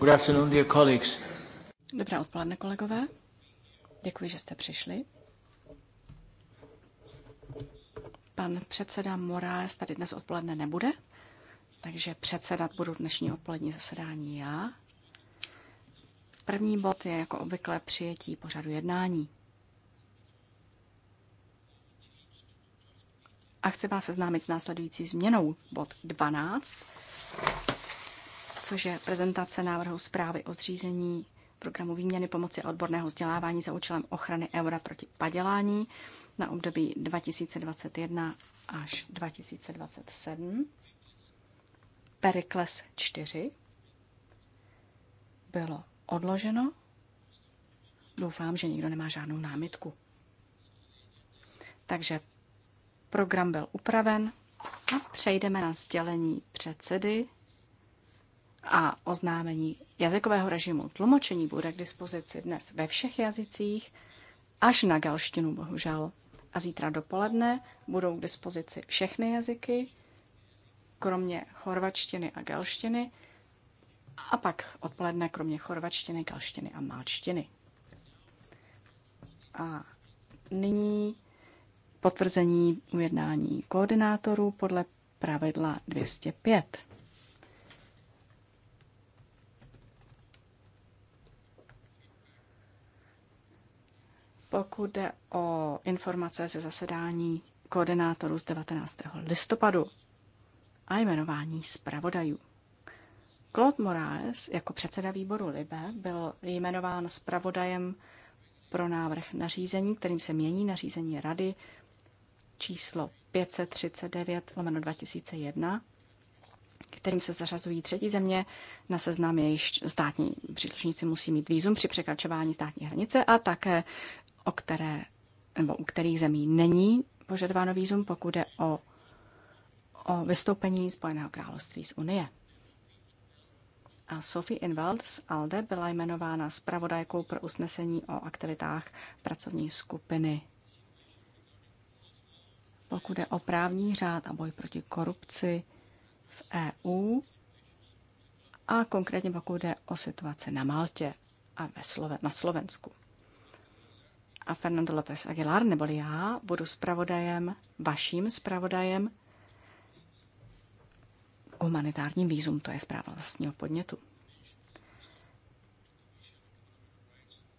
Good Dobré odpoledne, kolegové. Děkuji, že jste přišli. Pan předseda Moraes tady dnes odpoledne nebude, takže předsedat budu dnešní odpolední zasedání já. První bod je jako obvykle přijetí pořadu jednání. A chci vás seznámit s následující změnou. Bod 12 což je prezentace návrhu zprávy o zřízení programu výměny pomoci a odborného vzdělávání za účelem ochrany eura proti padělání na období 2021 až 2027. Perikles 4 bylo odloženo. Doufám, že nikdo nemá žádnou námitku. Takže program byl upraven a přejdeme na sdělení předsedy a oznámení jazykového režimu tlumočení bude k dispozici dnes ve všech jazycích, až na galštinu bohužel. A zítra dopoledne budou k dispozici všechny jazyky, kromě chorvačtiny a galštiny, a pak odpoledne kromě chorvačtiny, galštiny a malčtiny. A nyní potvrzení ujednání koordinátorů podle pravidla 205. Pokud jde o informace ze zasedání koordinátorů z 19. listopadu a jmenování zpravodajů. Claude Moraes jako předseda výboru LIBE byl jmenován zpravodajem pro návrh nařízení, kterým se mění nařízení Rady číslo 539 lomeno 2001, kterým se zařazují třetí země na seznam jejich státní příslušníci musí mít výzum při překračování státní hranice a také o které, nebo u kterých zemí není požadováno výzum, pokud je o, o vystoupení Spojeného království z Unie. A Sophie Inwald z ALDE byla jmenována zpravodajkou pro usnesení o aktivitách pracovní skupiny. Pokud je o právní řád a boj proti korupci v EU a konkrétně pokud je o situaci na Maltě a ve Sloven- na Slovensku a Fernando López Aguilar, neboli já, budu spravodajem, vaším spravodajem k humanitárním výzum, to je zpráva vlastního podnětu.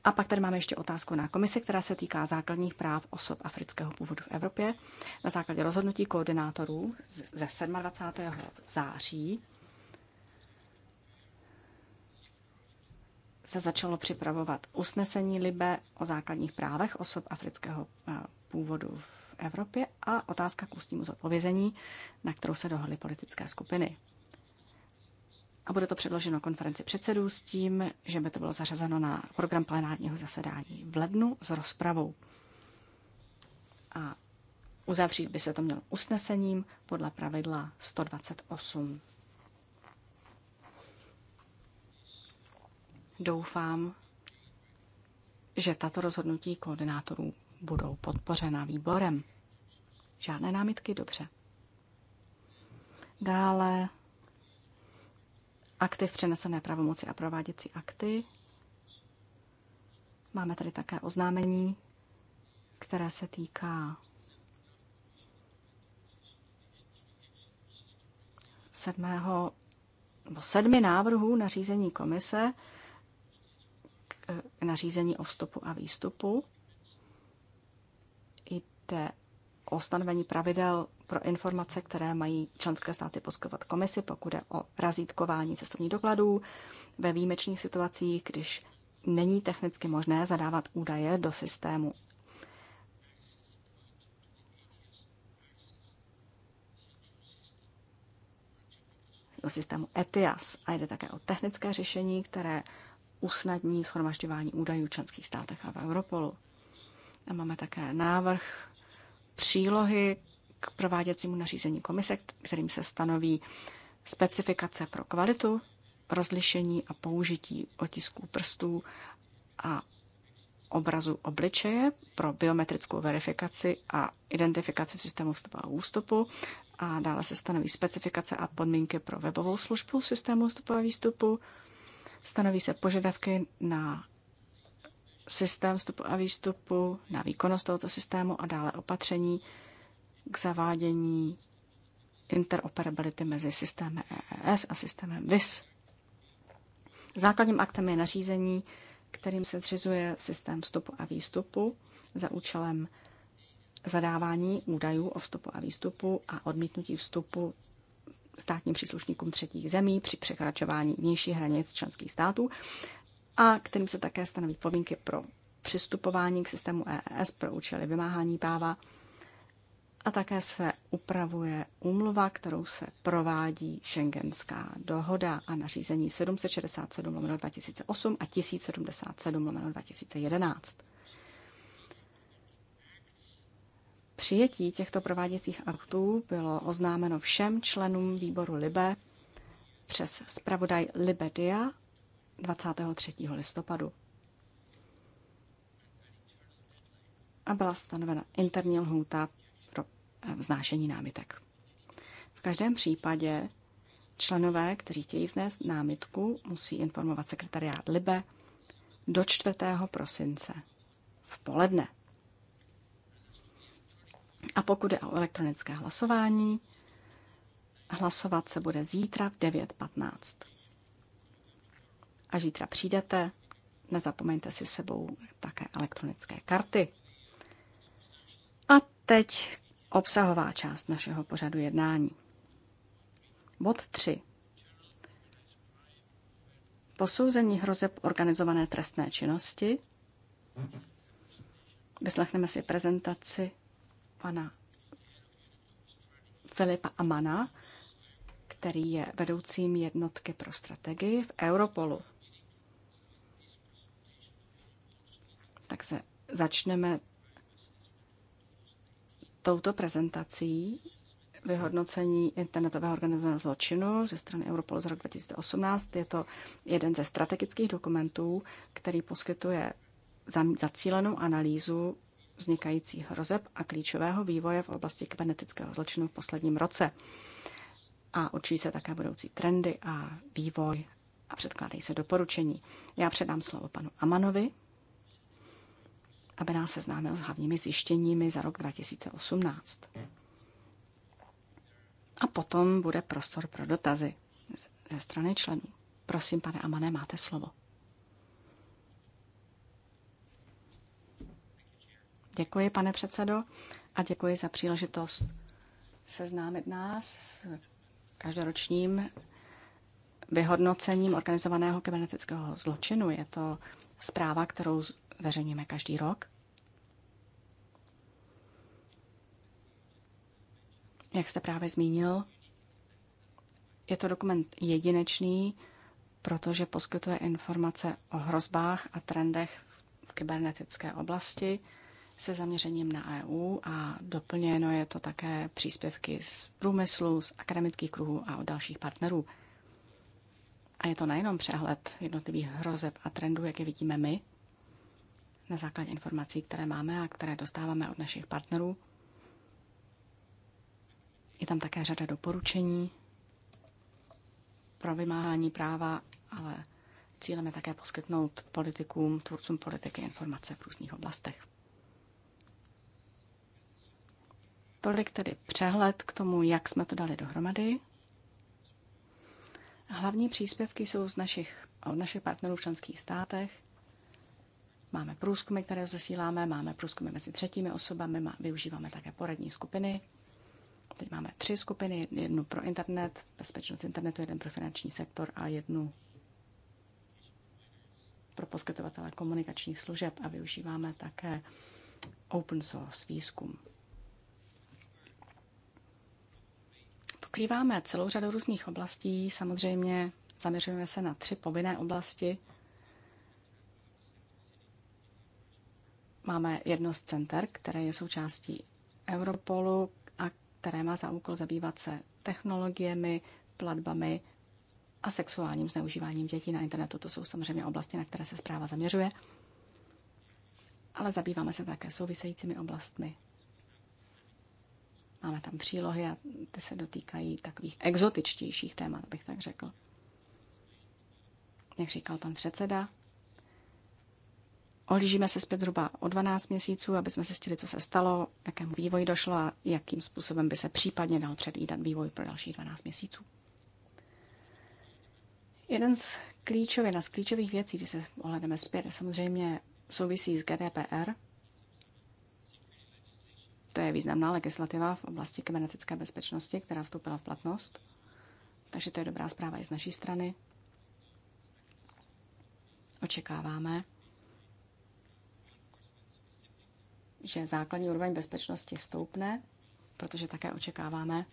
A pak tady máme ještě otázku na komisi, která se týká základních práv osob afrického původu v Evropě. Na základě rozhodnutí koordinátorů ze 27. září se začalo připravovat usnesení Libe o základních právech osob afrického eh, původu v Evropě a otázka k ústnímu zodpovězení, na kterou se dohodly politické skupiny. A bude to předloženo konferenci předsedů s tím, že by to bylo zařazeno na program plenárního zasedání v lednu s rozpravou. A uzavřít by se to mělo usnesením podle pravidla 128. Doufám, že tato rozhodnutí koordinátorů budou podpořena výborem. Žádné námitky, dobře. Dále v přenesené pravomoci a prováděcí akty. Máme tady také oznámení, které se týká sedmého nebo sedmi návrhů na řízení komise Eh, nařízení o vstupu a výstupu. Jde o stanovení pravidel pro informace, které mají členské státy poskytovat komisi, pokud je o razítkování cestovních dokladů ve výjimečných situacích, když není technicky možné zadávat údaje do systému. do systému ETIAS a jde také o technické řešení, které usnadní shromažďování údajů v členských státech a v Europolu. A máme také návrh přílohy k prováděcímu nařízení komise, kterým se stanoví specifikace pro kvalitu, rozlišení a použití otisků prstů a obrazu obličeje pro biometrickou verifikaci a identifikaci v systému vstupu a ústupu a dále se stanoví specifikace a podmínky pro webovou službu systému vstupu a výstupu, Stanoví se požadavky na systém vstupu a výstupu, na výkonnost tohoto systému a dále opatření k zavádění interoperability mezi systémem EES a systémem VIS. Základním aktem je nařízení, kterým se zřizuje systém vstupu a výstupu za účelem zadávání údajů o vstupu a výstupu a odmítnutí vstupu státním příslušníkům třetích zemí při překračování vnějších hranic členských států a kterým se také stanoví povinky pro přistupování k systému EES pro účely vymáhání práva a také se upravuje úmluva, kterou se provádí Schengenská dohoda a nařízení 767 2008 a 1077 2011. Přijetí těchto prováděcích aktů bylo oznámeno všem členům výboru LIBE přes zpravodaj Libedia 23. listopadu. A byla stanovena interní lhůta pro eh, vznášení námitek. V každém případě členové, kteří chtějí vznést námitku, musí informovat sekretariát LIBE do 4. prosince v poledne. A pokud je o elektronické hlasování, hlasovat se bude zítra v 9.15. A zítra přijdete, nezapomeňte si sebou také elektronické karty. A teď obsahová část našeho pořadu jednání. Bod 3. Posouzení hrozeb organizované trestné činnosti. Vyslechneme si prezentaci pana Filipa Amana, který je vedoucím jednotky pro strategii v Europolu. Tak se začneme touto prezentací vyhodnocení internetového organizovaného zločinu ze strany Europol z roku 2018. Je to jeden ze strategických dokumentů, který poskytuje zacílenou analýzu vznikajících hrozeb a klíčového vývoje v oblasti kybernetického zločinu v posledním roce. A učí se také budoucí trendy a vývoj a předkládají se doporučení. Já předám slovo panu Amanovi, aby nás seznámil s hlavními zjištěními za rok 2018. A potom bude prostor pro dotazy ze strany členů. Prosím, pane Amane, máte slovo. Děkuji, pane předsedo, a děkuji za příležitost seznámit nás s každoročním vyhodnocením organizovaného kybernetického zločinu. Je to zpráva, kterou zveřejníme každý rok. Jak jste právě zmínil, je to dokument jedinečný, protože poskytuje informace o hrozbách a trendech v kybernetické oblasti, se zaměřením na EU a doplněno je to také příspěvky z průmyslu, z akademických kruhů a od dalších partnerů. A je to nejenom přehled jednotlivých hrozeb a trendů, jak je vidíme my, na základě informací, které máme a které dostáváme od našich partnerů. Je tam také řada doporučení pro vymáhání práva, ale cílem je také poskytnout politikům, tvůrcům politiky informace v různých oblastech. Tolik tedy přehled k tomu, jak jsme to dali dohromady. Hlavní příspěvky jsou z našich, od našich partnerů v členských státech. Máme průzkumy, které zasíláme, máme průzkumy mezi třetími osobami, má, využíváme také poradní skupiny. Teď máme tři skupiny, jednu pro internet, bezpečnost internetu, jeden pro finanční sektor a jednu pro poskytovatele komunikačních služeb a využíváme také open source výzkum Pokrýváme celou řadu různých oblastí, samozřejmě zaměřujeme se na tři povinné oblasti. Máme jedno z center, které je součástí Europolu a které má za úkol zabývat se technologiemi, platbami a sexuálním zneužíváním dětí na internetu. To jsou samozřejmě oblasti, na které se zpráva zaměřuje, ale zabýváme se také souvisejícími oblastmi Máme tam přílohy a ty se dotýkají takových exotičtějších témat, bych tak řekl. Jak říkal pan předseda, ohlížíme se zpět zhruba o 12 měsíců, aby jsme zjistili, co se stalo, jakému vývoji došlo a jakým způsobem by se případně dal předvídat vývoj pro další 12 měsíců. Jeden z klíčově, na z klíčových věcí, když se ohledeme zpět, samozřejmě souvisí s GDPR – to je významná legislativa v oblasti kybernetické bezpečnosti, která vstoupila v platnost. Takže to je dobrá zpráva i z naší strany. Očekáváme, že základní úroveň bezpečnosti stoupne, protože také očekáváme,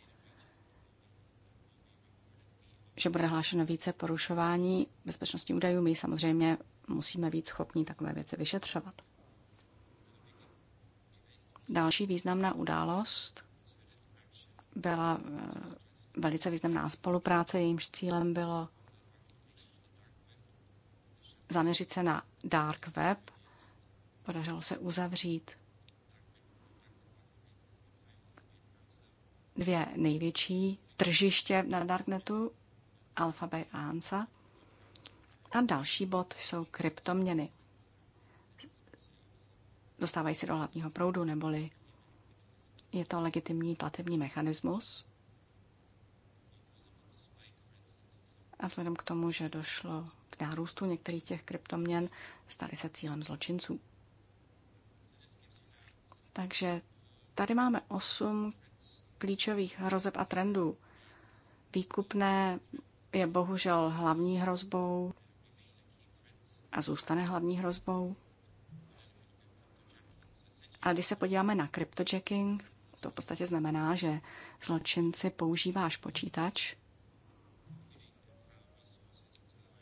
že bude hlášeno více porušování bezpečnostní údajů. My samozřejmě musíme být schopni takové věci vyšetřovat. Další významná událost byla eh, velice významná spolupráce, jejímž cílem bylo zaměřit se na dark web. Podařilo se uzavřít dvě největší tržiště na darknetu, Alphabet a Ansa. A další bod jsou kryptoměny dostávají se do hlavního proudu, neboli je to legitimní platební mechanismus. A vzhledem k tomu, že došlo k nárůstu některých těch kryptoměn, staly se cílem zločinců. Takže tady máme osm klíčových hrozeb a trendů. Výkupné je bohužel hlavní hrozbou a zůstane hlavní hrozbou. A když se podíváme na cryptojacking, to v podstatě znamená, že zločinci používáš počítač,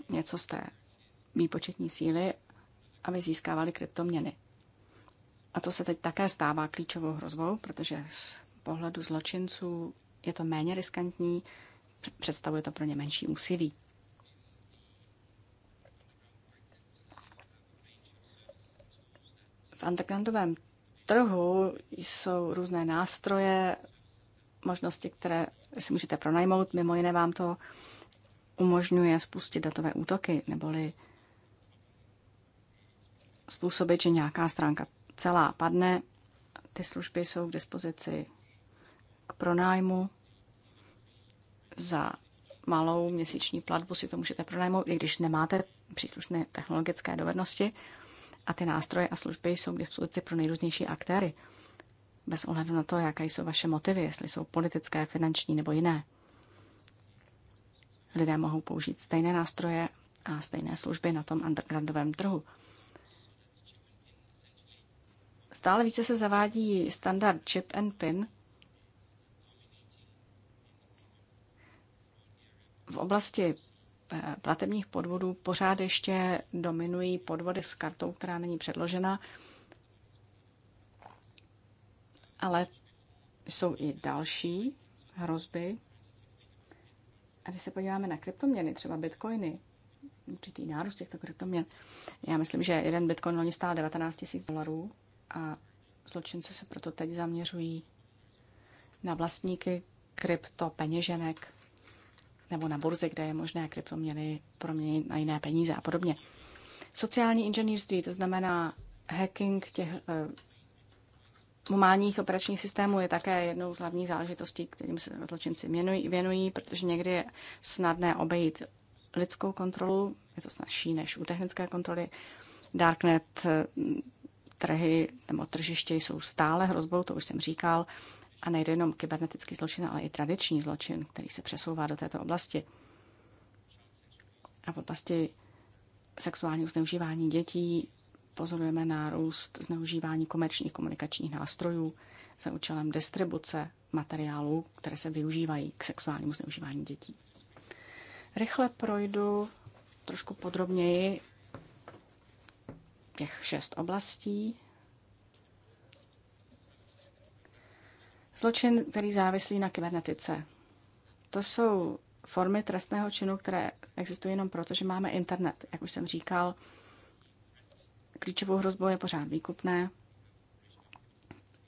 něco z té výpočetní síly, aby získávali kryptoměny. A to se teď také stává klíčovou hrozbou, protože z pohledu zločinců je to méně riskantní, představuje to pro ně menší úsilí. V undergroundovém trhu jsou různé nástroje, možnosti, které si můžete pronajmout. Mimo jiné vám to umožňuje spustit datové útoky, neboli způsobit, že nějaká stránka celá padne. Ty služby jsou k dispozici k pronájmu. Za malou měsíční platbu si to můžete pronajmout, i když nemáte příslušné technologické dovednosti. A ty nástroje a služby jsou k dispozici pro nejrůznější aktéry, bez ohledu na to, jaké jsou vaše motivy, jestli jsou politické, finanční nebo jiné. Lidé mohou použít stejné nástroje a stejné služby na tom undergroundovém trhu. Stále více se zavádí standard chip and pin. V oblasti Eh, platebních podvodů pořád ještě dominují podvody s kartou, která není předložena, ale jsou i další hrozby. A když se podíváme na kryptoměny, třeba bitcoiny, určitý nárůst těchto kryptoměn, já myslím, že jeden bitcoin loni stál 19 000 dolarů a zločince se proto teď zaměřují na vlastníky kryptopeněženek, nebo na burze, kde je možné kryptoměny proměnit na jiné peníze a podobně. Sociální inženýrství, to znamená hacking těch Mumálních eh, operačních systémů je také jednou z hlavních záležitostí, kterým se zločinci věnují, věnují, protože někdy je snadné obejít lidskou kontrolu, je to snazší než u technické kontroly. Darknet eh, trhy nebo tržiště jsou stále hrozbou, to už jsem říkal, a nejde jenom kybernetický zločin, ale i tradiční zločin, který se přesouvá do této oblasti. A v oblasti sexuálního zneužívání dětí pozorujeme nárůst zneužívání komerčních komunikačních nástrojů za účelem distribuce materiálů, které se využívají k sexuálnímu zneužívání dětí. Rychle projdu trošku podrobněji těch šest oblastí. Zločin, který závislí na kybernetice. To jsou formy trestného činu, které existují jenom proto, že máme internet. Jak už jsem říkal, klíčovou hrozbou je pořád výkupné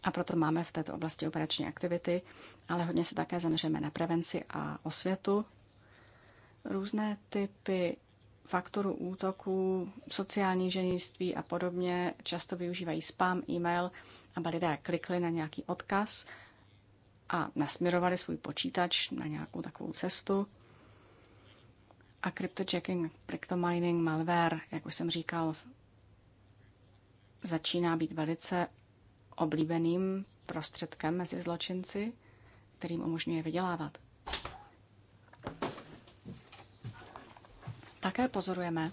a proto máme v této oblasti operační aktivity, ale hodně se také zaměřujeme na prevenci a osvětu. Různé typy faktorů útoků, sociální ženěství a podobně často využívají spam, e-mail, aby lidé klikli na nějaký odkaz – a nasměrovali svůj počítač na nějakou takovou cestu. A cryptojacking, cryptomining, malware, jak už jsem říkal, začíná být velice oblíbeným prostředkem mezi zločinci, kterým umožňuje vydělávat. Také pozorujeme,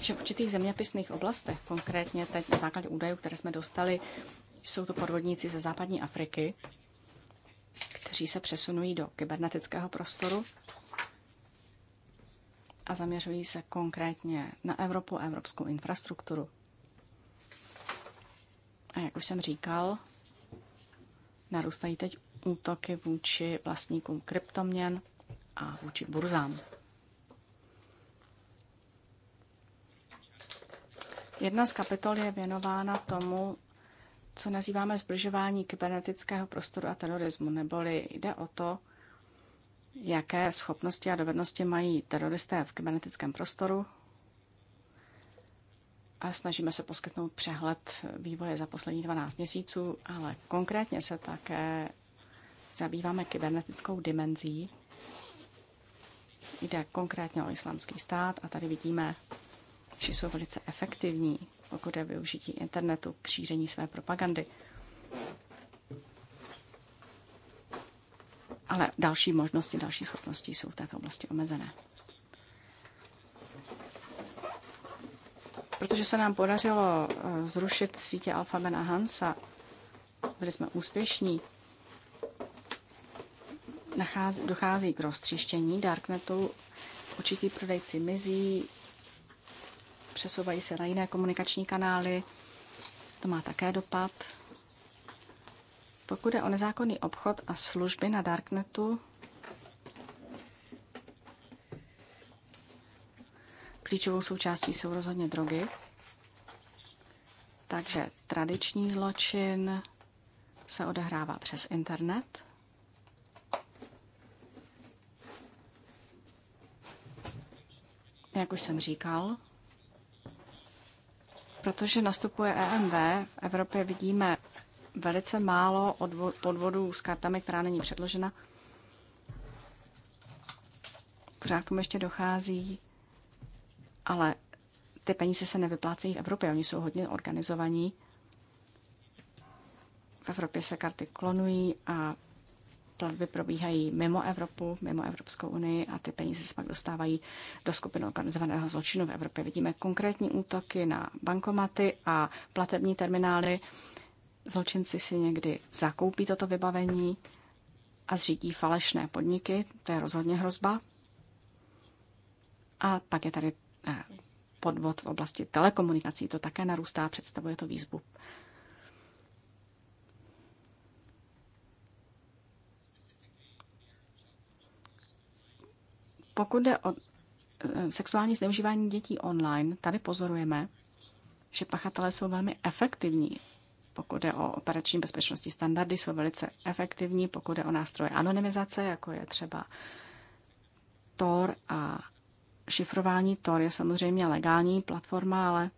že v určitých zeměpisných oblastech, konkrétně teď na základě údajů, které jsme dostali jsou to podvodníci ze západní Afriky, kteří se přesunují do kybernetického prostoru a zaměřují se konkrétně na Evropu a evropskou infrastrukturu. A jak už jsem říkal, narůstají teď útoky vůči vlastníkům kryptoměn a vůči burzám. Jedna z kapitol je věnována tomu, co nazýváme zbližování kybernetického prostoru a terorismu, neboli jde o to, jaké schopnosti a dovednosti mají teroristé v kybernetickém prostoru a snažíme se poskytnout přehled vývoje za poslední 12 měsíců, ale konkrétně se také zabýváme kybernetickou dimenzí. Jde konkrétně o islamský stát a tady vidíme, že jsou velice efektivní pokud je využití internetu k šíření své propagandy. Ale další možnosti, další schopnosti jsou v této oblasti omezené. Protože se nám podařilo eh, zrušit sítě Alphabet a Hansa, byli jsme úspěšní, nachází, dochází k roztříštění darknetu, určitý prodejci mizí, přesouvají se na jiné komunikační kanály. To má také dopad. Pokud je o nezákonný obchod a služby na Darknetu, klíčovou součástí jsou rozhodně drogy. Takže tradiční zločin se odehrává přes internet. Jak už jsem říkal, Protože nastupuje EMV, v Evropě vidíme velice málo podvodů s kartami, která není předložena. Pořád tomu ještě dochází, ale ty peníze se nevyplácejí v Evropě, oni jsou hodně organizovaní. V Evropě se karty klonují a platby probíhají mimo Evropu, mimo Evropskou unii a ty peníze se pak dostávají do skupiny organizovaného zločinu v Evropě. Vidíme konkrétní útoky na bankomaty a platební terminály. Zločinci si někdy zakoupí toto vybavení a zřídí falešné podniky, to je rozhodně hrozba. A pak je tady eh, podvod v oblasti telekomunikací, to také narůstá, představuje to výzbu Pokud jde o e, sexuální zneužívání dětí online, tady pozorujeme, že pachatelé jsou velmi efektivní. Pokud jde o operační bezpečnosti standardy, jsou velice efektivní. Pokud jde o nástroje anonymizace, jako je třeba Tor a šifrování Tor je samozřejmě legální platforma, ale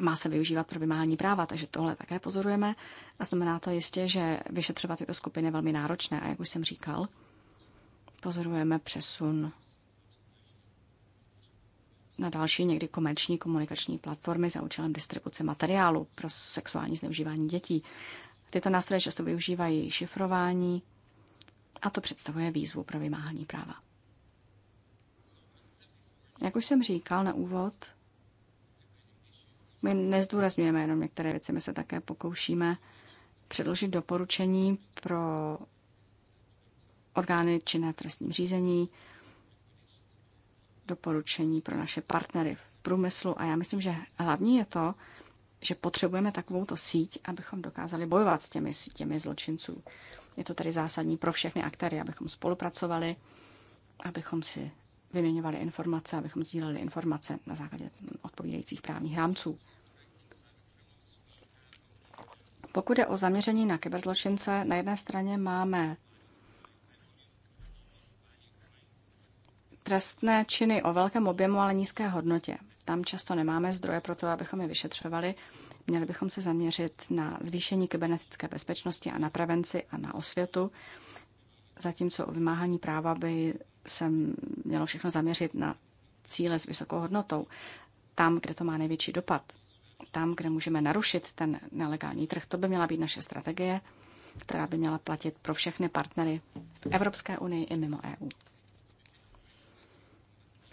má se využívat pro vymáhání práva, takže tohle také pozorujeme. A znamená to jistě, že vyšetřovat tyto skupiny je velmi náročné. A jak už jsem říkal, pozorujeme přesun na další někdy komerční komunikační platformy za účelem distribuce materiálu pro sexuální zneužívání dětí. Tyto nástroje často využívají šifrování a to představuje výzvu pro vymáhání práva. Jak už jsem říkal na úvod, my nezdůrazňujeme jenom některé věci, my se také pokoušíme předložit doporučení pro orgány činné v trestním řízení, doporučení pro naše partnery v průmyslu. A já myslím, že hlavní je to, že potřebujeme takovouto síť, abychom dokázali bojovat s těmi těmi zločinců. Je to tedy zásadní pro všechny aktéry, abychom spolupracovali, abychom si vyměňovali informace, abychom sdíleli informace na základě odpovídajících právních rámců. Pokud je o zaměření na kyberzločince, na jedné straně máme trestné činy o velkém objemu, ale nízké hodnotě. Tam často nemáme zdroje pro to, abychom je vyšetřovali. Měli bychom se zaměřit na zvýšení kybernetické bezpečnosti a na prevenci a na osvětu, zatímco o vymáhání práva by se mělo všechno zaměřit na cíle s vysokou hodnotou, tam, kde to má největší dopad, tam, kde můžeme narušit ten nelegální trh. To by měla být naše strategie, která by měla platit pro všechny partnery v Evropské unii i mimo EU.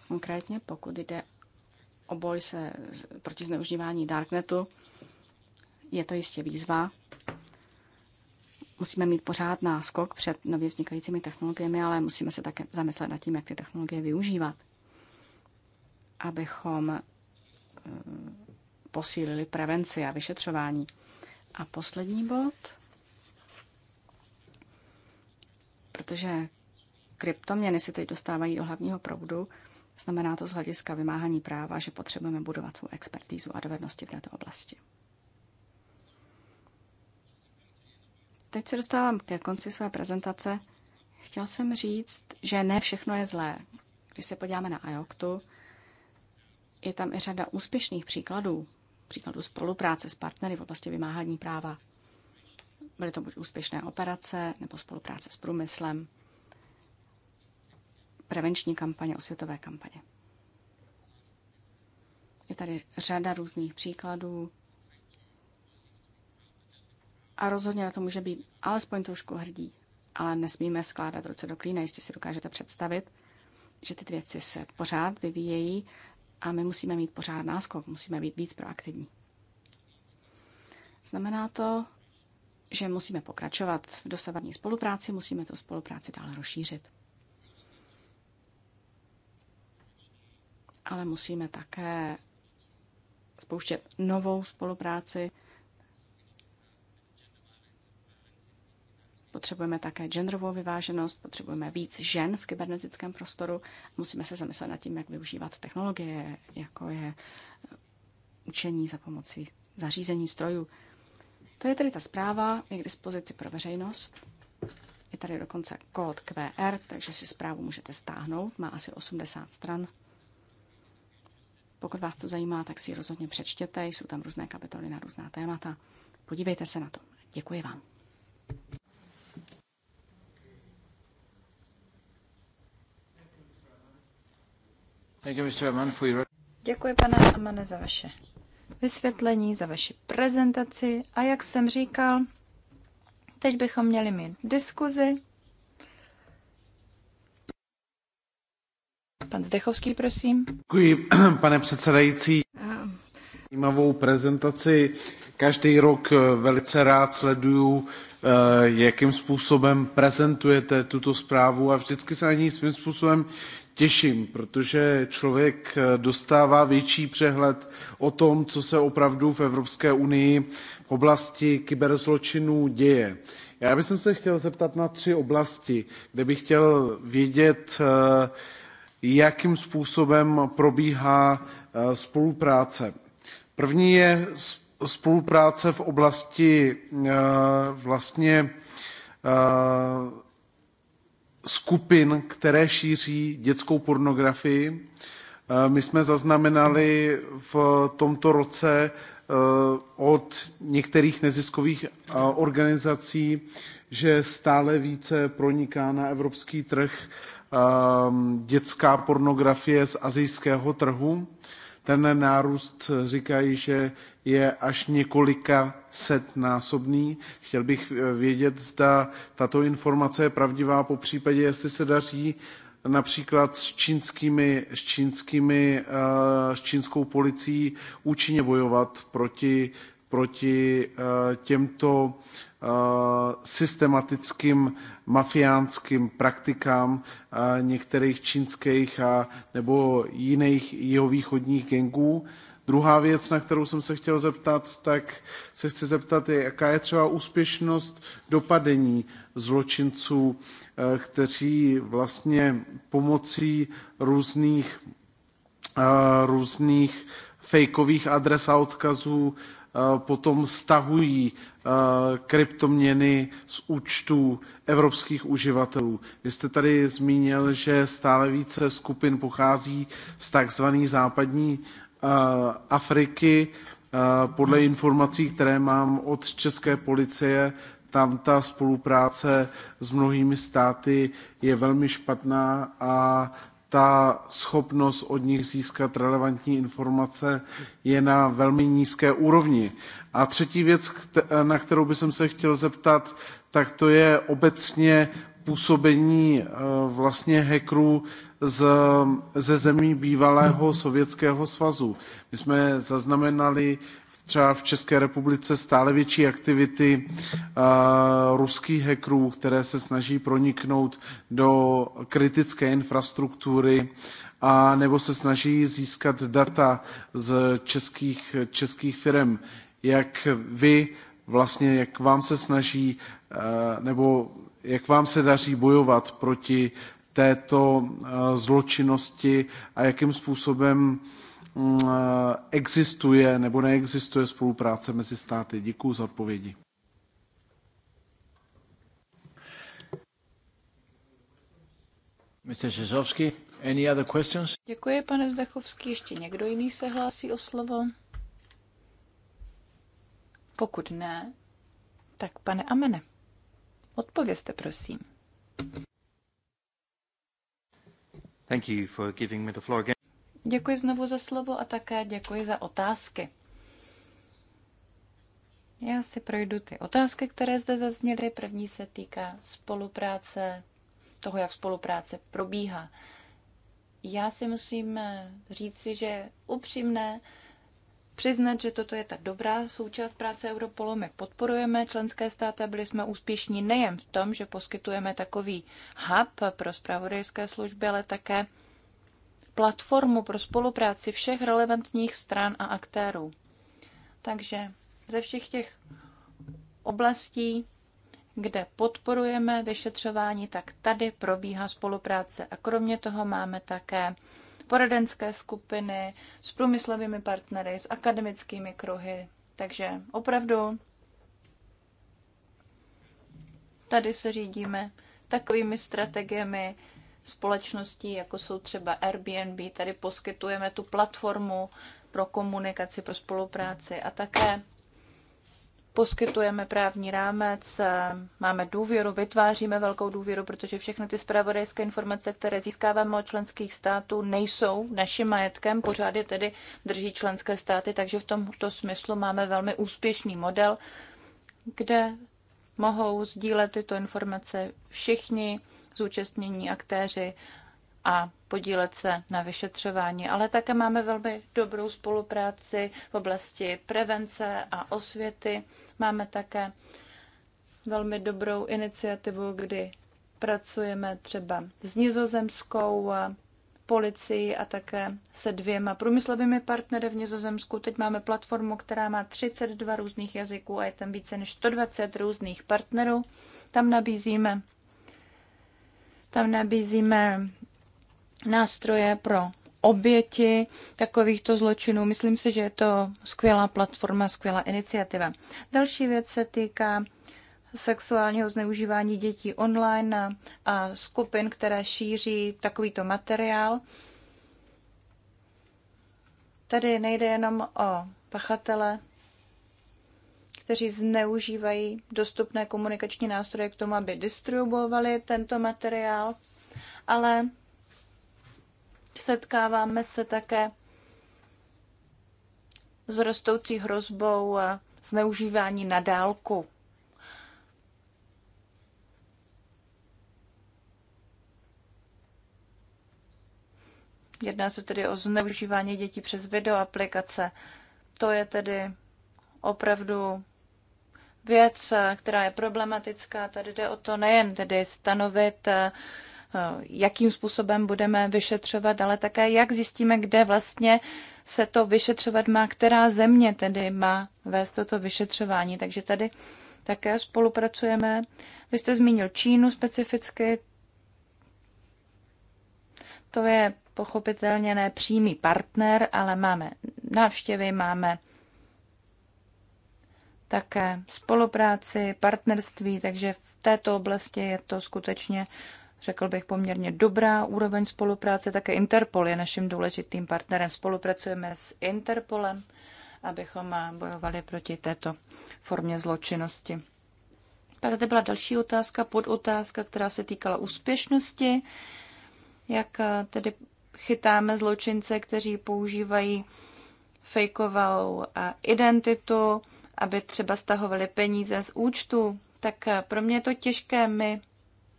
Konkrétně pokud jde o boj se proti zneužívání Darknetu, je to jistě výzva. Musíme mít pořád náskok před nově vznikajícími technologiemi, ale musíme se také zamyslet nad tím, jak ty technologie využívat, abychom eh, posílili prevenci a vyšetřování. A poslední bod, protože kryptoměny se teď dostávají do hlavního proudu, Znamená to z hlediska vymáhání práva, že potřebujeme budovat svou expertízu a dovednosti v této oblasti. Teď se dostávám ke konci své prezentace. Chtěl jsem říct, že ne všechno je zlé. Když se podíváme na IOKTu, je tam i řada úspěšných příkladů, příkladů spolupráce s partnery v oblasti vymáhání práva. Byly to buď úspěšné operace nebo spolupráce s průmyslem, prevenční kampaně, osvětové kampaně. Je tady řada různých příkladů a rozhodně na to může být alespoň trošku hrdí, ale nesmíme skládat ruce do klína, jestli si dokážete představit, že ty věci se pořád vyvíjejí a my musíme mít pořád náskok, musíme být víc proaktivní. Znamená to, že musíme pokračovat v dosavadní spolupráci, musíme tu spolupráci dále rozšířit. ale musíme také spouštět novou spolupráci. Potřebujeme také genderovou vyváženost, potřebujeme víc žen v kybernetickém prostoru. Musíme se zamyslet nad tím, jak využívat technologie, jako je učení za pomocí zařízení strojů. To je tedy ta zpráva, je k dispozici pro veřejnost. Je tady dokonce kód QR, takže si zprávu můžete stáhnout, má asi 80 stran. Pokud vás to zajímá, tak si ji rozhodně přečtěte, jsou tam různé kapitoly na různá témata. Podívejte se na to. Děkuji vám. Děkuji, pane Amane, za vaše vysvětlení, za vaši prezentaci. A jak jsem říkal, teď bychom měli mít diskuzi Zdechovský, prosím. Děkuji, pane předsedající. Zajímavou prezentaci. Každý rok eh, velice rád sleduju, eh, jakým způsobem prezentujete tuto zprávu a vždycky se na ní svým způsobem těším, protože člověk eh, dostává větší přehled o tom, co se opravdu v Evropské unii v oblasti kyberzločinů děje. Já bych se chtěl zeptat na tři oblasti, kde bych chtěl vědět, jakým způsobem probíhá eh, spolupráce. První je spolupráce v oblasti eh, vlastně eh, skupin, které šíří dětskou pornografii. My jsme zaznamenali v tomto roce od některých neziskových organizací, že stále více proniká na evropský trh Ehm, dětská pornografie z azijského trhu. Ten nárůst eh, říkají, že je až několika set násobný. Chtěl bych eh, vědět, zda tato informace je pravdivá, po případě, jestli se daří například s, čínskými, s, čínskými, eh, s čínskou policií účinně bojovat proti, proti těmto Eh, systematickým mafiánským praktikám eh, některých čínských a nebo jiných jihovýchodních gengů. Druhá věc, na kterou jsem se chtěl zeptat, tak se chci zeptat, jaká je třeba úspěšnost dopadení zločinců, eh, kteří vlastně pomocí různých, různých fejkových adres a odkazů Eh, potom stahují eh, kryptoměny z účtů evropských uživatelů. Vy jste tady zmínil, že stále více skupin pochází z takzvané západní eh, Afriky. Podle informací, které mám od české policie, tam ta spolupráce s mnohými státy je velmi špatná a ta schopnost od nich získat relevantní informace je na velmi nízké úrovni. A třetí věc, na kterou bych se chtěl zeptat, tak to je obecně působení eh, vlastně hackerů z, ze zemí bývalého Sovětského svazu. My jsme zaznamenali třeba v České republice stále větší aktivity uh, ruských hackerů, které se snaží proniknout do kritické infrastruktury a nebo se snaží získat data z českých, českých firm. Jak vy vlastně, jak vám se snaží, uh, nebo jak vám se daří bojovat proti této uh, zločinnosti a jakým způsobem uh, Mm, eh, existuje nebo neexistuje spolupráce mezi státy. Děkuji za odpovědi. Mr. Zezovsky, any other questions? Děkuji, pane Zdechovský. Ještě někdo jiný se hlásí o slovo? Pokud ne, tak pane Amene, odpovězte prosím. Thank you for giving me the floor again. Děkuji znovu za slovo a také děkuji za otázky. Já si projdu ty otázky, které zde zazněly. První se týká spolupráce, toho, jak spolupráce probíhá. Já si musím říci, že upřímné přiznat, že toto je ta dobrá součást práce Europolu. My podporujeme členské státy a byli jsme úspěšní nejen v tom, že poskytujeme takový hub pro spravodajské služby, ale také platformu pro spolupráci všech relevantních stran a aktérů. Takže ze všech těch oblastí, kde podporujeme vyšetřování, tak tady probíhá spolupráce. A kromě toho máme také poradenské skupiny s průmyslovými partnery, s akademickými kruhy. Takže opravdu tady se řídíme takovými strategiemi, společností, jako jsou třeba Airbnb. Tady poskytujeme tu platformu pro komunikaci, pro spolupráci a také poskytujeme právní rámec, máme důvěru, vytváříme velkou důvěru, protože všechny ty zpravodajské informace, které získáváme od členských států, nejsou naším majetkem, pořád je tedy drží členské státy, takže v tomto smyslu máme velmi úspěšný model, kde mohou sdílet tyto informace všichni zúčastnění aktéři a podílet se na vyšetřování. Ale také máme velmi dobrou spolupráci v oblasti prevence a osvěty. Máme také velmi dobrou iniciativu, kdy pracujeme třeba s nizozemskou policií a také se dvěma průmyslovými partnery v Nizozemsku. Teď máme platformu, která má 32 různých jazyků a je tam více než 120 různých partnerů. Tam nabízíme tam nabízíme nástroje pro oběti takovýchto zločinů. Myslím si, že je to skvělá platforma, skvělá iniciativa. Další věc se týká sexuálního zneužívání dětí online a skupin, které šíří takovýto materiál. Tady nejde jenom o pachatele, kteří zneužívají dostupné komunikační nástroje k tomu, aby distribuovali tento materiál, ale setkáváme se také s rostoucí hrozbou zneužívání na dálku. Jedná se tedy o zneužívání dětí přes videoaplikace. To je tedy opravdu věc, eh, která je problematická. Tady jde o to nejen tedy stanovit, eh, eh, jakým způsobem budeme vyšetřovat, ale také jak zjistíme, kde vlastně se to vyšetřovat má, která země tedy má vést toto vyšetřování. Takže tady také spolupracujeme. Vy jste zmínil Čínu specificky. To je pochopitelně ne přímý partner, ale máme návštěvy, máme také spolupráci, partnerství, takže v této oblasti je to skutečně, řekl bych, poměrně dobrá úroveň spolupráce. Také Interpol je naším důležitým partnerem. Spolupracujeme s Interpolem, abychom bojovali proti této formě zločinnosti. Pak zde byla další otázka, podotázka, která se týkala úspěšnosti. Jak eh, tedy chytáme zločince, kteří používají fejkovou eh, identitu aby třeba stahovali peníze z účtu, tak pro mě je to těžké. My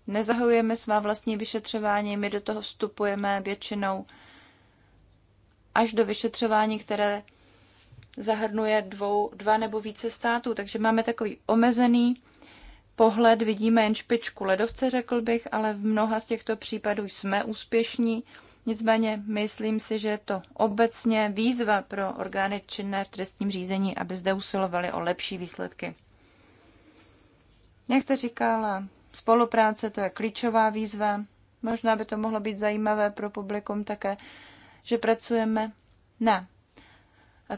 nezahajujeme svá vlastní vyšetřování, my do toho vstupujeme většinou až do vyšetřování, které zahrnuje dvou, dva nebo více států. Takže máme takový omezený pohled, vidíme jen špičku ledovce, řekl bych, ale v mnoha z těchto případů jsme úspěšní Nicméně myslím si, že je to obecně výzva pro orgány činné v trestním řízení, aby zde usilovali o lepší výsledky. Jak jste říkala, spolupráce to je klíčová výzva. Možná by to mohlo být zajímavé pro publikum také, že pracujeme na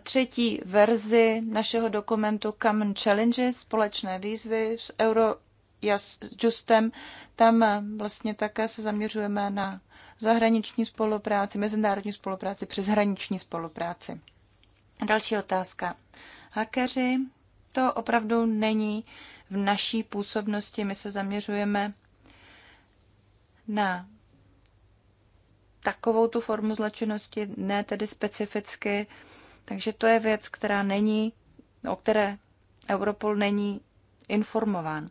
třetí verzi našeho dokumentu Common Challenges, společné výzvy s Eurojustem. Tam vlastně také se zaměřujeme na zahraniční spolupráci, mezinárodní spolupráci, přeshraniční spolupráci. Další otázka. Hakeři, to opravdu není v naší působnosti. My se zaměřujeme na takovou tu formu zločinnosti, ne tedy specificky. Takže to je věc, která není, o které Europol není informován.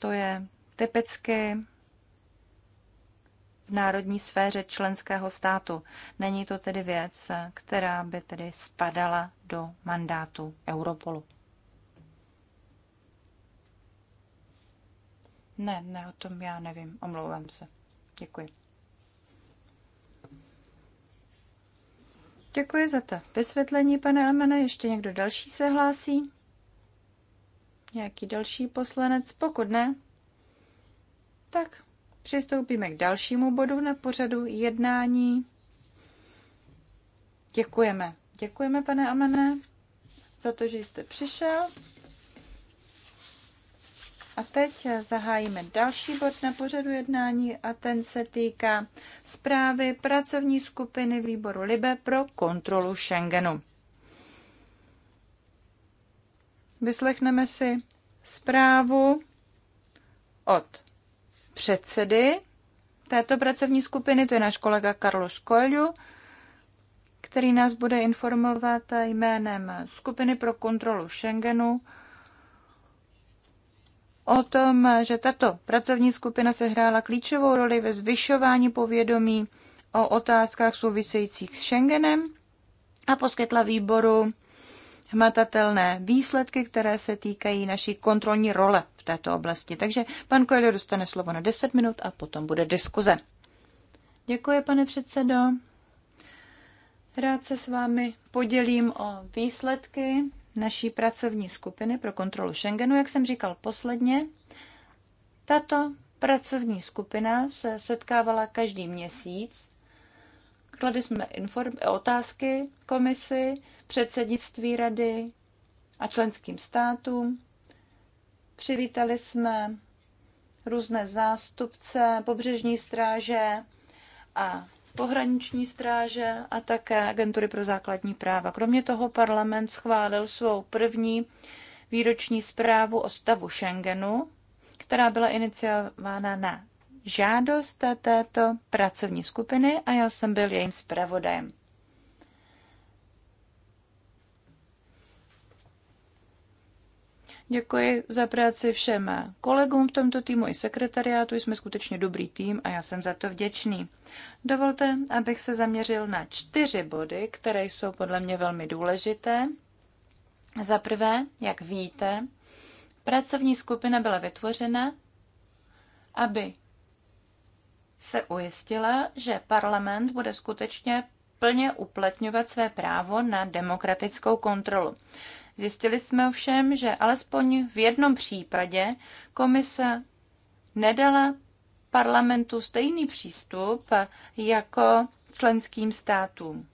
To je typicky národní sféře členského státu. Není to tedy věc, která by tedy spadala do mandátu Europolu. Ne, ne, o tom já nevím. Omlouvám se. Děkuji. Děkuji za to vysvětlení, pane Amene. Ještě někdo další se hlásí? Nějaký další poslanec? Pokud ne, tak Přistoupíme k dalšímu bodu na pořadu jednání. Děkujeme. Děkujeme, pane Amene, za to, že jste přišel. A teď zahájíme další bod na pořadu jednání a ten se týká zprávy pracovní skupiny výboru Libe pro kontrolu Schengenu. Vyslechneme si zprávu od předsedy této pracovní skupiny, to je náš kolega Karlo Školju, který nás bude informovat jménem skupiny pro kontrolu Schengenu o tom, že tato pracovní skupina se hrála klíčovou roli ve zvyšování povědomí o otázkách souvisejících s Schengenem a poskytla výboru hmatatelné výsledky, které se týkají naší kontrolní role v této oblasti. Takže pan Koelio dostane slovo na 10 minut a potom bude diskuze. Děkuji, pane předsedo. Rád se s vámi podělím o výsledky naší pracovní skupiny pro kontrolu Schengenu, jak jsem říkal posledně. Tato pracovní skupina se setkávala každý měsíc. Kladli jsme otázky komisi, předsednictví rady a členským státům. Přivítali jsme různé zástupce pobřežní stráže a pohraniční stráže a také agentury pro základní práva. Kromě toho parlament schválil svou první výroční zprávu o stavu Schengenu, která byla iniciována na žádost této pracovní skupiny a já jsem byl jejím zpravodajem. Děkuji za práci všem kolegům v tomto týmu i sekretariátu. Jsme skutečně dobrý tým a já jsem za to vděčný. Dovolte, abych se zaměřil na čtyři body, které jsou podle mě velmi důležité. Za prvé, jak víte, pracovní skupina byla vytvořena, aby se ujistila, že parlament bude skutečně plně uplatňovat své právo na demokratickou kontrolu. Zjistili jsme ovšem, že alespoň v jednom případě komise nedala parlamentu stejný přístup jako členským státům.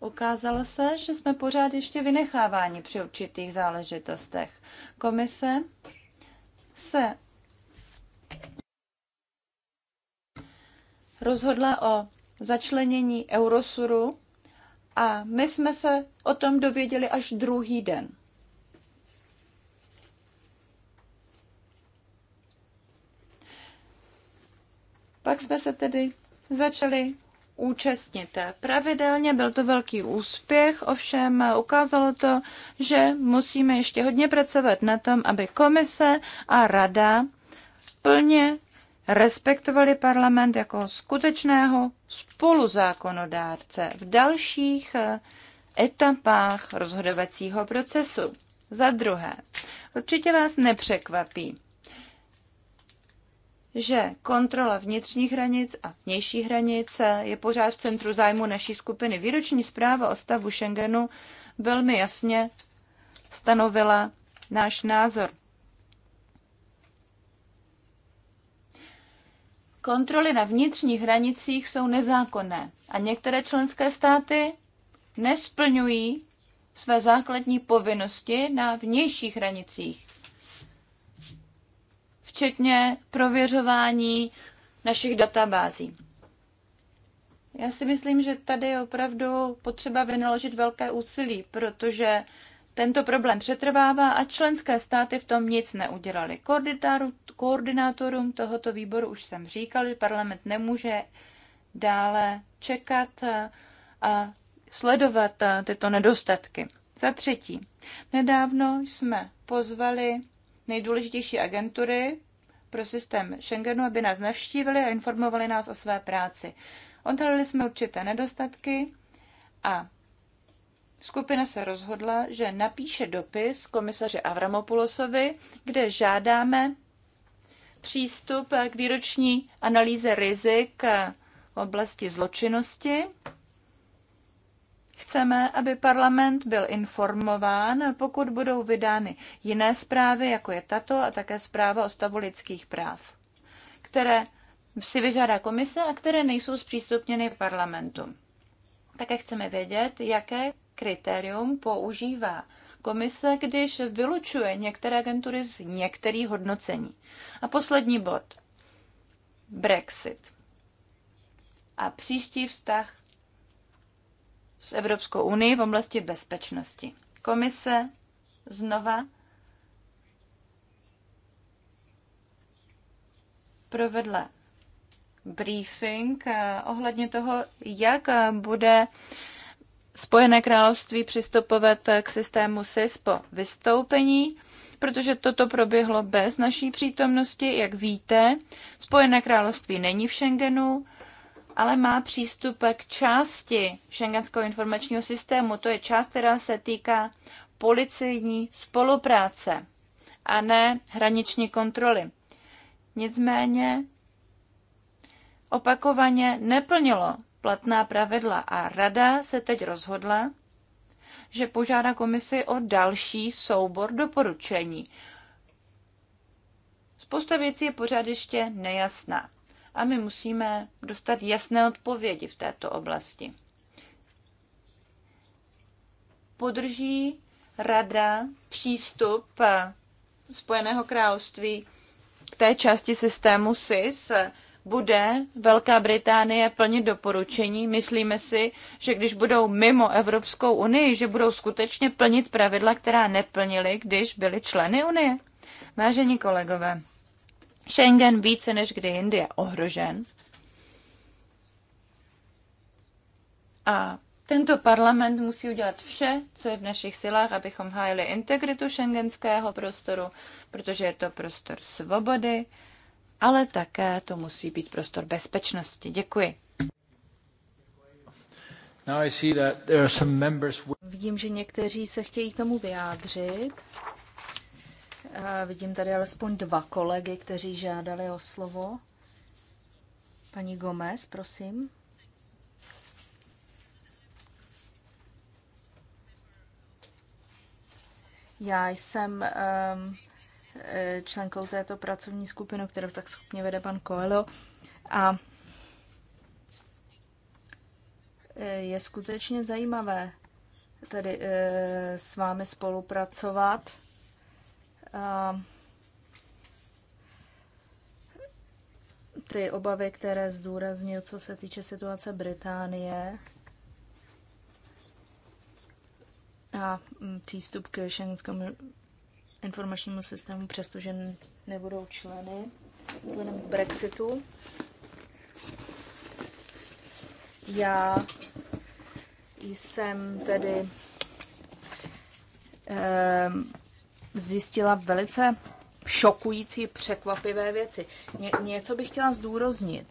Ukázalo se, že jsme pořád ještě vynecháváni při určitých záležitostech. Komise se rozhodla o začlenění Eurosuru a my jsme se o tom dověděli až druhý den. Pak jsme se tedy začali účastnit pravidelně, byl to velký úspěch, ovšem ukázalo to, že musíme ještě hodně pracovat na tom, aby komise a rada plně respektovali parlament jako skutečného spoluzákonodárce v dalších eh, etapách rozhodovacího procesu. Za druhé, určitě vás nepřekvapí, že kontrola vnitřních hranic a vnější hranice je pořád v centru zájmu naší skupiny. Výroční zpráva o stavu Schengenu velmi jasně stanovila náš názor. Kontroly na vnitřních hranicích jsou nezákonné a některé členské státy nesplňují své základní povinnosti na vnějších hranicích, včetně prověřování našich databází. Já si myslím, že tady je opravdu potřeba vynaložit velké úsilí, protože tento problém přetrvává a členské státy v tom nic neudělali. Koordinátorům tohoto výboru už jsem říkal, že parlament nemůže dále čekat a sledovat tyto nedostatky. Za třetí, nedávno jsme pozvali nejdůležitější agentury pro systém Schengenu, aby nás navštívili a informovali nás o své práci. Odhalili jsme určité nedostatky a skupina se rozhodla, že napíše dopis komisaři Avramopulosovi, kde žádáme přístup k výroční analýze rizik v oblasti zločinnosti. Chceme, aby parlament byl informován, pokud budou vydány jiné zprávy, jako je tato a také zpráva o stavu lidských práv, které si vyžádá komise a které nejsou zpřístupněny parlamentu. Také chceme vědět, jaké kritérium používá komise, když vylučuje některé agentury z některých hodnocení. A poslední bod. Brexit. A příští vztah s Evropskou unii v oblasti bezpečnosti. Komise znova provedla briefing eh, ohledně toho, jak eh, bude Spojené království přistupovat k systému SIS po vystoupení, protože toto proběhlo bez naší přítomnosti, jak víte. Spojené království není v Schengenu, ale má přístup k části Schengenského informačního systému. To je část, která se týká policejní spolupráce a ne hraniční kontroly. Nicméně opakovaně neplnilo platná pravidla. A rada se teď rozhodla, že požádá komisi o další soubor doporučení. Spousta věcí je pořád ještě nejasná a my musíme dostat jasné odpovědi v této oblasti. Podrží rada přístup Spojeného království k té části systému SIS, bude Velká Británie plnit doporučení? Myslíme si, že když budou mimo Evropskou unii, že budou skutečně plnit pravidla, která neplnili, když byli členy unie? Vážení kolegové, Schengen více než kdy jindy je ohrožen. A tento parlament musí udělat vše, co je v našich silách, abychom hájili integritu šengenského prostoru, protože je to prostor svobody, ale také to musí být prostor bezpečnosti. Děkuji. Vidím, že někteří se chtějí k tomu vyjádřit. A vidím tady alespoň dva kolegy, kteří žádali o slovo. Paní Gomez, prosím. Já jsem um, Eh, členkou této pracovní skupiny, kterou tak schopně vede pan Coelho. A eh, je skutečně zajímavé tady eh, s vámi spolupracovat. A ty obavy, které zdůraznil, co se týče situace Británie a mm, přístup k šengenskému informačnímu systému, přestože nebudou členy vzhledem k Brexitu. Já jsem tedy eh, zjistila velice šokující, překvapivé věci. Ně, něco bych chtěla zdůraznit.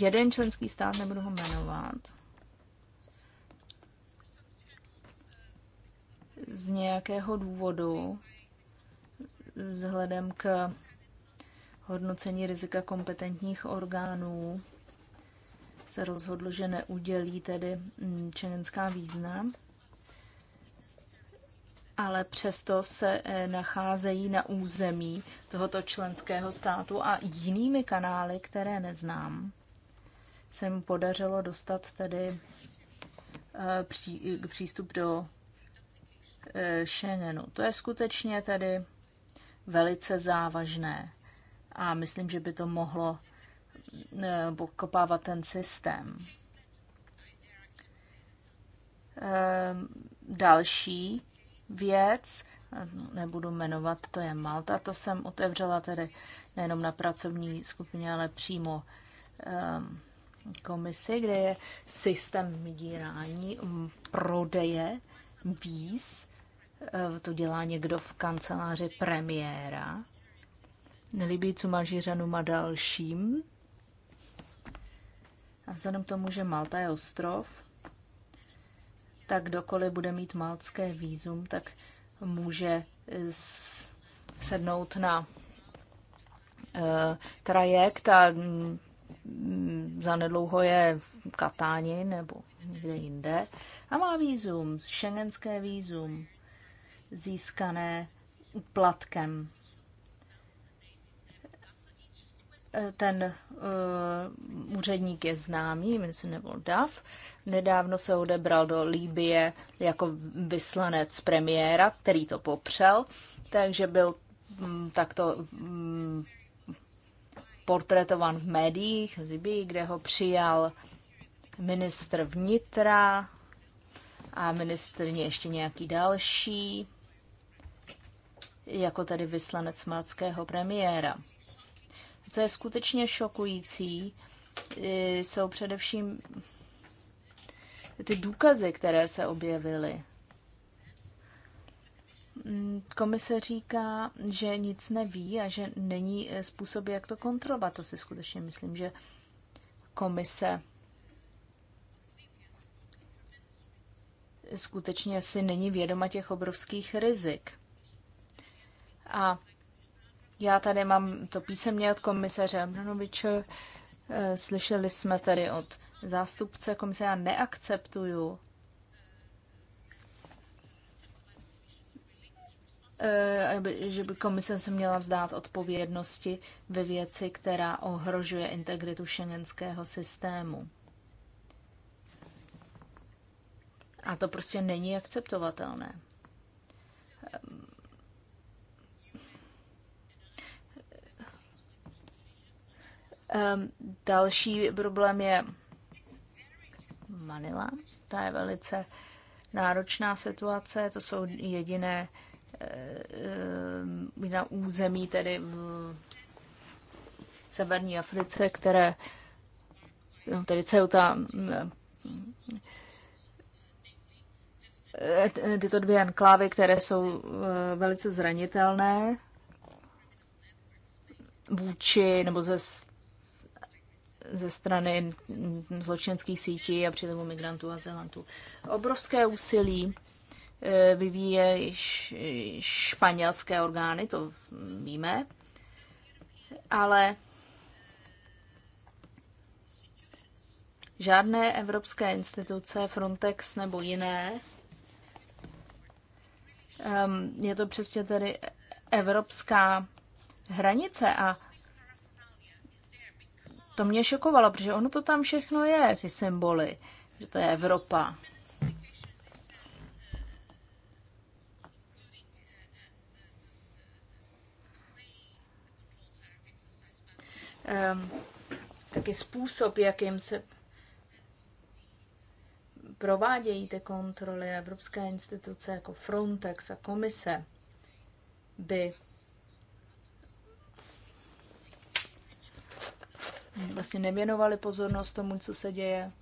jeden členský stát, nebudu ho jmenovat, z nějakého důvodu, vzhledem k hodnocení rizika kompetentních orgánů, se rozhodl, že neudělí tedy mm, čenenská význam, ale přesto se e, nacházejí na území tohoto členského státu a jinými kanály, které neznám, se mu podařilo dostat tedy eh, pří, přístup do eh, Schengenu. To je skutečně tedy velice závažné a myslím, že by to mohlo eh, pokopávat ten systém. Další věc, nebudu jmenovat, to je Malta, to jsem otevřela tedy nejenom na pracovní skupině, ale přímo komisi, kde je systém vydírání mm, prodeje víz. Eh, to dělá někdo v kanceláři premiéra. má Mažiřanům a dalším. A vzhledem k tomu, že Malta je ostrov, tak kdokoliv bude mít maltské vízum, tak může eh, sednout na eh, trajekt a mm, Mm, zanedlouho je v Katáni nebo někde jinde a má výzum, šengenské výzum, získané platkem. E, ten uh, úředník je známý, myslím, nebo DAF. Nedávno se odebral do Líbie jako vyslanec premiéra, který to popřel, takže byl mm, takto mm, portrétován v médiích v Libii, kde ho přijal ministr vnitra a ministrně ještě nějaký další, jako tady vyslanec malckého premiéra. Co je skutečně šokující, jsou především ty důkazy, které se objevily. Mm, komise říká, že nic neví a že není eh, způsob, jak to kontrolovat. To si skutečně myslím, že komise skutečně si není vědoma těch obrovských rizik. A já tady mám to písemně od komisaře Abranoviče. Eh, slyšeli jsme tady od zástupce komise, já neakceptuju Eh, že by komise se měla vzdát odpovědnosti ve věci, která ohrožuje integritu šengenského systému. A to prostě není akceptovatelné. Ehm, ehm, další problém je Manila. Ta je velice náročná situace. To jsou jediné Eh, eh, na území tedy v severní Africe, které no, tedy Ceuta eh, tyto dvě enklávy, které jsou velice zranitelné vůči nebo ze, ze strany zločinských sítí a přitom migrantů a zelantů. Obrovské úsilí E, vyvíje španělské orgány, to víme, ale žádné evropské instituce, Frontex nebo jiné, je to přesně tedy evropská hranice a to mě šokovalo, protože ono to tam všechno je, ty symboly, že to je Evropa. Ehm, taky způsob, jakým se provádějí ty kontroly evropské instituce jako Frontex a komise, by vlastně nevěnovali pozornost tomu, co se děje.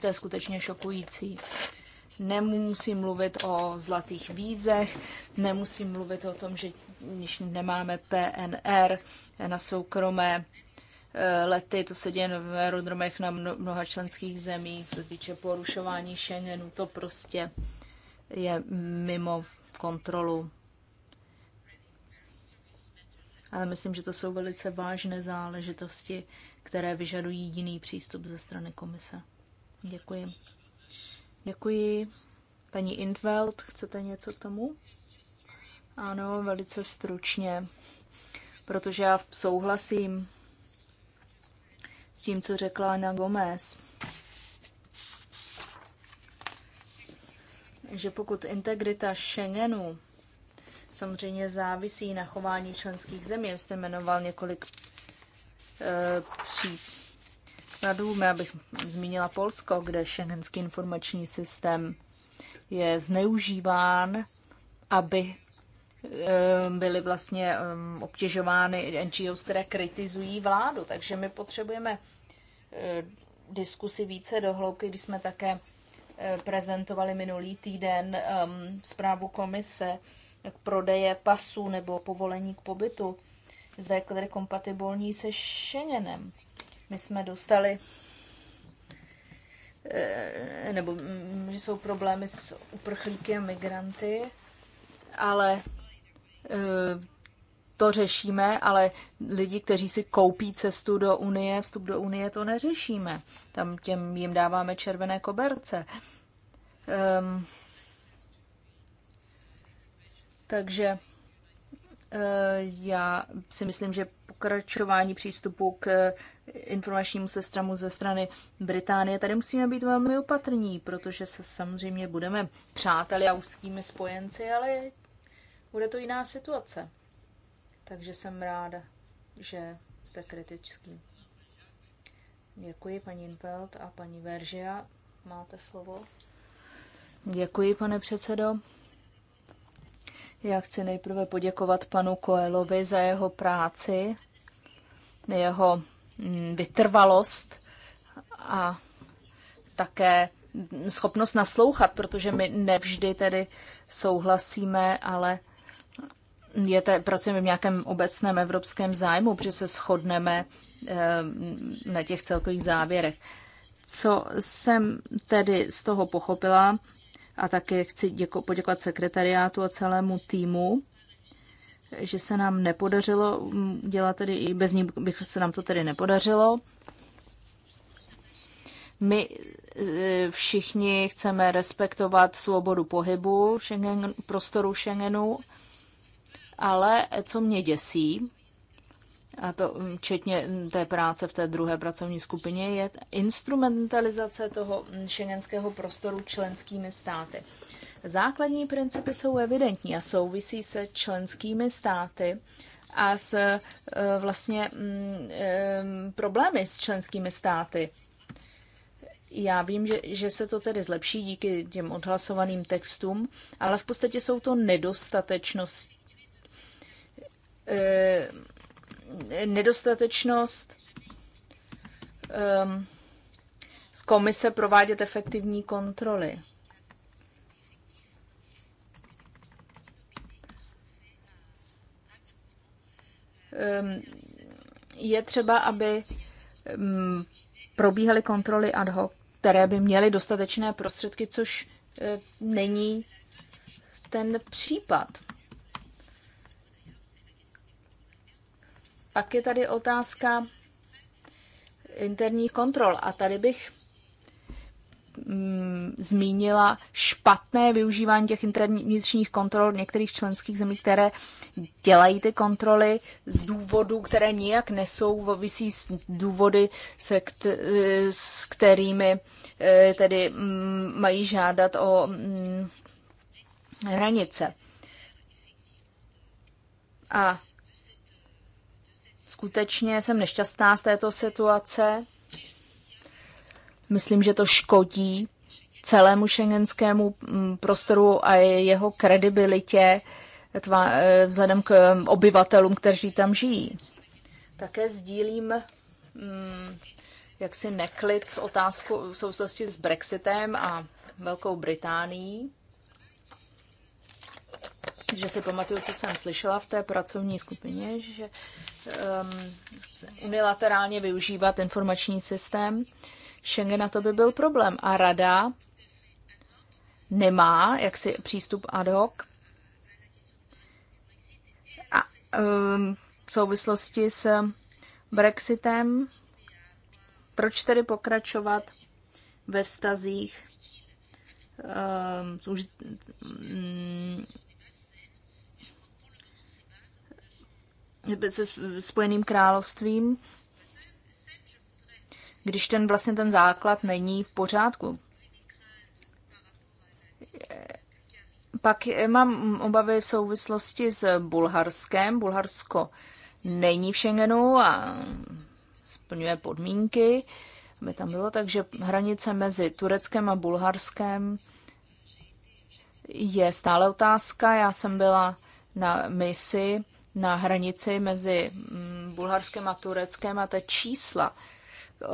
To je skutečně šokující. Nemusím mluvit o zlatých vízech, nemusím mluvit o tom, že když nemáme PNR na soukromé eh, lety, to se děje v aerodromech na mnoha členských zemích, co se týče porušování Schengenu, to prostě je mimo kontrolu. Ale myslím, že to jsou velice vážné záležitosti, které vyžadují jiný přístup ze strany komise. Děkuji. Děkuji. Paní Intveld, chcete něco k tomu? Ano, velice stručně, protože já souhlasím s tím, co řekla Ana Gomez. Že pokud integrita Schengenu samozřejmě závisí na chování členských zemí, jste jmenoval několik e, příkladů, já bych zmínila Polsko, kde schengenský informační systém je zneužíván, aby Ehm, byly vlastně ehm, obtěžovány NGOs, které kritizují vládu. Takže my potřebujeme eh, diskusi více dohloubky, když jsme také eh, prezentovali minulý týden ehm, zprávu komise k prodeje pasů nebo povolení k pobytu. Zda je tedy kompatibilní se Schengenem. My jsme dostali eh, nebo mm, že jsou problémy s uprchlíky a migranty, ale Eh, to řešíme, ale lidi, kteří si koupí cestu do Unie, vstup do Unie, to neřešíme. Tam těm jim dáváme červené koberce. Um, takže eh, já si myslím, že pokračování přístupu k informačnímu sestramu ze strany Británie, tady musíme být velmi opatrní, protože se samozřejmě budeme přáteli a úzkými spojenci, ale bude to jiná situace. Takže jsem ráda, že jste kritický. Děkuji, paní Infeld a paní Veržia. Máte slovo. Děkuji, pane předsedo. Já chci nejprve poděkovat panu Koelovi za jeho práci, jeho mm, vytrvalost a také schopnost naslouchat, protože my nevždy tedy souhlasíme, ale je te, pracujeme v nějakém obecném evropském zájmu, protože se shodneme eh, na těch celkových závěrech. Co jsem tedy z toho pochopila, a také chci děko, poděkovat sekretariátu a celému týmu, že se nám nepodařilo mm, dělat tedy, i bez ní bych se nám to tedy nepodařilo. My eh, všichni chceme respektovat svobodu pohybu Schengen, prostoru Schengenu ale co mě děsí, a to včetně té práce v té druhé pracovní skupině, je instrumentalizace toho šengenského prostoru členskými státy. Základní principy jsou evidentní a souvisí se členskými státy a s e, vlastně mm, e, problémy s členskými státy. Já vím, že, že se to tedy zlepší díky těm odhlasovaným textům, ale v podstatě jsou to nedostatečnosti Eh, nedostatečnost eh, z komise provádět efektivní kontroly. Eh, je třeba, aby mm, probíhaly kontroly ad hoc, které by měly dostatečné prostředky, což není ten případ. Pak je tady otázka interní kontrol a tady bych mm, zmínila špatné využívání těch interních vnitřních kontrol některých členských zemí, které dělají ty kontroly z důvodů, které nijak nesouvisí s důvody, se kt, s kterými e, tedy mm, mají žádat o mm, hranice. A Skutečně jsem nešťastná z této situace. Myslím, že to škodí celému šengenskému mm, prostoru a jeho kredibilitě eh, vzhledem k mm, obyvatelům, kteří tam žijí. Také sdílím mm, jaksi neklid s otázkou v souvislosti s Brexitem a Velkou Británií že si pamatuju, co jsem slyšela v té pracovní skupině, že um, chce unilaterálně využívat informační systém Schengena, to by byl problém. A rada nemá jaksi přístup ad hoc a um, v souvislosti s Brexitem. Proč tedy pokračovat ve vztazích um, se Spojeným královstvím, když ten vlastně ten základ není v pořádku. Pak mám obavy v souvislosti s Bulharskem. Bulharsko není v Schengenu a splňuje podmínky, aby tam bylo, takže hranice mezi Tureckem a Bulharskem je stále otázka. Já jsem byla na misi na hranici mezi mm, Bulharskem a Tureckem a ta čísla e,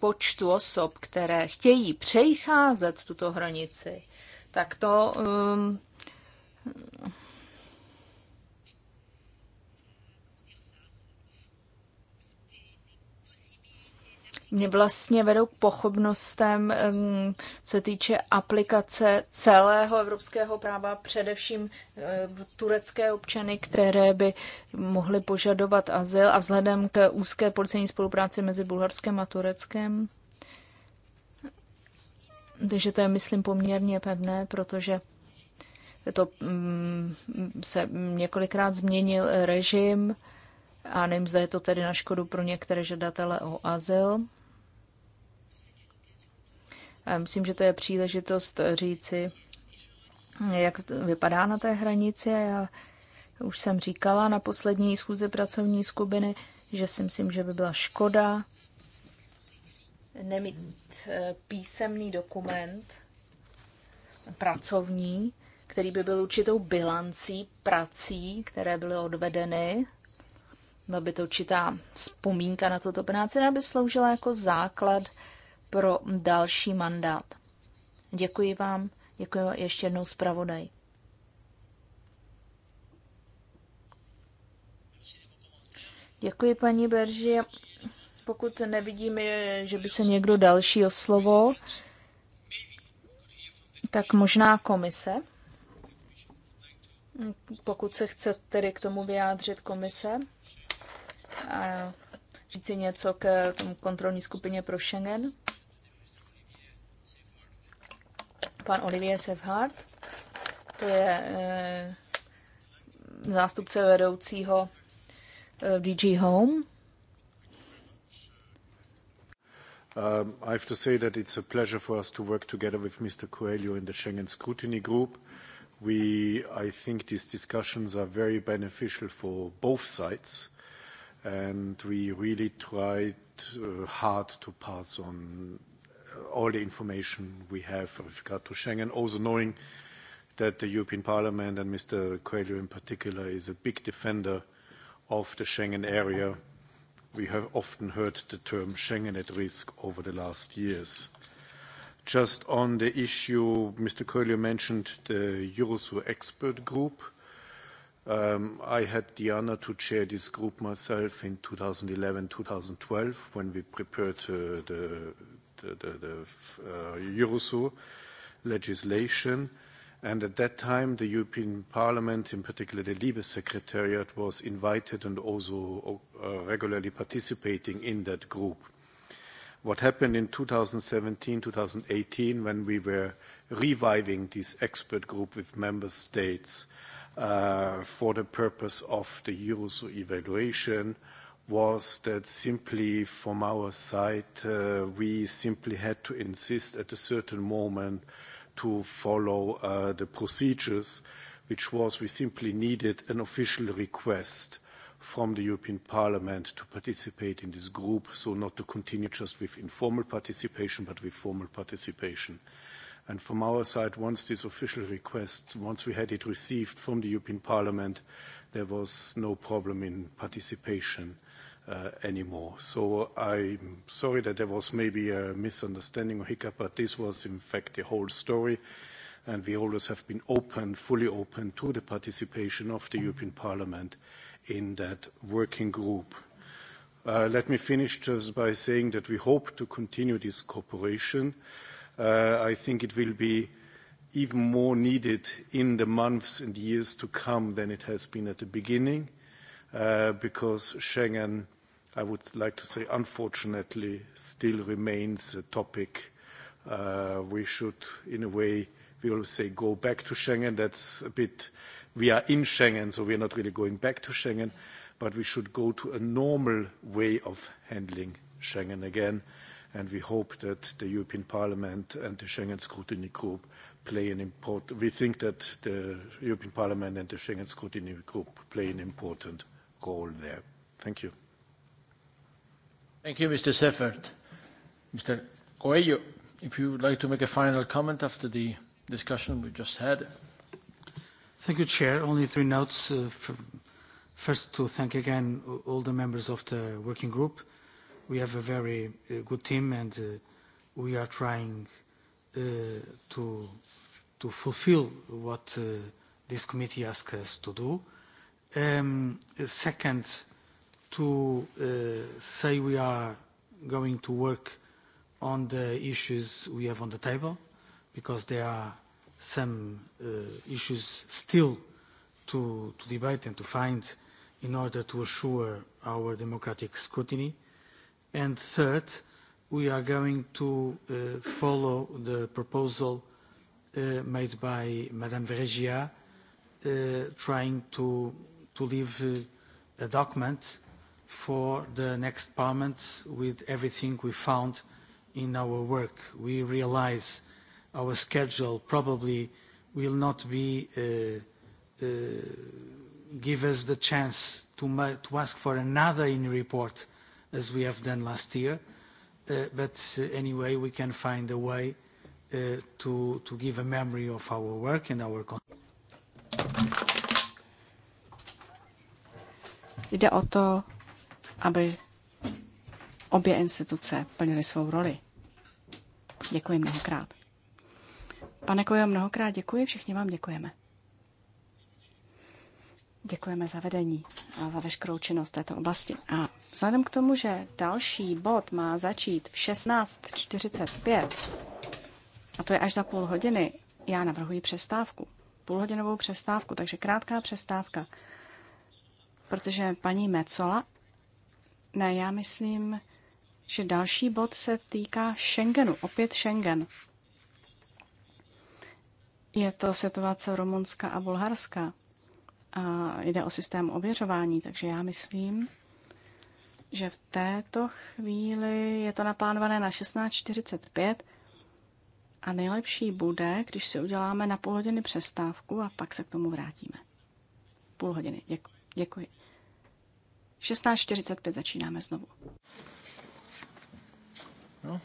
počtu osob, které chtějí přecházet tuto hranici, tak to mm, mě vlastně vedou k pochybnostem, se týče aplikace celého evropského práva, především eh, turecké občany, které by mohly požadovat azyl a vzhledem k úzké policejní spolupráci mezi Bulharskem a Tureckem. Takže to je, myslím, poměrně pevné, protože to mm, se několikrát změnil režim a nevím, zda je to tedy na škodu pro některé žadatele o azyl. Myslím, že to je příležitost říci, jak to vypadá na té hranici. já už jsem říkala na poslední schůze pracovní skupiny, že si myslím, že by byla škoda nemít eh, písemný dokument pracovní, který by byl určitou bilancí prací, které byly odvedeny. Byla by to určitá vzpomínka na toto práci, aby sloužila jako základ pro další mandát. Děkuji vám, děkuji ještě jednou zpravodaj. Děkuji, paní Berži. Pokud nevidím, že by se někdo další o slovo, tak možná komise. Pokud se chce tedy k tomu vyjádřit komise a říci něco k tomu kontrolní skupině pro Schengen. pan Olivier Sevhart, to je e, zástupce vedoucího eh, v DG Home. Um, I have to say that it's a pleasure for us to work together with Mr. Coelho in the Schengen Scrutiny Group. We, I think these discussions are very beneficial for both sides, and we really tried uh, hard to pass on all the information we have with regard to Schengen, also knowing that the European Parliament and Mr. Coelho in particular is a big defender of the Schengen area. We have often heard the term Schengen at risk over the last years. Just on the issue, Mr. Coelho mentioned the Eurosur expert group. Um, I had the honor to chair this group myself in 2011, 2012, when we prepared uh, the the, the, uh, Eurosu legislation. And at that time, the European Parliament, in particular the Liebe Secretariat, was invited and also uh, regularly participating in that group. What happened in 2017, 2018, when we were reviving this expert group with member states uh, for the purpose of the Eurosu evaluation, was that simply from our side, uh, we simply had to insist at a certain moment to follow uh, the procedures, which was we simply needed an official request from the European Parliament to participate in this group, so not to continue just with informal participation, but with formal participation. from our side, once this official request, once we had it received from the European Parliament, there was no problem in participation uh, anymore. So I'm sorry that there was maybe a misunderstanding or hiccup, but this was in fact the whole story. And we always have been open, fully open to the participation of the European Parliament in that working group. Uh, let me finish just by saying that we hope to continue this cooperation. Uh, I think it will be even more needed in the months and years to come than it has been at the beginning, uh, because Schengen, I would like to say, unfortunately, still remains a topic. Uh, we should, in a way, we always say, go back to Schengen. That's a bit. We are in Schengen, so we are not really going back to Schengen, but we should go to a normal way of handling Schengen again, and we hope that the European Parliament and the Schengen Scrutiny Group play an important. We think that the European Parliament and the Schengen Scrutiny Group play an important role there. Thank you. Thank you, Mr. Seifert. Mr. Coelho, if you would like to make a final comment after the discussion we just had. Thank you, Chair. Only three notes. Uh, first, to thank again all the members of the working group. We have a very uh, good team, and uh, we are trying to to fulfill what uh, this committee asks us to do. Um, second, to uh, say we are going to work on the issues we have on the table, because there are some uh, issues still to, to debate and to find in order to assure our democratic scrutiny. And third, we are going to uh, follow the proposal uh, uh, made by Madame Vergia, uh, trying to, to leave uh, a document for the next Parliament with everything we found in our work. We realize our schedule probably will not be uh, uh, give us the chance to, to ask for another in report as we have done last year. Uh, but uh, anyway, we can find a way uh, Uh, to, to give a memory of our work and our Jde o to, aby obě instituce plnily svou roli. Děkuji mnohokrát. Pane Kojo, mnohokrát děkuji, všichni vám děkujeme. Děkujeme za vedení a za veškerou činnost této oblasti. A vzhledem k tomu, že další bod má začít v 16.45, a to je až za půl hodiny. Já navrhuji přestávku. Půlhodinovou přestávku, takže krátká přestávka. Protože paní Mecola, ne, já myslím, že další bod se týká Schengenu, opět Schengen. Je to situace Rumunska a Bulharska. A jde o systém ověřování, takže já myslím, že v této chvíli je to naplánované na 16.45 a nejlepší bude, když si uděláme na půl hodiny přestávku a pak se k tomu vrátíme. Půl hodiny, děkuji. 16.45 začínáme znovu. No.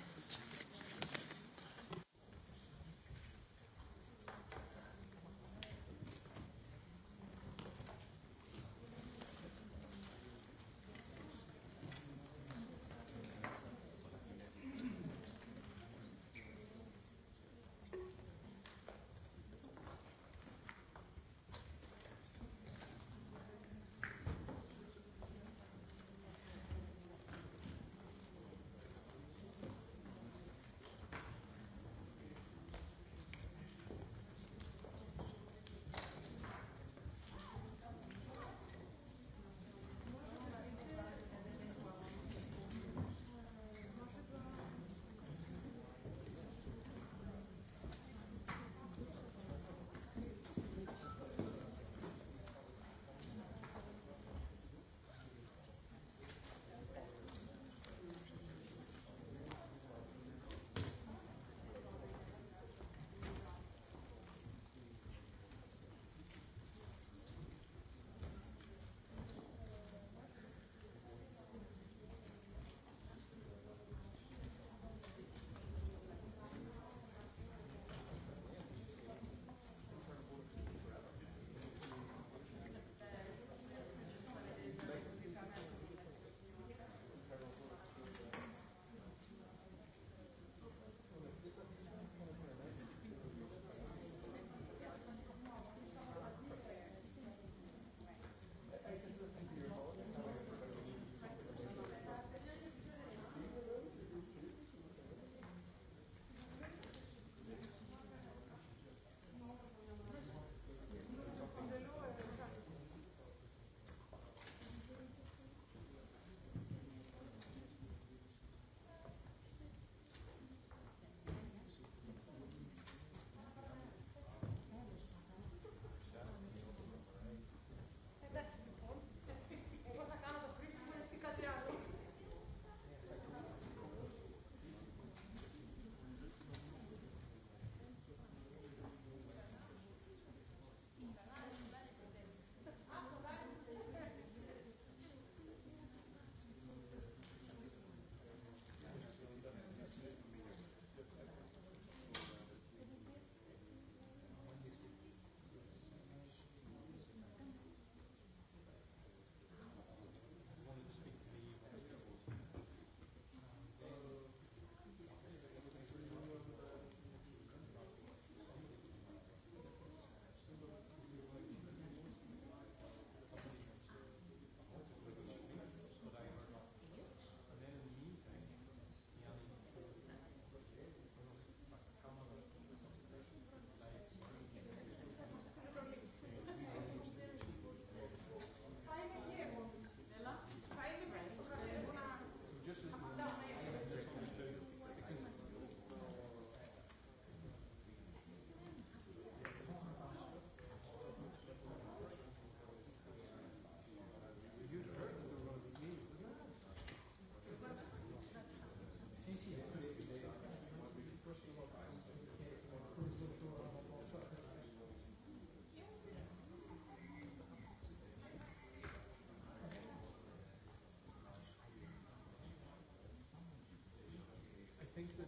think that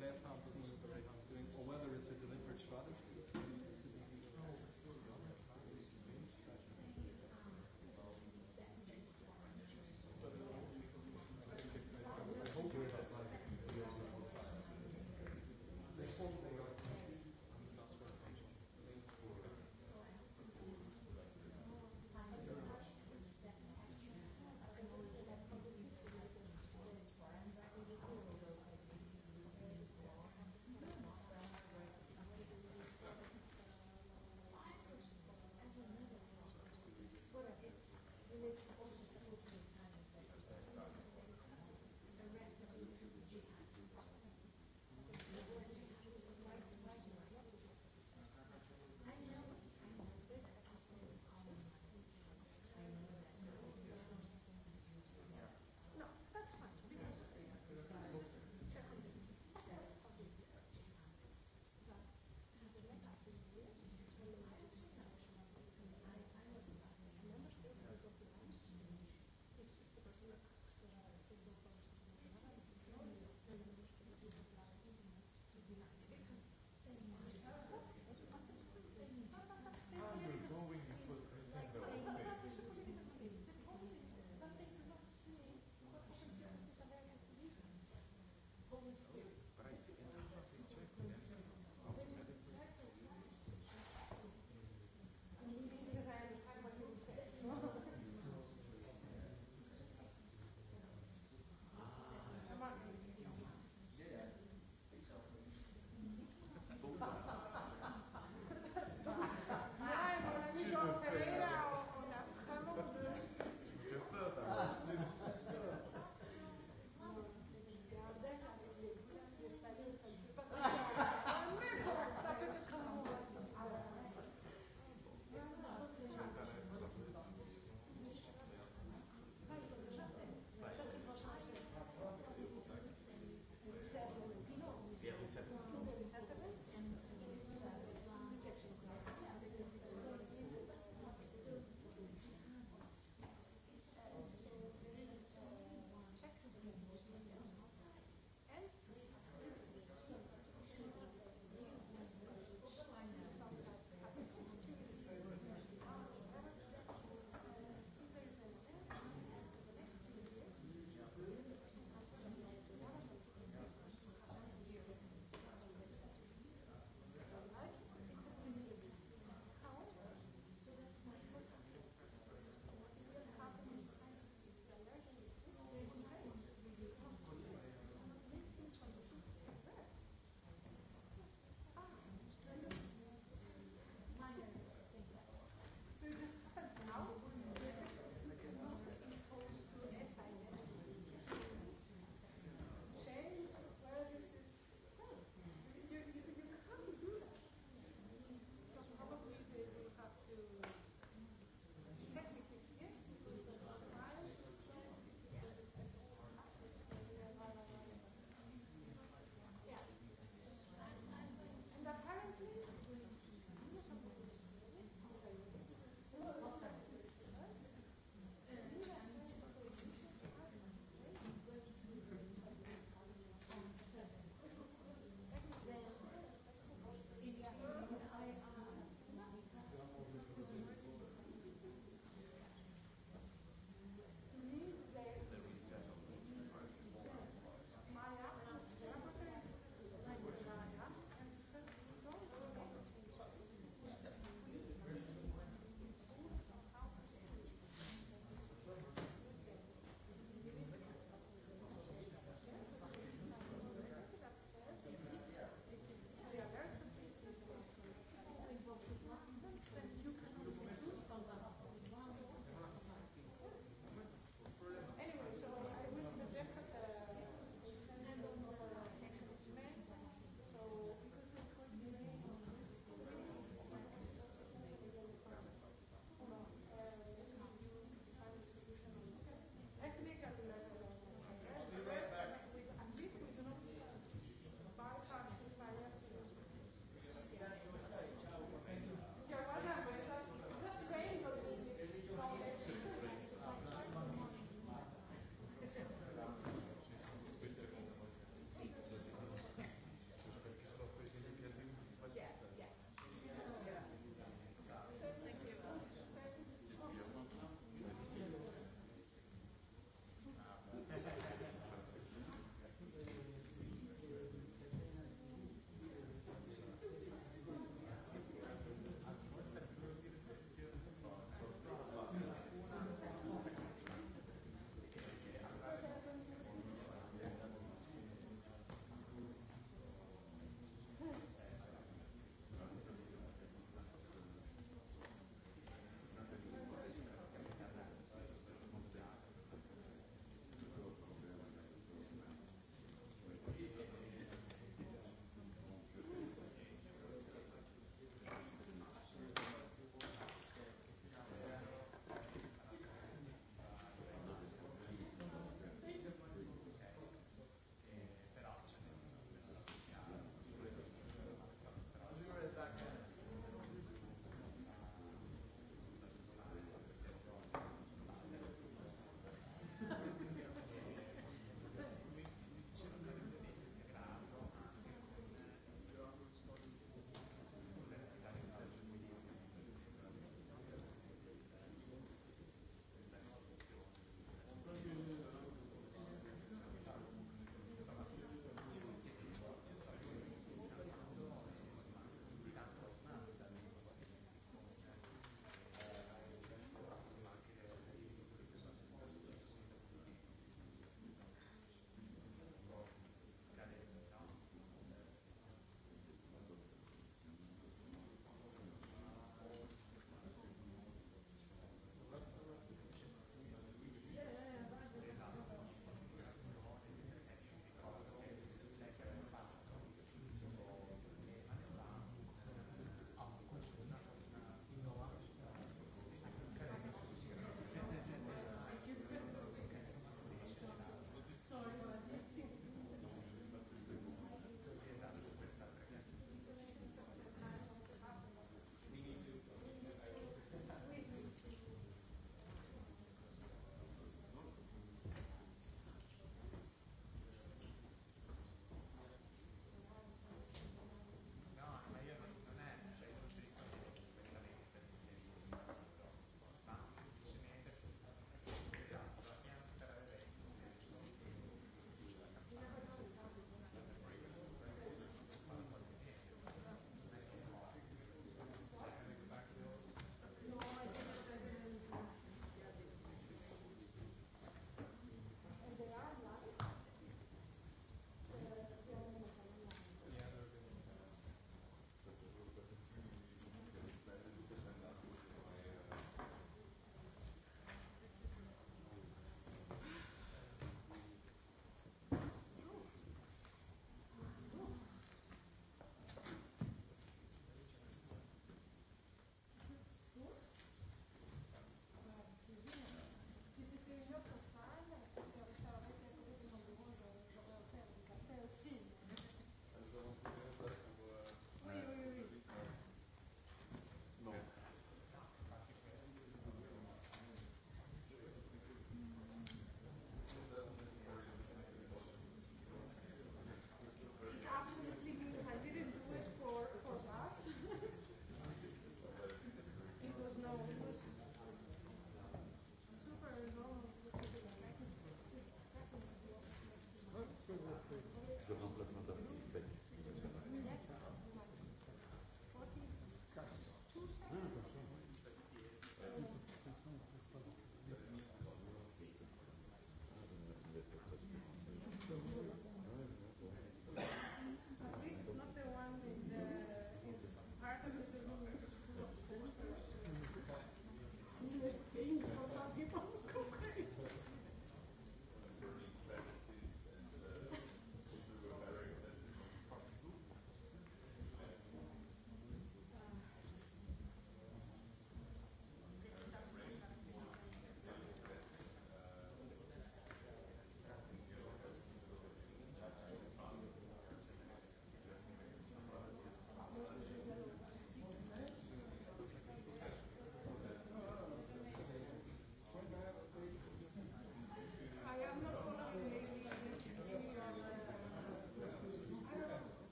left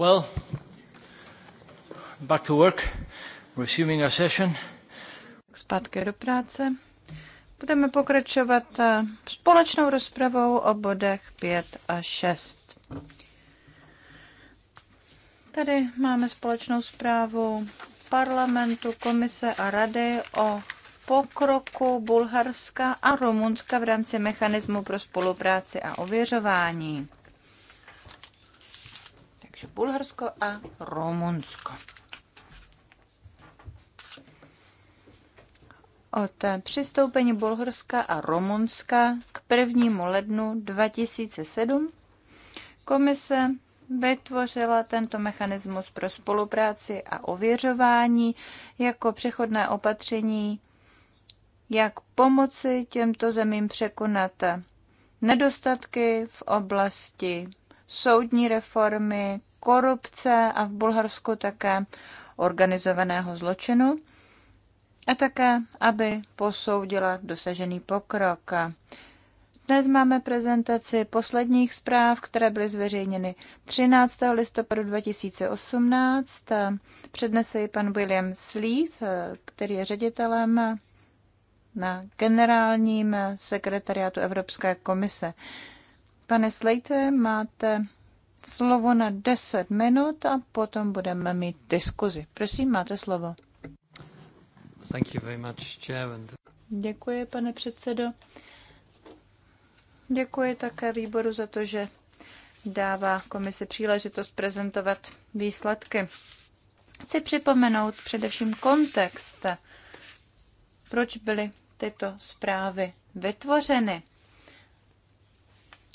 Well, back to work, resuming our session. Zpátky do práce. Budeme pokračovat eh, společnou rozpravou o bodech 5 a 6. Tady máme společnou zprávu parlamentu, komise a rady o pokroku Bulharska a Rumunska v rámci mechanismu pro spolupráci a ověřování. Bulharsko a Rumunsko. Od přistoupení Bulharska a Rumunska k 1. lednu 2007 komise vytvořila tento mechanismus pro spolupráci a ověřování jako přechodné opatření, jak pomoci těmto zemím překonat nedostatky v oblasti soudní reformy, korupce a v Bulharsku také organizovaného zločinu a také, aby posoudila dosažený pokrok. Dnes máme prezentaci posledních zpráv, které byly zveřejněny 13. listopadu 2018. Přednese ji pan William Sleeth, který je ředitelem na generálním sekretariátu Evropské komise. Pane Slejte, máte slovo na 10 minut a potom budeme mít diskuzi. Prosím, máte slovo. Thank you very much, Chair. Děkuji, pane předsedo. Děkuji také výboru za to, že dává komise příležitost prezentovat výsledky. Chci připomenout především kontext, proč byly tyto zprávy vytvořeny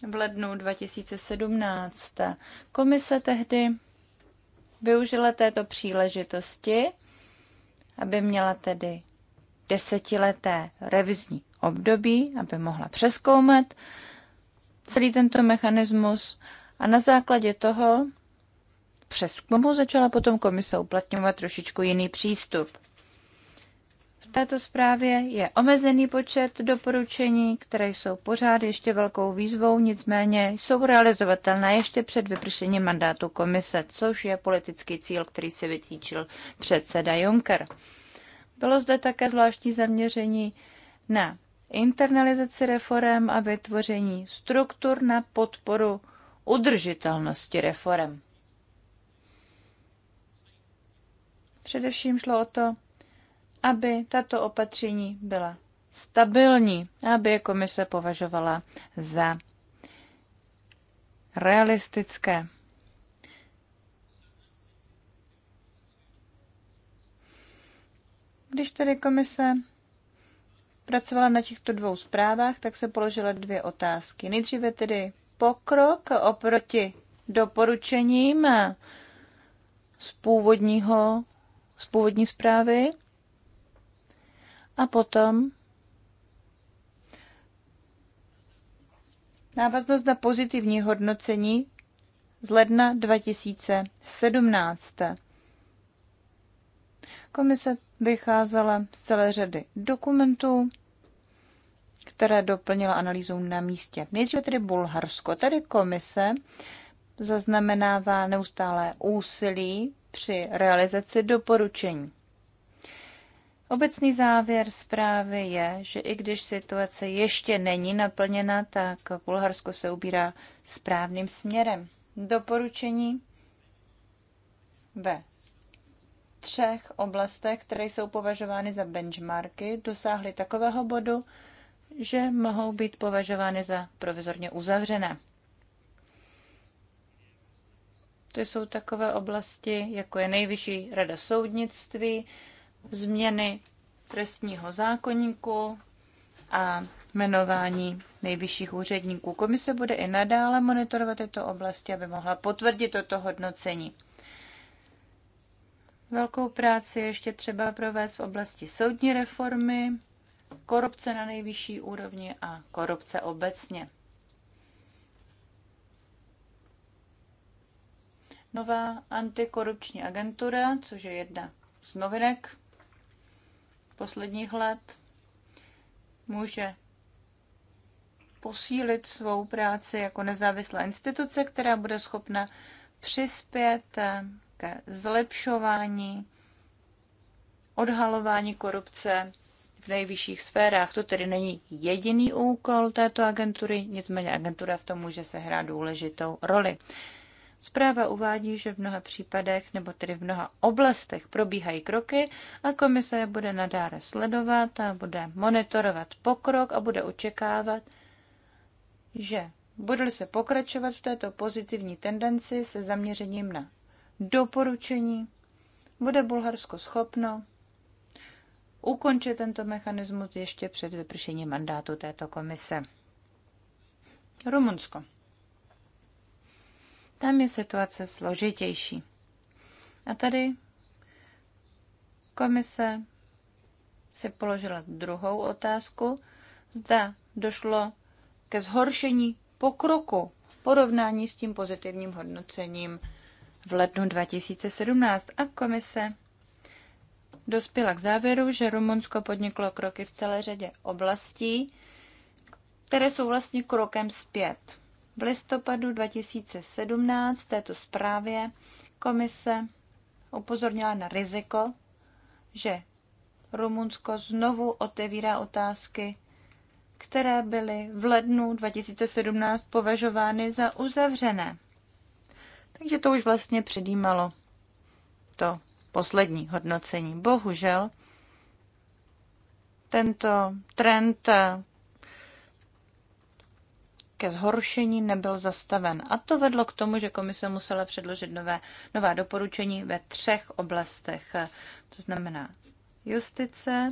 v lednu 2017. Komise tehdy využila této příležitosti, aby měla tedy desetileté revizní období, aby mohla přeskoumat celý tento mechanismus a na základě toho přeskumu začala potom komise uplatňovat trošičku jiný přístup. V této zprávě je omezený počet doporučení, které jsou pořád ještě velkou výzvou, nicméně jsou realizovatelné ještě před vypršením mandátu komise, což je politický cíl, který si vytýčil předseda Juncker. Bylo zde také zvláštní zaměření na internalizaci reform a vytvoření struktur na podporu udržitelnosti reform. Především šlo o to, aby tato opatření byla stabilní, aby je komise považovala za realistické. Když tedy komise pracovala na těchto dvou zprávách, tak se položila dvě otázky. Nejdříve tedy pokrok oproti doporučením z původního, z původní zprávy a potom návaznost na pozitivní hodnocení z ledna 2017. Komise vycházela z celé řady dokumentů, které doplnila analýzou na místě. Nejdříve tedy Bulharsko. Tady komise zaznamenává neustále úsilí při realizaci doporučení. Obecný závěr zprávy je, že i když situace ještě není naplněna, tak Bulharsko se ubírá správným směrem. Doporučení ve třech oblastech, které jsou považovány za benchmarky, dosáhly takového bodu, že mohou být považovány za provizorně uzavřené. To jsou takové oblasti, jako je Nejvyšší rada soudnictví, změny trestního zákoníku a jmenování nejvyšších úředníků. Komise bude i nadále monitorovat tyto oblasti, aby mohla potvrdit toto hodnocení. Velkou práci ještě třeba provést v oblasti soudní reformy, korupce na nejvyšší úrovni a korupce obecně. Nová antikorupční agentura, což je jedna z novinek posledních let může posílit svou práci jako nezávislá instituce, která bude schopna přispět ke zlepšování, odhalování korupce v nejvyšších sférách. To tedy není jediný úkol této agentury, nicméně agentura v tom může sehrát důležitou roli. Zpráva uvádí, že v mnoha případech, nebo tedy v mnoha oblastech probíhají kroky a komise je bude nadále sledovat a bude monitorovat pokrok a bude očekávat, že bude se pokračovat v této pozitivní tendenci se zaměřením na doporučení, bude Bulharsko schopno ukončit tento mechanismus ještě před vypršením mandátu této komise. Rumunsko. Tam je situace složitější. A tady komise si položila druhou otázku, zda došlo ke zhoršení pokroku v porovnání s tím pozitivním hodnocením v lednu 2017 a komise dospěla k závěru, že Rumunsko podniklo kroky v celé řadě oblastí, které jsou vlastně krokem zpět. V listopadu 2017 v této zprávě komise upozornila na riziko, že Rumunsko znovu otevírá otázky, které byly v lednu 2017 považovány za uzavřené. Takže to už vlastně předjímalo to poslední hodnocení. Bohužel tento trend ke zhoršení nebyl zastaven. A to vedlo k tomu, že komise musela předložit nové, nová doporučení ve třech oblastech. To znamená justice,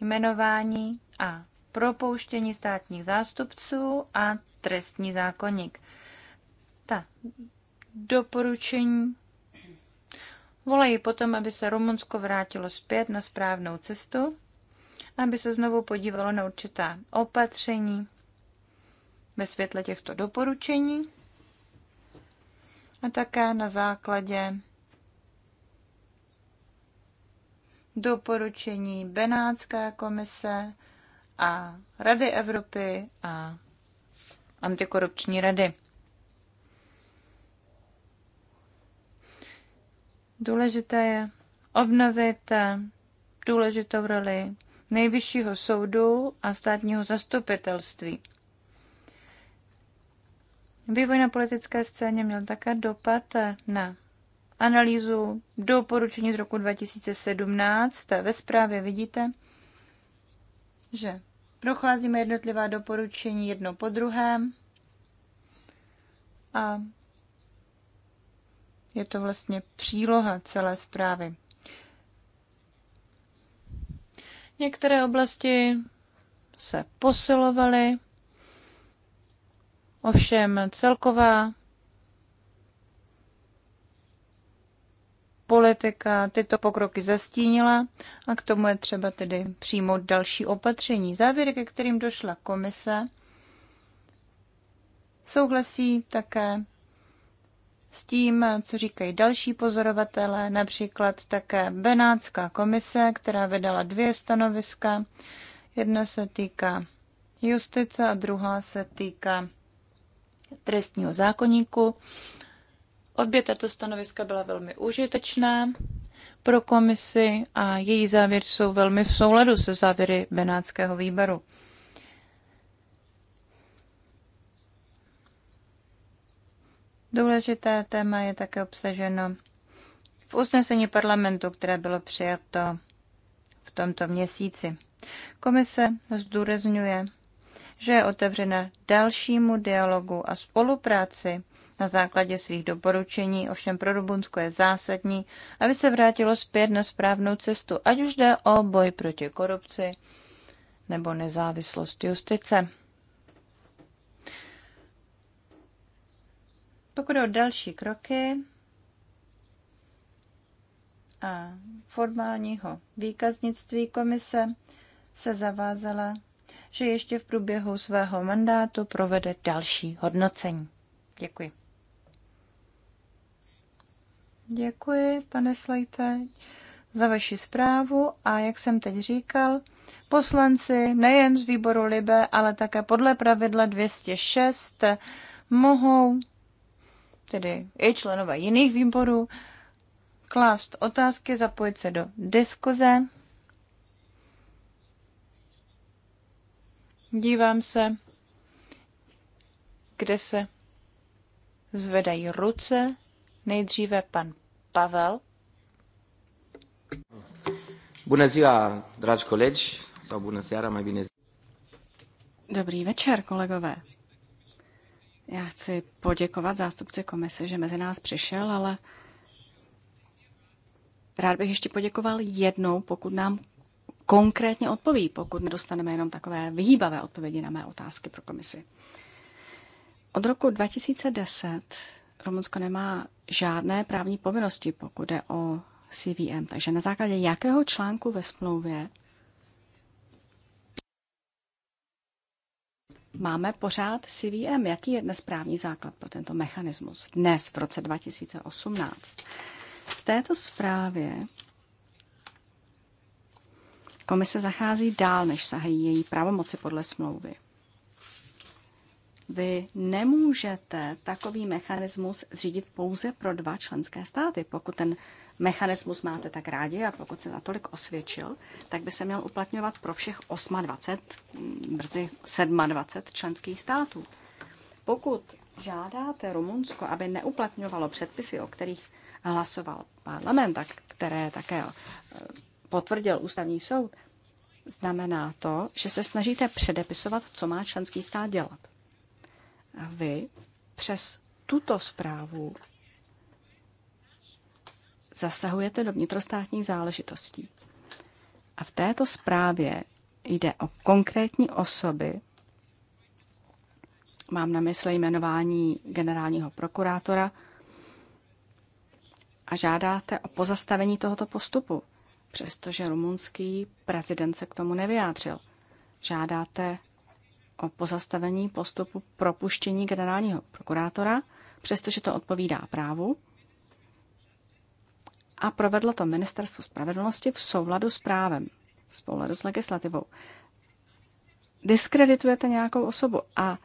jmenování a propouštění státních zástupců a trestní zákonník. Ta doporučení volají potom, aby se Rumunsko vrátilo zpět na správnou cestu, aby se znovu podívalo na určitá opatření, ve světle těchto doporučení a také na základě doporučení Benátské komise a Rady Evropy a Antikorupční rady. Důležité je obnovit důležitou roli Nejvyššího soudu a státního zastupitelství. Vývoj na politické scéně měl také dopad na analýzu doporučení z roku 2017. Ve zprávě vidíte, že procházíme jednotlivá doporučení jedno po druhém a je to vlastně příloha celé zprávy. Některé oblasti se posilovaly, Ovšem celková politika tyto pokroky zastínila a k tomu je třeba tedy přijmout další opatření. Závěry, ke kterým došla komise, souhlasí také s tím, co říkají další pozorovatelé, například také Benátská komise, která vydala dvě stanoviska. Jedna se týká justice a druhá se týká trestního zákoníku. Obě tato stanoviska byla velmi užitečná pro komisi a její závěry jsou velmi v souladu se závěry Benátského výboru. Důležité téma je také obsaženo v usnesení parlamentu, které bylo přijato v tomto měsíci. Komise zdůrazňuje že je otevřena dalšímu dialogu a spolupráci na základě svých doporučení, ovšem pro Rubunsko je zásadní, aby se vrátilo zpět na správnou cestu, ať už jde o boj proti korupci nebo nezávislost justice. Pokud o další kroky a formálního výkaznictví komise se zavázala že ještě v průběhu svého mandátu provede další hodnocení. Děkuji. Děkuji, pane Slejte, za vaši zprávu a jak jsem teď říkal, poslanci nejen z výboru Libe, ale také podle pravidla 206 mohou, tedy i členové jiných výborů, klást otázky, zapojit se do diskuze Dívám se, kde se zvedají ruce. Nejdříve pan Pavel. Bună ziua, dragi colegi, sau bună seara, mai bine. Dobrý večer, kolegové. Já chci poděkovat zástupci komise, že mezi nás přišel, ale rád bych ještě poděkoval jednou, pokud nám konkrétně odpoví, pokud nedostaneme jenom takové vyhýbavé odpovědi na mé otázky pro komisi. Od roku 2010 Rumunsko nemá žádné právní povinnosti, pokud jde o CVM. Takže na základě jakého článku ve smlouvě máme pořád CVM? Jaký je dnes právní základ pro tento mechanismus? Dnes, v roce 2018. V této zprávě Komise zachází dál, než sahají její pravomoci podle smlouvy. Vy nemůžete takový mechanismus zřídit pouze pro dva členské státy. Pokud ten mechanismus máte tak rádi a pokud se natolik osvědčil, tak by se měl uplatňovat pro všech 28, brzy 27 členských států. Pokud žádáte Rumunsko, aby neuplatňovalo předpisy, o kterých hlasoval parlament, tak které také potvrdil ústavní soud, znamená to, že se snažíte předepisovat, co má členský stát dělat. A vy přes tuto zprávu zasahujete do vnitrostátních záležitostí. A v této zprávě jde o konkrétní osoby, mám na mysli jmenování generálního prokurátora, a žádáte o pozastavení tohoto postupu přestože rumunský prezident se k tomu nevyjádřil. Žádáte o pozastavení postupu propuštění generálního prokurátora, přestože to odpovídá právu. A provedlo to Ministerstvo spravedlnosti v souladu s právem, v souladu s legislativou. Diskreditujete nějakou osobu a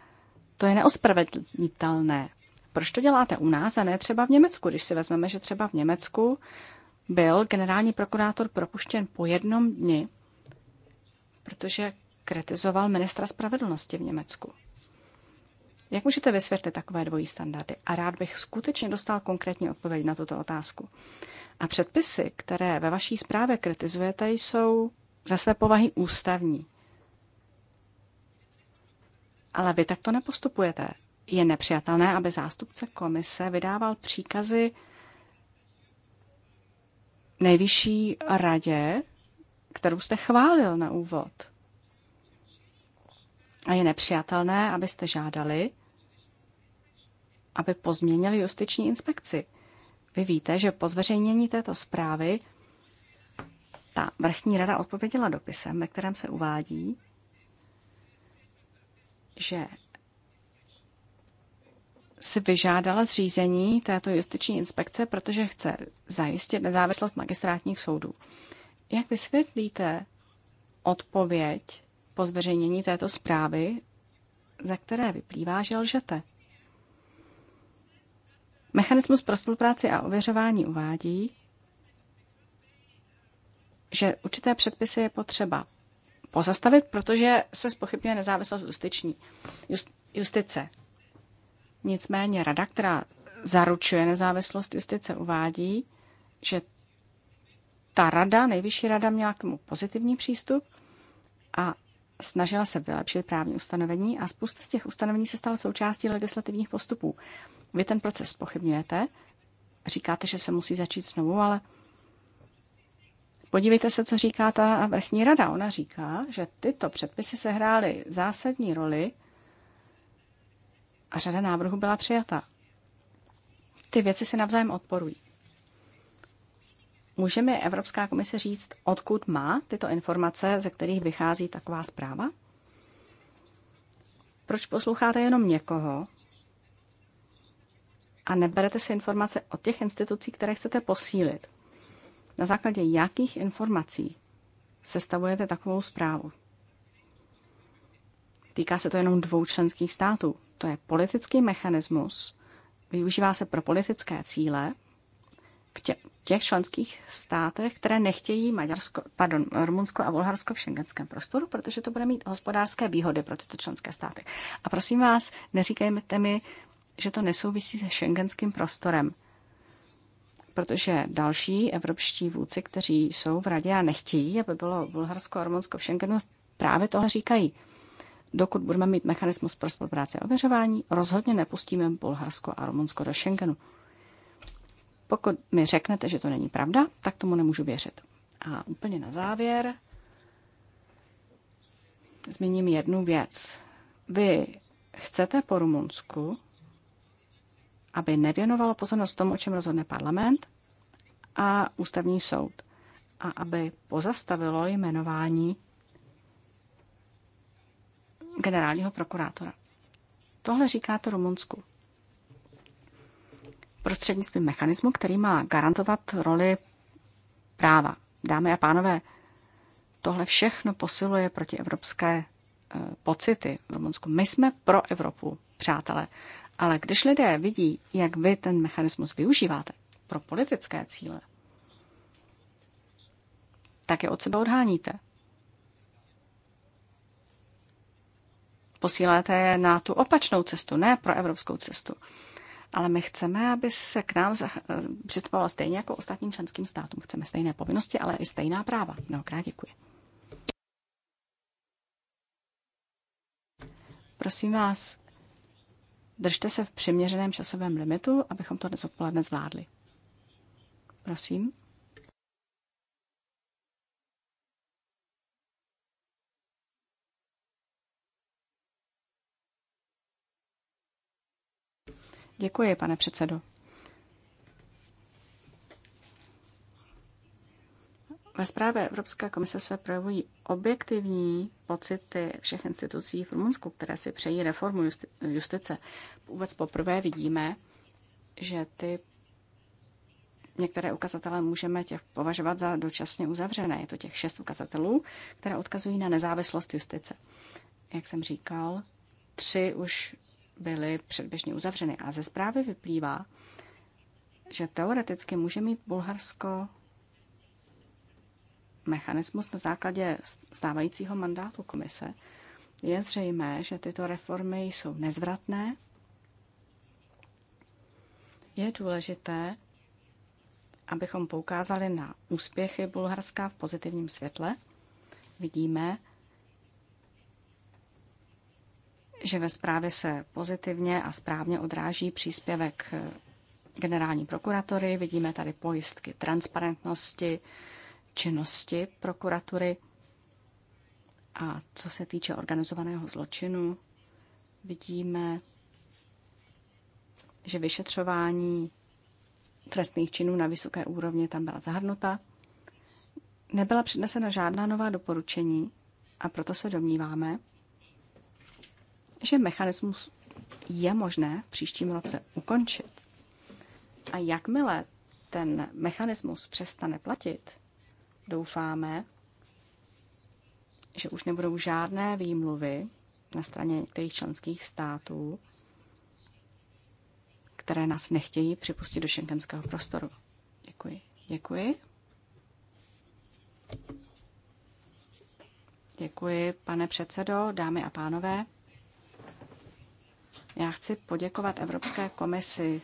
to je neospravedlnitelné. Proč to děláte u nás a ne třeba v Německu, když si vezmeme, že třeba v Německu byl generální prokurátor propuštěn po jednom dni, protože kritizoval ministra spravedlnosti v Německu. Jak můžete vysvětlit takové dvojí standardy? A rád bych skutečně dostal konkrétní odpověď na tuto otázku. A předpisy, které ve vaší zprávě kritizujete, jsou ze své povahy ústavní. Ale vy takto nepostupujete. Je nepřijatelné, aby zástupce komise vydával příkazy nejvyšší radě, kterou jste chválil na úvod. A je nepřijatelné, abyste žádali, aby pozměnili justiční inspekci. Vy víte, že po zveřejnění této zprávy ta vrchní rada odpověděla dopisem, ve kterém se uvádí, že si vyžádala zřízení této justiční inspekce, protože chce zajistit nezávislost magistrátních soudů. Jak vysvětlíte odpověď po zveřejnění této zprávy, za které vyplývá, že lžete? Mechanismus pro spolupráci a ověřování uvádí, že určité předpisy je potřeba pozastavit, protože se spochybňuje nezávislost justiční, just, justice. Nicméně rada, která zaručuje nezávislost justice, uvádí, že ta rada, nejvyšší rada, měla k tomu pozitivní přístup a snažila se vylepšit právní ustanovení a spousta z těch ustanovení se stala součástí legislativních postupů. Vy ten proces pochybňujete, říkáte, že se musí začít znovu, ale podívejte se, co říká ta vrchní rada. Ona říká, že tyto předpisy sehrály zásadní roli a řada návrhů byla přijata. Ty věci se navzájem odporují. Můžeme Evropská komise říct, odkud má tyto informace, ze kterých vychází taková zpráva? Proč posloucháte jenom někoho a neberete si informace od těch institucí, které chcete posílit? Na základě jakých informací sestavujete takovou zprávu? Týká se to jenom dvou členských států. To je politický mechanismus, využívá se pro politické cíle v těch členských státech, které nechtějí Maďarsko, pardon, Rumunsko a Bulharsko v šengenském prostoru, protože to bude mít hospodářské výhody pro tyto členské státy. A prosím vás, neříkejte mi, že to nesouvisí se šengenským prostorem protože další evropští vůdci, kteří jsou v radě a nechtějí, aby bylo Bulharsko a Rumunsko v Schengenu, právě tohle říkají dokud budeme mít mechanismus pro spolupráci a ověřování, rozhodně nepustíme Bulharsko a Rumunsko do Schengenu. Pokud mi řeknete, že to není pravda, tak tomu nemůžu věřit. A úplně na závěr zmíním jednu věc. Vy chcete po Rumunsku, aby nevěnovalo pozornost tomu, o čem rozhodne parlament a ústavní soud a aby pozastavilo jmenování generálního prokurátora. Tohle říká to Rumunsku. Prostřednictvím mechanismu, který má garantovat roli práva. Dámy a pánové, tohle všechno posiluje proti evropské e, pocity v Rumunsku. My jsme pro Evropu, přátelé. Ale když lidé vidí, jak vy ten mechanismus využíváte pro politické cíle, tak je od sebe odháníte. Posíláte je na tu opačnou cestu, ne pro evropskou cestu. Ale my chceme, aby se k nám přistupovalo stejně jako ostatním členským státům. Chceme stejné povinnosti, ale i stejná práva. Mnohokrát děkuji. Prosím vás, držte se v přiměřeném časovém limitu, abychom to dnes odpoledne zvládli. Prosím. Děkuji, pane předsedo. Ve zprávě Evropská komise se projevují objektivní pocity všech institucí v Rumunsku, které si přejí reformu justi- justice. Vůbec poprvé vidíme, že ty některé ukazatele můžeme těch považovat za dočasně uzavřené. Je to těch šest ukazatelů, které odkazují na nezávislost justice. Jak jsem říkal, tři už byly předběžně uzavřeny. A ze zprávy vyplývá, že teoreticky může mít Bulharsko mechanismus na základě stávajícího mandátu komise. Je zřejmé, že tyto reformy jsou nezvratné. Je důležité, abychom poukázali na úspěchy Bulharska v pozitivním světle. Vidíme, že ve zprávě se pozitivně a správně odráží příspěvek eh, generální prokuratory. Vidíme tady pojistky transparentnosti, činnosti prokuratury. A co se týče organizovaného zločinu, vidíme, že vyšetřování trestných činů na vysoké úrovni tam byla zahrnuta. Nebyla přednesena žádná nová doporučení a proto se domníváme, že mechanismus je možné v příštím roce ukončit. A jakmile ten mechanismus přestane platit, doufáme, že už nebudou žádné výmluvy na straně některých členských států, které nás nechtějí připustit do šenkenského prostoru. Děkuji. Děkuji. Děkuji, pane předsedo, dámy a pánové. Já chci poděkovat Evropské komisi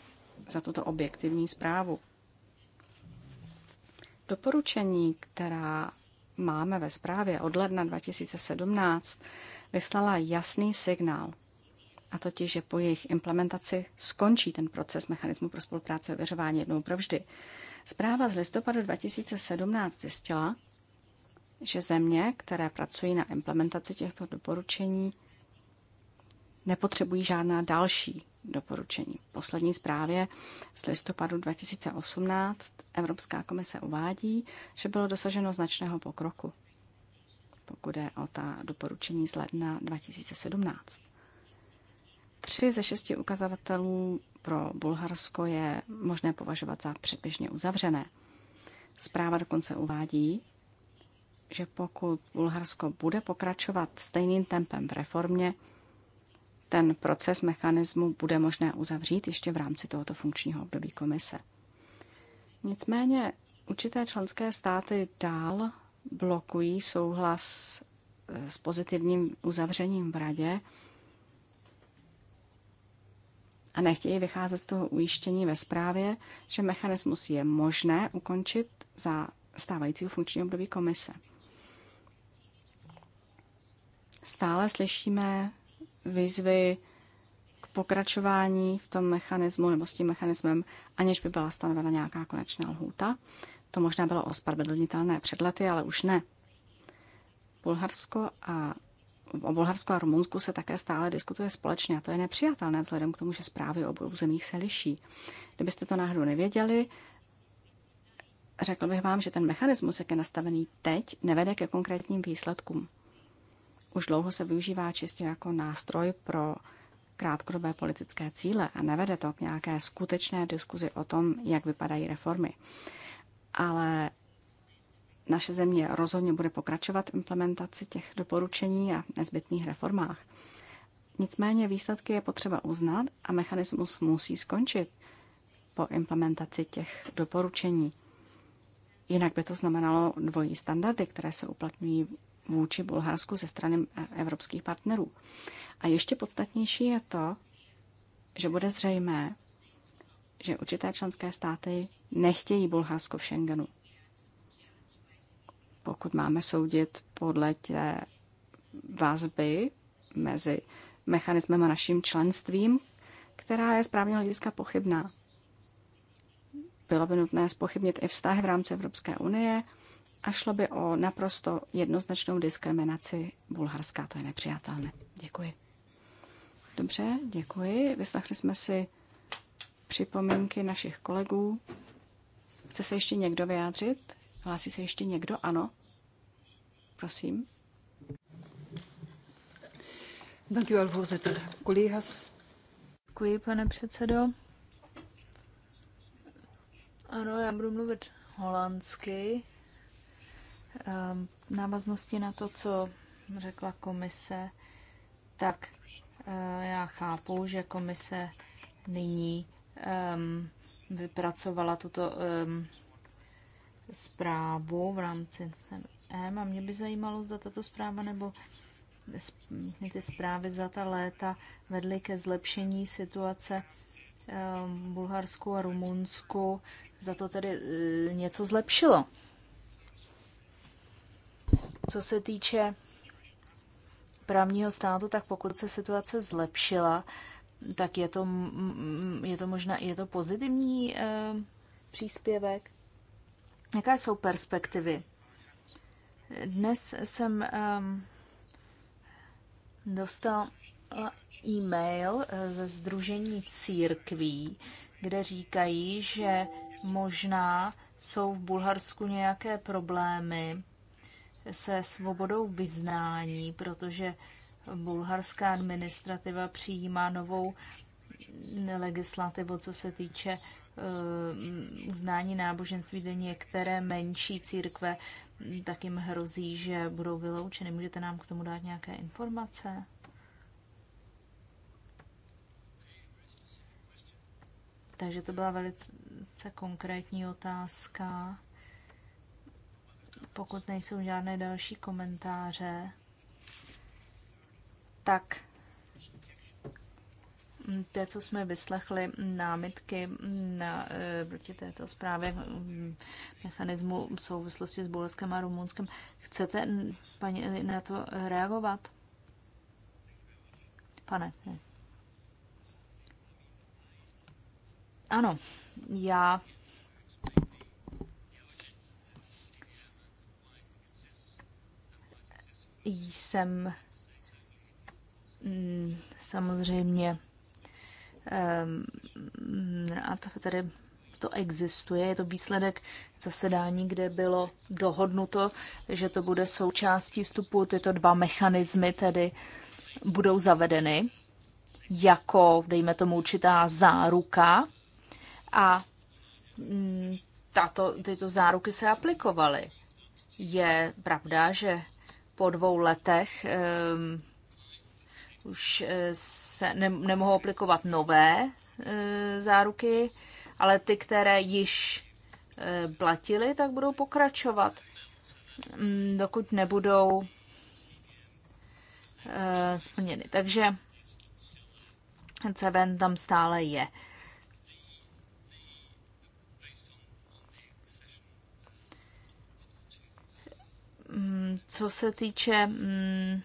za tuto objektivní zprávu. Doporučení, která máme ve zprávě od ledna 2017, vyslala jasný signál, a totiž, že po jejich implementaci skončí ten proces mechanismu pro spolupráci a věřování jednou provždy. Zpráva z listopadu 2017 zjistila, že země, které pracují na implementaci těchto doporučení, nepotřebují žádná další doporučení. V poslední zprávě z listopadu 2018 Evropská komise uvádí, že bylo dosaženo značného pokroku, pokud je o ta doporučení z ledna 2017. Tři ze šesti ukazatelů pro Bulharsko je možné považovat za předběžně uzavřené. Zpráva dokonce uvádí, že pokud Bulharsko bude pokračovat stejným tempem v reformě, ten proces mechanismu bude možné uzavřít ještě v rámci tohoto funkčního období komise. Nicméně určité členské státy dál blokují souhlas eh, s pozitivním uzavřením v radě a nechtějí vycházet z toho ujištění ve zprávě, že mechanismus je možné ukončit za stávajícího funkčního období komise. Stále slyšíme výzvy k pokračování v tom mechanismu nebo s tím mechanismem, aniž by byla stanovena nějaká konečná lhůta. To možná bylo ospravedlnitelné před lety, ale už ne. Bulharsko a o Bulharsku a Rumunsku se také stále diskutuje společně a to je nepřijatelné vzhledem k tomu, že zprávy o obou zemích se liší. Kdybyste to náhodou nevěděli, řekl bych vám, že ten mechanismus, jak je nastavený teď, nevede ke konkrétním výsledkům. Už dlouho se využívá čistě jako nástroj pro krátkodobé politické cíle a nevede to k nějaké skutečné diskuzi o tom, jak vypadají reformy. Ale naše země rozhodně bude pokračovat v implementaci těch doporučení a nezbytných reformách. Nicméně výsledky je potřeba uznat a mechanismus musí skončit po implementaci těch doporučení. Jinak by to znamenalo dvojí standardy, které se uplatňují vůči Bulharsku ze strany eh, evropských partnerů. A ještě podstatnější je to, že bude zřejmé, že určité členské státy nechtějí Bulharsko v Schengenu. Pokud máme soudit podle té vazby mezi mechanismem a naším členstvím, která je správně hlediska pochybná. Bylo by nutné spochybnit i vztahy v rámci Evropské unie, a šlo by o naprosto jednoznačnou diskriminaci bulharská. To je nepřijatelné. Děkuji. Dobře, děkuji. Vyslechli jsme si připomínky našich kolegů. Chce se ještě někdo vyjádřit? Hlásí se ještě někdo? Ano. Prosím. Uh, děkuji, pane předsedo. Ano, já budu mluvit holandsky. Um, návaznosti na to, co řekla komise, tak uh, já chápu, že komise nyní um, vypracovala tuto um, zprávu v rámci M a mě by zajímalo, zda tato zpráva nebo ty zprávy za ta léta vedly ke zlepšení situace v Bulharsku a Rumunsku, za to tedy uh, něco zlepšilo. Co se týče právního státu, tak pokud se situace zlepšila, tak je to, je to možná je to pozitivní e, příspěvek. Jaké jsou perspektivy? Dnes jsem e, dostal e-mail eh, ze Združení církví, kde říkají, že možná jsou v Bulharsku nějaké problémy se svobodou vyznání, protože bulharská administrativa přijímá novou legislativu, co se týče eh, uznání náboženství, kde některé menší církve hm, tak jim hrozí, že budou vyloučeny. Můžete nám k tomu dát nějaké informace? Takže to byla velice konkrétní otázka. Pokud nejsou žádné další komentáře, tak to, co jsme vyslechli, námitky na, e, proti této zprávě mechanismu v souvislosti s Bulharskem a Rumunskem. Chcete, paní, na to reagovat? Pane. Ne. Ano, já jsem mm, samozřejmě ehm, a tady to existuje. Je to výsledek zasedání, kde bylo dohodnuto, že to bude součástí vstupu. Tyto dva mechanismy tedy budou zavedeny jako, dejme tomu, určitá záruka a mm, tato, tyto záruky se aplikovaly. Je pravda, že po dvou letech ehm, už eh, se ne, nemohou aplikovat nové eh, záruky, ale ty, které již platili, eh, platily, tak budou pokračovat, mm, dokud nebudou uh, splněny. Takže CVN tam stále je. Mm, co se týče mm,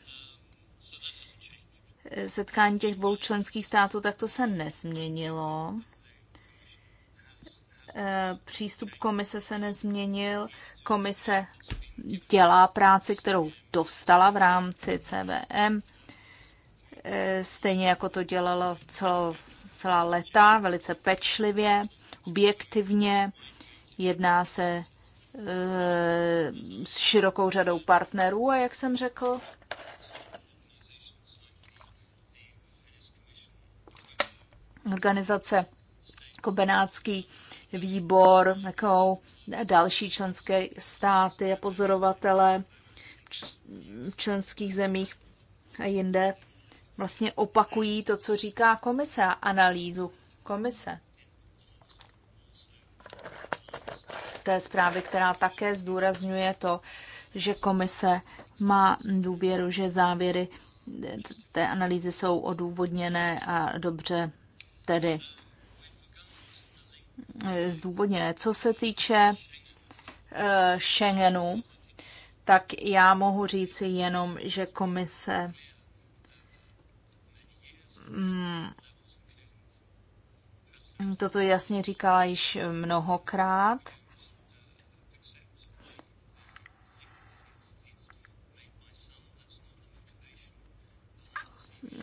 setkání těch dvou členských států, tak to se nezměnilo. Eh, přístup komise se nezměnil. Komise dělá práci, kterou dostala v rámci CVM, eh, stejně jako to dělala celo, celá leta, velice pečlivě, objektivně. Jedná se Eh, s širokou řadou partnerů a jak jsem řekl, organizace Kobenátský výbor, jako další členské státy a pozorovatele v členských zemích a jinde vlastně opakují to, co říká komise a analýzu komise. té zprávy, která také zdůrazňuje to, že komise má důvěru, že závěry té analýzy jsou odůvodněné a dobře tedy zdůvodněné. Co se týče eh, Schengenu, tak já mohu říci jenom, že komise mm, toto jasně říkala již mnohokrát.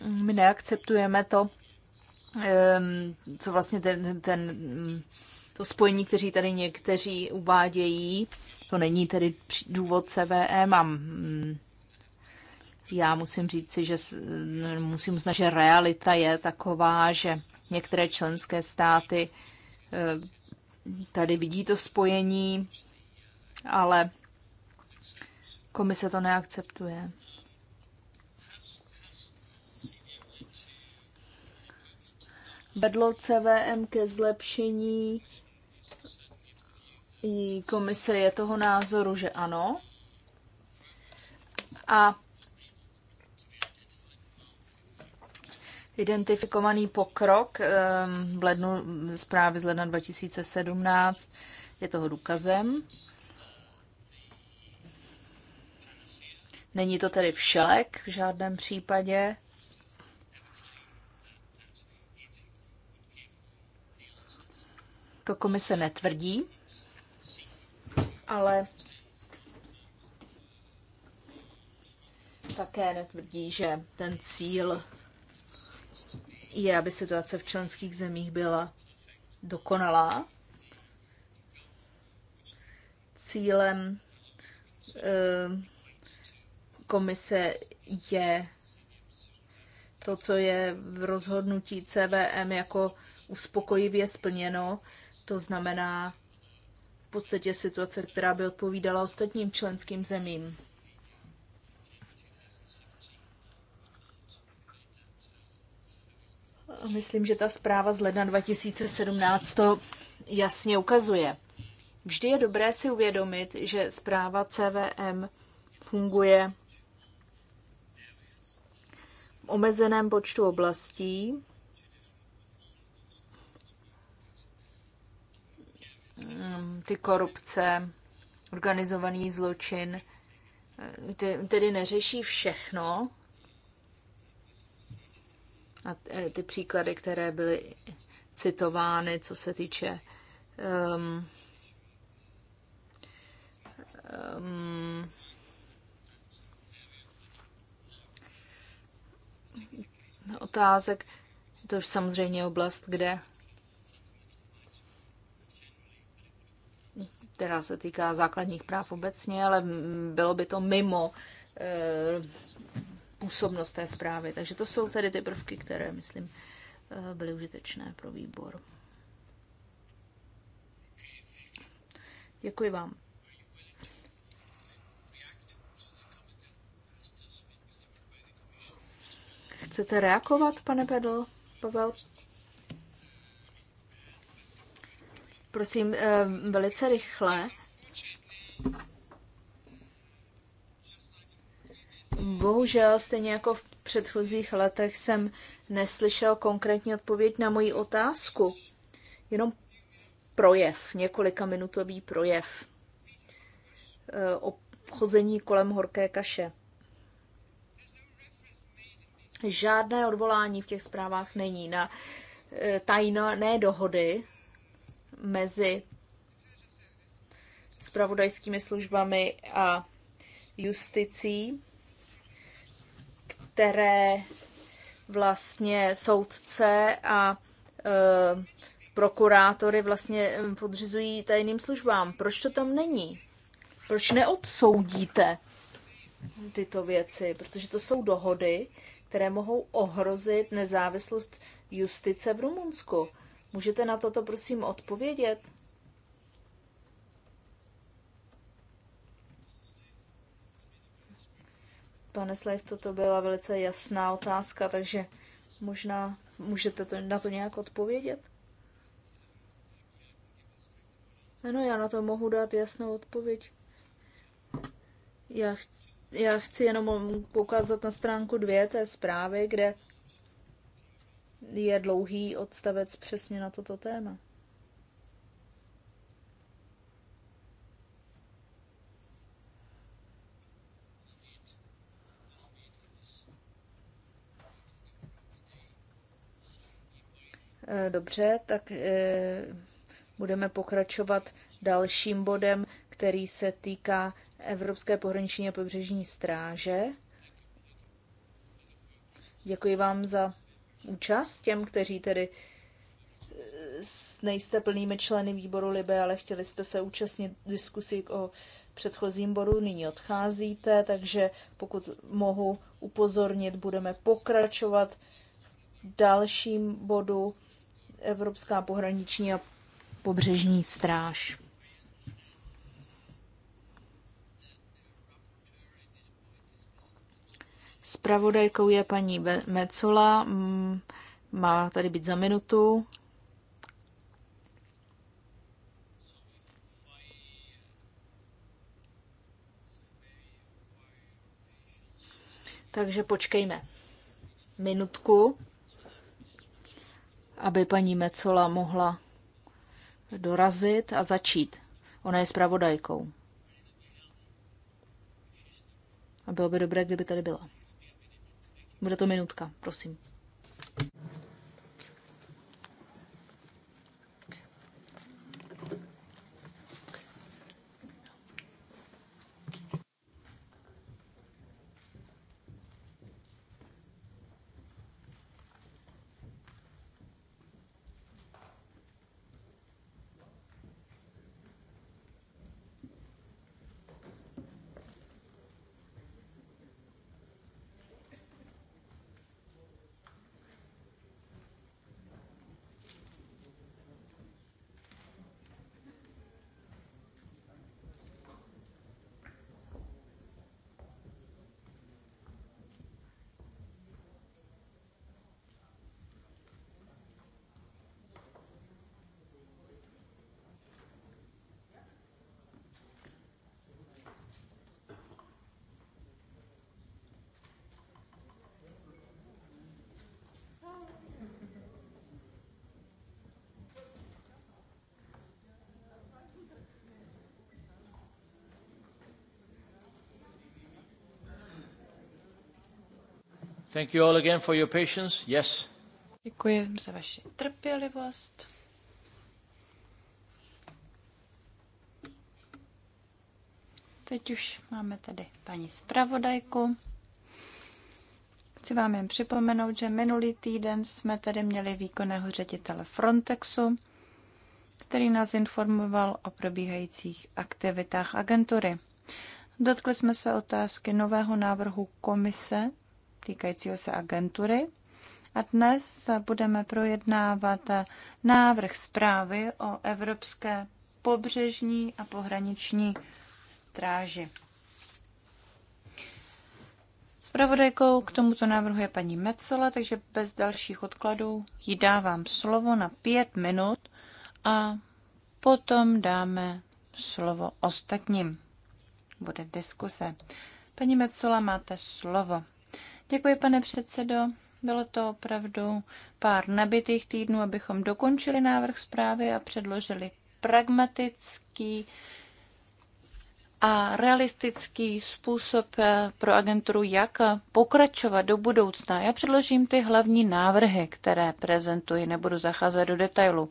my neakceptujeme to, co vlastně ten, ten, to spojení, kteří tady někteří uvádějí, to není tedy důvod CVM e. a mm, já musím si, že musím znat, že realita je taková, že některé členské státy tady vidí to spojení, ale komise to neakceptuje. vedlo CVM ke zlepšení. I komise je toho názoru, že ano. A identifikovaný pokrok ehm, v lednu, zprávy z ledna 2017 je toho důkazem. Není to tedy všelek v žádném případě. To komise netvrdí, ale také netvrdí, že ten cíl je, aby situace v členských zemích byla dokonalá. Cílem eh, komise je to, co je v rozhodnutí CVM jako uspokojivě splněno, to znamená v podstatě situace, která by odpovídala ostatním členským zemím. Myslím, že ta zpráva z ledna 2017 to jasně ukazuje. Vždy je dobré si uvědomit, že zpráva CVM funguje v omezeném počtu oblastí Mm, ty korupce, organizovaný zločin, eh, tedy neřeší všechno. A eh, ty příklady, které byly citovány, co se týče um, um, otázek, to je samozřejmě oblast, kde která se týká základních práv obecně, ale bylo by to mimo eh, působnost té zprávy. Takže to jsou tedy ty prvky, které, myslím, eh, byly užitečné pro výbor. Děkuji vám. Chcete reagovat, pane Pedl, Pavel? Prosím, eh, velice rychle. Bohužel, stejně jako v předchozích letech, jsem neslyšel konkrétní odpověď na moji otázku. Jenom projev, několika minutový projev eh, o chození kolem horké kaše. Žádné odvolání v těch zprávách není na eh, tajné dohody mezi spravodajskými službami a justicí, které vlastně soudce a e, prokurátory vlastně e, podřizují tajným službám. Proč to tam není? Proč neodsoudíte tyto věci? Protože to jsou dohody, které mohou ohrozit nezávislost justice v Rumunsku. Můžete na toto prosím odpovědět? Pane Slejv, toto byla velice jasná otázka, takže možná můžete to, na to nějak odpovědět? Ano, já na to mohu dát jasnou odpověď. Já chci, já chci jenom poukázat na stránku dvě té zprávy, kde je dlouhý odstavec přesně na toto téma. Eh, dobře, tak eh, budeme pokračovat dalším bodem, který se týká Evropské pohraniční a pobřežní stráže. Děkuji vám za účast těm, kteří tedy eh, nejste plnými členy výboru Libe, ale chtěli jste se účastnit diskusí o předchozím bodu, nyní odcházíte, takže pokud mohu upozornit, budeme pokračovat v dalším bodu Evropská pohraniční a pobřežní stráž. Spravodajkou je paní Mecola, mm, má tady být za minutu. Takže počkejme minutku, aby paní Mecola mohla dorazit a začít. Ona je zpravodajkou. A bylo by dobré, kdyby tady byla. Bude to minutka, prosím. Thank you all again for your patience. Yes. Děkuji za vaši trpělivost. Teď už máme tady paní zpravodajku. Chci vám jen připomenout, že minulý týden jsme tady měli výkonného ředitele Frontexu, který nás informoval o probíhajících aktivitách agentury. Dotkli jsme se otázky nového návrhu komise týkajícího se agentury. A dnes budeme projednávat návrh zprávy o Evropské pobřežní a pohraniční stráži. Spravodajkou k tomuto návrhu je paní Mecola, takže bez dalších odkladů jí dávám slovo na pět minut a potom dáme slovo ostatním. Bude diskuse. Paní Mecola, máte slovo. Děkuji, pane předsedo. Bylo to opravdu pár nabitých týdnů, abychom dokončili návrh zprávy a předložili pragmatický a realistický způsob eh, pro agenturu, jak pokračovat do budoucna. Já předložím ty hlavní návrhy, které prezentuji, nebudu zacházet do detailu.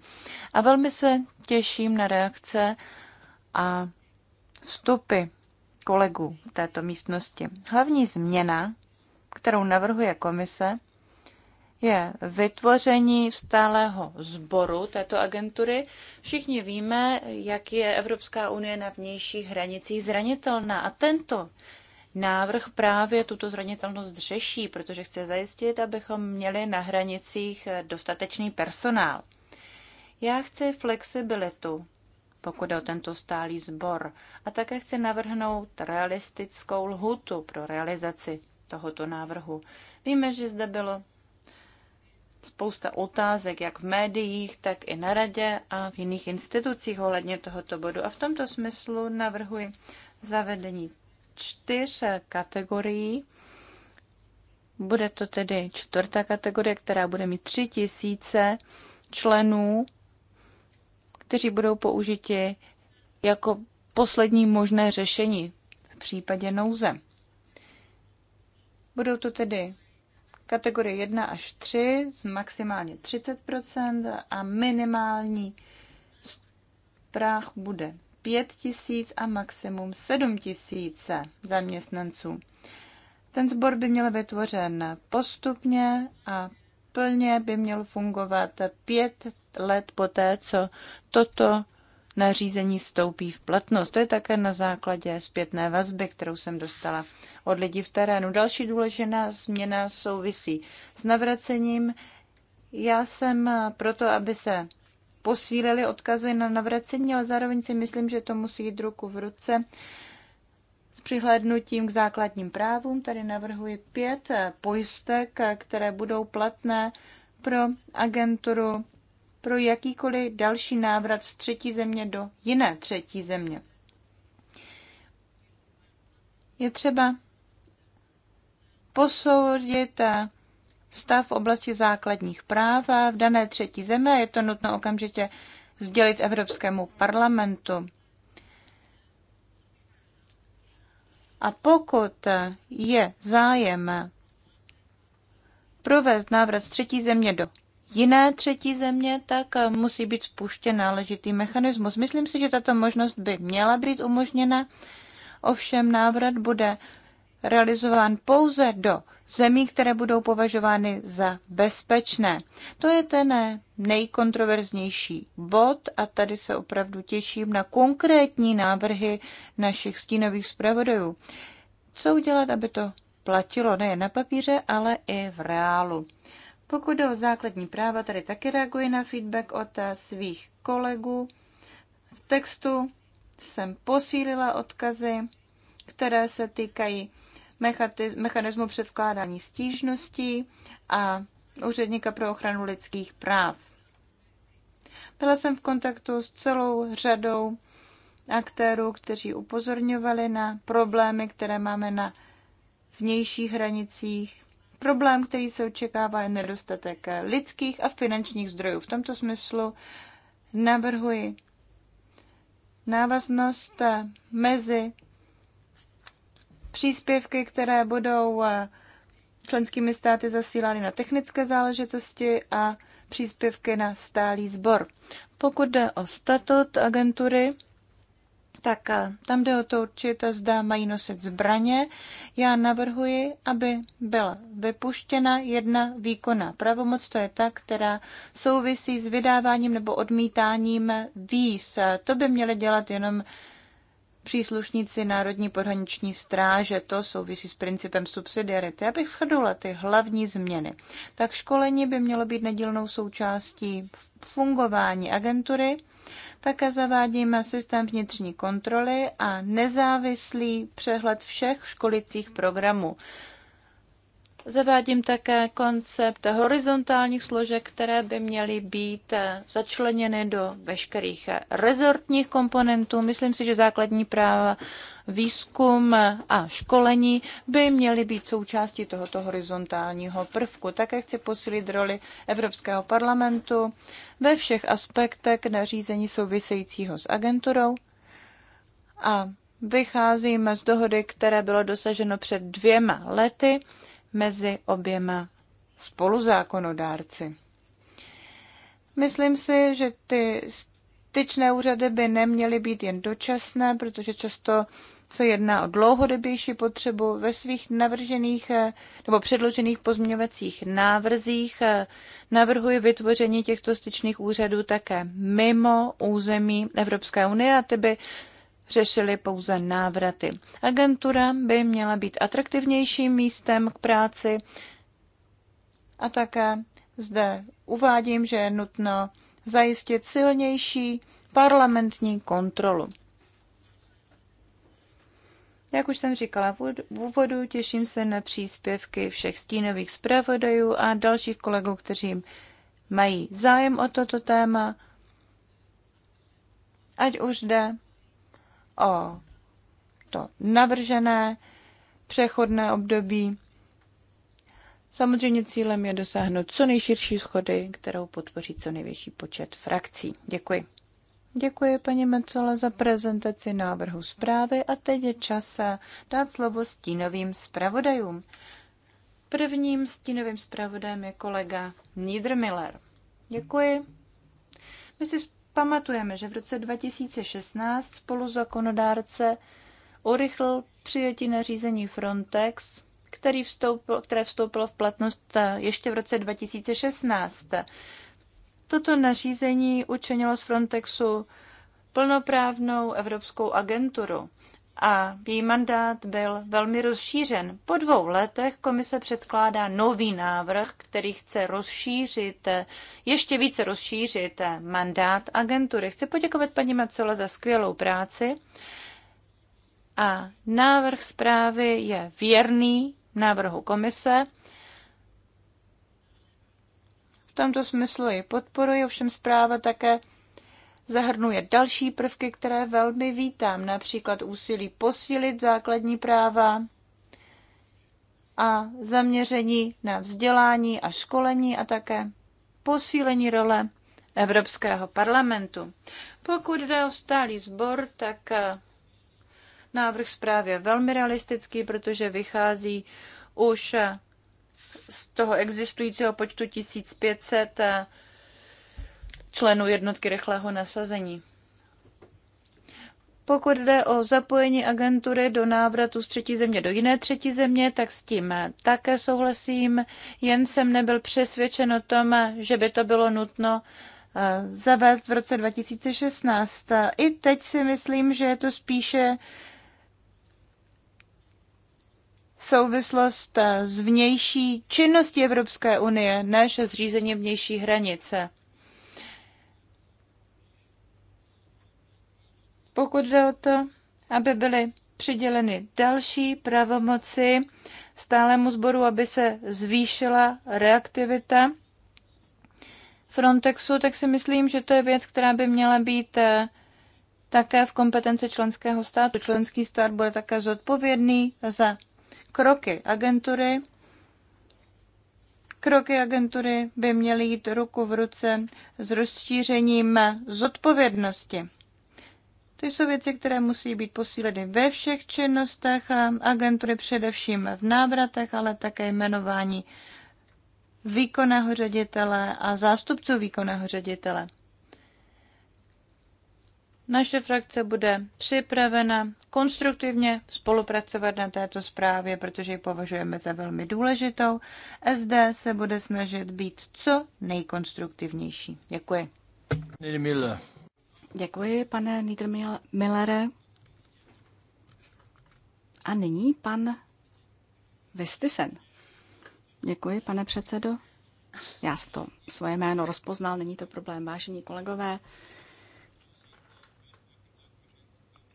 A velmi se těším na reakce a vstupy kolegů v této místnosti. Hlavní změna kterou navrhuje komise, je vytvoření stálého sboru této agentury. Všichni víme, jak je Evropská unie na vnějších hranicích zranitelná a tento návrh právě tuto zranitelnost řeší, protože chce zajistit, abychom měli na hranicích dostatečný personál. Já chci flexibilitu, pokud je o tento stálý sbor, a také chci navrhnout realistickou lhutu pro realizaci tohoto návrhu. Víme, že zde bylo spousta otázek, jak v médiích, tak i na radě a v jiných institucích ohledně tohoto bodu. A v tomto smyslu navrhuji zavedení čtyř kategorií. Bude to tedy čtvrtá kategorie, která bude mít tři tisíce členů, kteří budou použiti jako poslední možné řešení v případě nouze. Budou to tedy kategorie 1 až 3 s maximálně 30 a minimální práh bude 5 tisíc a maximum 7 tisíce zaměstnanců. Ten sbor by měl vytvořen postupně a plně by měl fungovat pět let poté, co toto nařízení stoupí v platnost. To je také na základě zpětné vazby, kterou jsem dostala od lidí v terénu. Další důležitá změna souvisí s navracením. Já jsem proto, aby se posílili odkazy na navracení, ale zároveň si myslím, že to musí jít ruku v ruce s přihlédnutím k základním právům. Tady navrhuji pět pojistek, které budou platné pro agenturu pro jakýkoliv další návrat z třetí země do jiné třetí země. Je třeba posoudit eh, stav v oblasti základních práv a eh, v dané třetí zemi je to nutno okamžitě sdělit Evropskému parlamentu. A pokud eh, je zájem provést návrat z třetí země do jiné třetí země, tak eh, musí být spuštěn náležitý mechanismus. Myslím si, že tato možnost by měla být umožněna, ovšem návrat bude realizován pouze do zemí, které budou považovány za bezpečné. To je ten eh, nejkontroverznější bod a tady se opravdu těším na konkrétní návrhy našich stínových zpravodajů. Co udělat, aby to platilo nejen na papíře, ale i v reálu. Pokud jde o základní práva, tady taky reaguji na feedback od eh, svých kolegů. V textu jsem posílila odkazy, které se týkají mechanismu předkládání stížností a úředníka pro ochranu lidských práv. Byla jsem v kontaktu s celou řadou aktérů, kteří upozorňovali na problémy, které máme na vnějších hranicích Problém, který se očekává, je nedostatek lidských a finančních zdrojů. V tomto smyslu navrhuji návaznost mezi příspěvky, které budou členskými státy zasílány na technické záležitosti a příspěvky na stálý sbor. Pokud jde o statut agentury, tak tam jde o to určit, zda mají nosit zbraně. Já navrhuji, aby byla vypuštěna jedna výkonná pravomoc, to je ta, která souvisí s vydáváním nebo odmítáním víz. To by měly dělat jenom příslušníci Národní pohraniční stráže. To souvisí s principem subsidiarity. Abych shrnula ty hlavní změny. Tak školení by mělo být nedílnou součástí fungování agentury. Také zavádíme systém vnitřní kontroly a nezávislý přehled všech školicích programů. Zavádím také koncept horizontálních složek, které by měly být eh, začleněny do veškerých eh, rezortních komponentů. Myslím si, že základní práva, výzkum eh, a školení by měly být součástí tohoto horizontálního prvku. Také chci posílit roli Evropského parlamentu ve všech aspektech nařízení souvisejícího s agenturou a vycházíme z dohody, které bylo dosaženo před dvěma lety mezi oběma spoluzákonodárci. Myslím si, že ty styčné úřady by neměly být jen dočasné, protože často se jedná o dlouhodobější potřebu ve svých navržených eh, nebo předložených pozměňovacích návrzích. Eh, Navrhuji vytvoření těchto styčných úřadů také mimo území Evropské unie a ty by řešili pouze návraty. Agentura by měla být atraktivnějším místem k práci a také zde uvádím, že je nutno zajistit silnější parlamentní kontrolu. Jak už jsem říkala v úvodu, těším se na příspěvky všech stínových zpravodajů a dalších kolegů, kteří mají zájem o toto téma, ať už jde o to navržené přechodné období. Samozřejmě cílem je dosáhnout co nejširší schody, kterou podpoří co největší počet frakcí. Děkuji. Děkuji paní Mecole, za prezentaci návrhu zprávy a teď je čas dát slovo stínovým zpravodajům. Prvním stínovým zpravodajem je kolega Niedermiller. Děkuji. My si pamatujeme, že v roce 2016 spoluzakonodárce urychl přijetí nařízení Frontex, který vstoupil, které vstoupilo v platnost eh, ještě v roce 2016. Toto nařízení učinilo z Frontexu plnoprávnou evropskou agenturu a její mandát byl velmi rozšířen. Po dvou letech komise předkládá nový návrh, který chce rozšířit, ještě více rozšířit mandát agentury. Chci poděkovat paní Macole za skvělou práci a návrh zprávy je věrný návrhu komise. V tomto smyslu ji podporuji, ovšem zpráva také zahrnuje další prvky, které velmi vítám, například úsilí posílit základní práva a zaměření na vzdělání a školení a také posílení role Evropského parlamentu. Pokud jde o stálý sbor, tak eh, návrh zprávy je velmi realistický, protože vychází už eh, z toho existujícího počtu 1500 členů jednotky rychlého nasazení. Pokud jde o zapojení agentury do návratu z třetí země do jiné třetí země, tak s tím také souhlasím, jen jsem nebyl přesvědčen o tom, že by to bylo nutno eh, zavést v roce 2016. I teď si myslím, že je to spíše souvislost s eh, vnější činností Evropské unie než s řízením vnější hranice. pokud jde o to, aby byly přiděleny další pravomoci stálemu sboru, aby se zvýšila reaktivita Frontexu, tak si myslím, že to je věc, která by měla být eh, také v kompetenci členského státu. Členský stát bude také zodpovědný za kroky agentury. Kroky agentury by měly jít ruku v ruce s rozšířením zodpovědnosti. To jsou věci, které musí být posíleny ve všech činnostech eh, agentury, především v návratech, ale také jmenování výkonného ředitele a zástupců výkonného ředitele. Naše frakce bude připravena konstruktivně spolupracovat na této zprávě, protože ji považujeme za velmi důležitou. SD se bude snažit být co nejkonstruktivnější. Děkuji. Miller. Děkuji, pane Niedermillere. A nyní pan Vestisen. Děkuji, pane předsedo. Já jsem to svoje jméno rozpoznal, není to problém, vážení kolegové.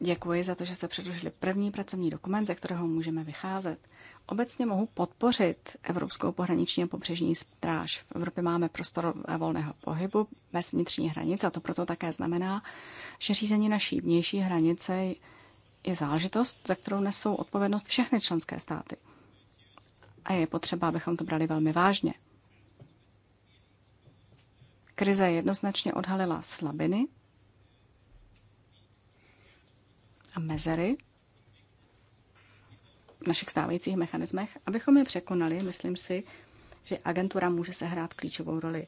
Děkuji za to, že jste předložili první pracovní dokument, ze kterého můžeme vycházet. Obecně mohu podpořit Evropskou pohraniční a pobřežní stráž. V Evropě máme prostor volného pohybu bez vnitřní hranice a to proto také znamená, že řízení naší vnější hranice je záležitost, za kterou nesou odpovědnost všechny členské státy. A je potřeba, abychom to brali velmi vážně. Krize jednoznačně odhalila slabiny a mezery, v našich stávajících mechanismech. Abychom je překonali, myslím si, že agentura může sehrát klíčovou roli.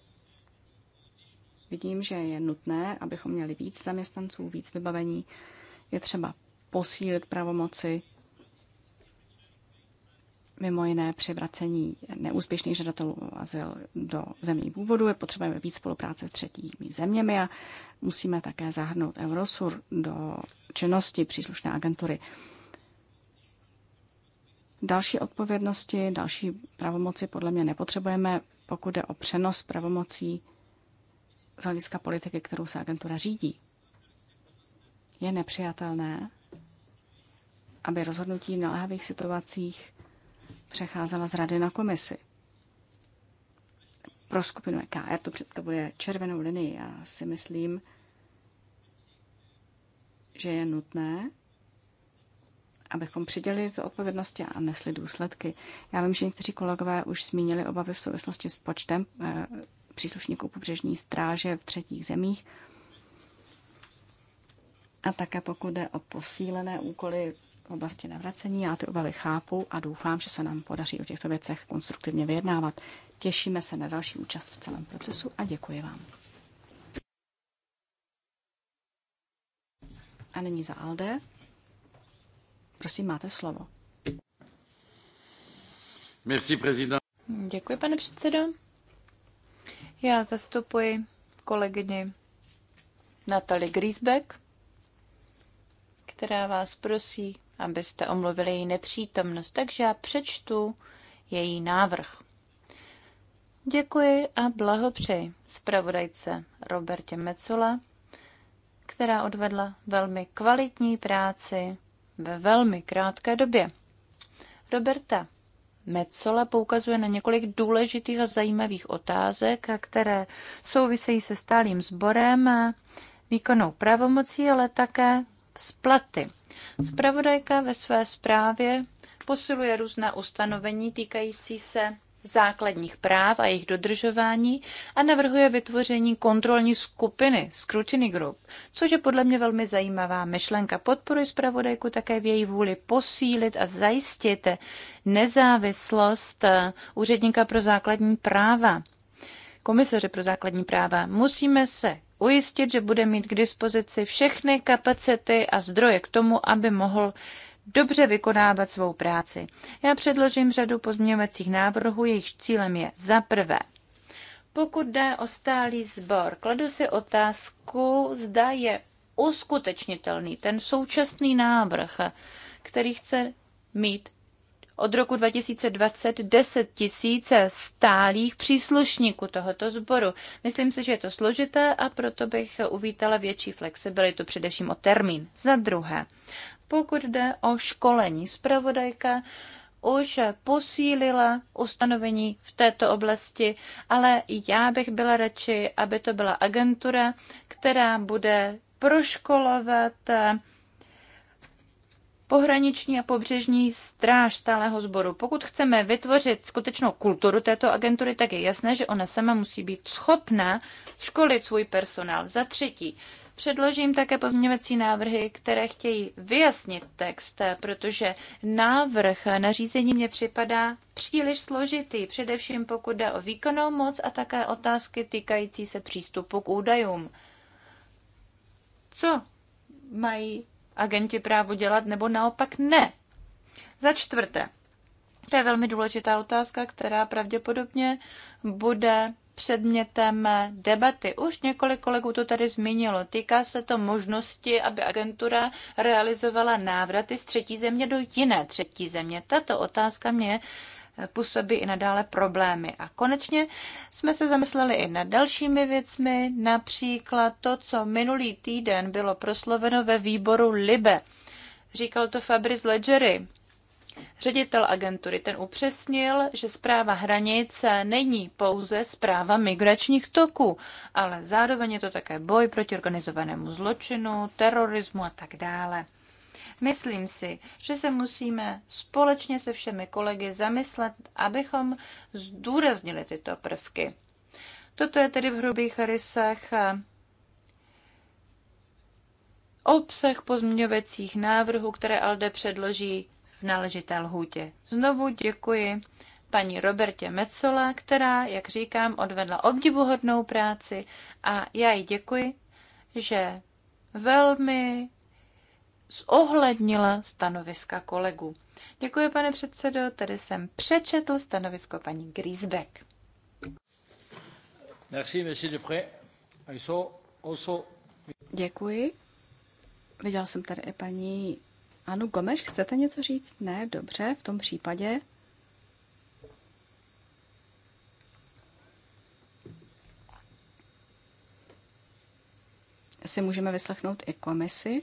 Vidím, že je nutné, abychom měli víc zaměstnanců, víc vybavení. Je třeba posílit pravomoci, mimo jiné při vracení neúspěšných žadatelů o azyl do zemí původu. Je potřeba víc spolupráce s třetími zeměmi a musíme také zahrnout Eurosur do činnosti příslušné agentury. Další odpovědnosti, další pravomoci podle mě nepotřebujeme, pokud je o přenos pravomocí z hlediska politiky, kterou se agentura řídí. Je nepřijatelné, aby rozhodnutí v naléhavých situacích přecházela z rady na komisi. Pro skupinu EKR to představuje červenou linii. Já si myslím, že je nutné, abychom přidělili ty odpovědnosti a nesli důsledky. Já vím, že někteří kolegové už zmínili obavy v souvislosti s počtem eh, příslušníků pobřežní stráže v třetích zemích. A také pokud jde o posílené úkoly v oblasti navracení, já ty obavy chápu a doufám, že se nám podaří o těchto věcech konstruktivně vyjednávat. Těšíme se na další účast v celém procesu a děkuji vám. A nyní za Alde. Prosím, máte slovo. Merci, Děkuji, pane předsedo. Já zastupuji kolegyni Natali Griesbeck, která vás prosí, abyste omluvili její nepřítomnost, takže já přečtu její návrh. Děkuji a blahopřeji zpravodajce Robertě Mecola, která odvedla velmi kvalitní práci ve velmi krátké době. Roberta Metzola poukazuje na několik důležitých a zajímavých otázek, které souvisejí se stálým sborem, výkonnou pravomocí, ale také splaty. platy. Spravodajka ve své zprávě posiluje různá ustanovení týkající se základních práv a jejich dodržování a navrhuje vytvoření kontrolní skupiny, scrutiny group, což je podle mě velmi zajímavá myšlenka. Podporuji zpravodajku také v její vůli posílit a zajistit nezávislost eh, úředníka pro základní práva, komisaře pro základní práva. Musíme se ujistit, že bude mít k dispozici všechny kapacity a zdroje k tomu, aby mohl dobře vykonávat svou práci. Já předložím řadu pozměňovacích návrhů, jejichž cílem je za prvé pokud jde o stálý sbor, kladu si otázku, zda je uskutečnitelný ten současný návrh, který chce mít od roku 2020 10 tisíc stálých příslušníků tohoto sboru. Myslím si, že je to složité a proto bych uvítala větší flexibilitu, především o termín. Za druhé, pokud jde o školení, zpravodajka už posílila ustanovení v této oblasti, ale já bych byla radši, aby to byla agentura, která bude proškolovat pohraniční a pobřežní stráž stáleho sboru. Pokud chceme vytvořit skutečnou kulturu této agentury, tak je jasné, že ona sama musí být schopná školit svůj personál. Za třetí, Předložím také pozměňovací návrhy, které chtějí vyjasnit text, protože návrh nařízení mě připadá příliš složitý, především pokud jde o výkonnou moc a také otázky týkající se přístupu k údajům. Co mají agenti právo dělat nebo naopak ne? Za čtvrté, to je velmi důležitá otázka, která pravděpodobně bude předmětem debaty. Už několik kolegů to tady zmínilo. Týká se to možnosti, aby agentura realizovala návraty z třetí země do jiné třetí země. Tato otázka mě působí i nadále problémy. A konečně jsme se zamysleli i nad dalšími věcmi, například to, co minulý týden bylo prosloveno ve výboru LIBE. Říkal to Fabrice Ledgery, Ředitel agentury ten upřesnil, že zpráva hranice není pouze zpráva migračních toků, ale zároveň je to také boj proti organizovanému zločinu, terorismu a tak dále. Myslím si, že se musíme společně se všemi kolegy zamyslet, abychom zdůraznili tyto prvky. Toto je tedy v hrubých rysech eh, obsah pozměňovacích návrhů, které Alde předloží náležité lhůtě. Znovu děkuji paní Robertě Mecola, která, jak říkám, odvedla obdivuhodnou práci a já jí děkuji, že velmi zohlednila stanoviska kolegu. Děkuji, pane předsedo, tady jsem přečetl stanovisko paní Griesbeck. Merci, monsieur Dupré. Děkuji. Viděl jsem tady i paní Anu Gomeš, chcete něco říct? Ne, dobře, v tom případě. Si můžeme vyslechnout i komisi.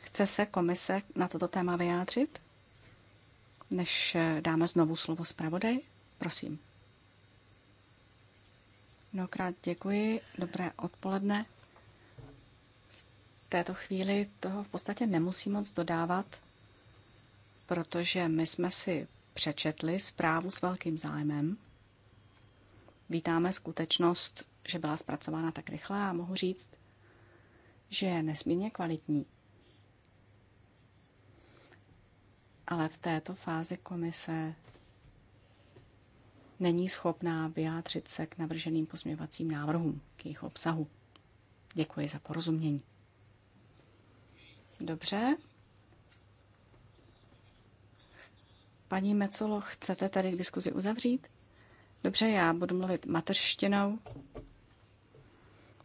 Chce se komise na toto téma vyjádřit? Než eh, dáme znovu slovo zpravodaj, prosím. Mnohokrát děkuji, dobré odpoledne této chvíli toho v podstatě nemusí moc dodávat, protože my jsme si přečetli zprávu s velkým zájmem. Vítáme skutečnost, že byla zpracována tak rychle a mohu říct, že je nesmírně kvalitní. Ale v této fázi komise není schopná vyjádřit se k navrženým pozměvacím návrhům, k jejich obsahu. Děkuji za porozumění. Dobře. Paní Mecolo, chcete tady k diskuzi uzavřít? Dobře, já budu mluvit materštinou.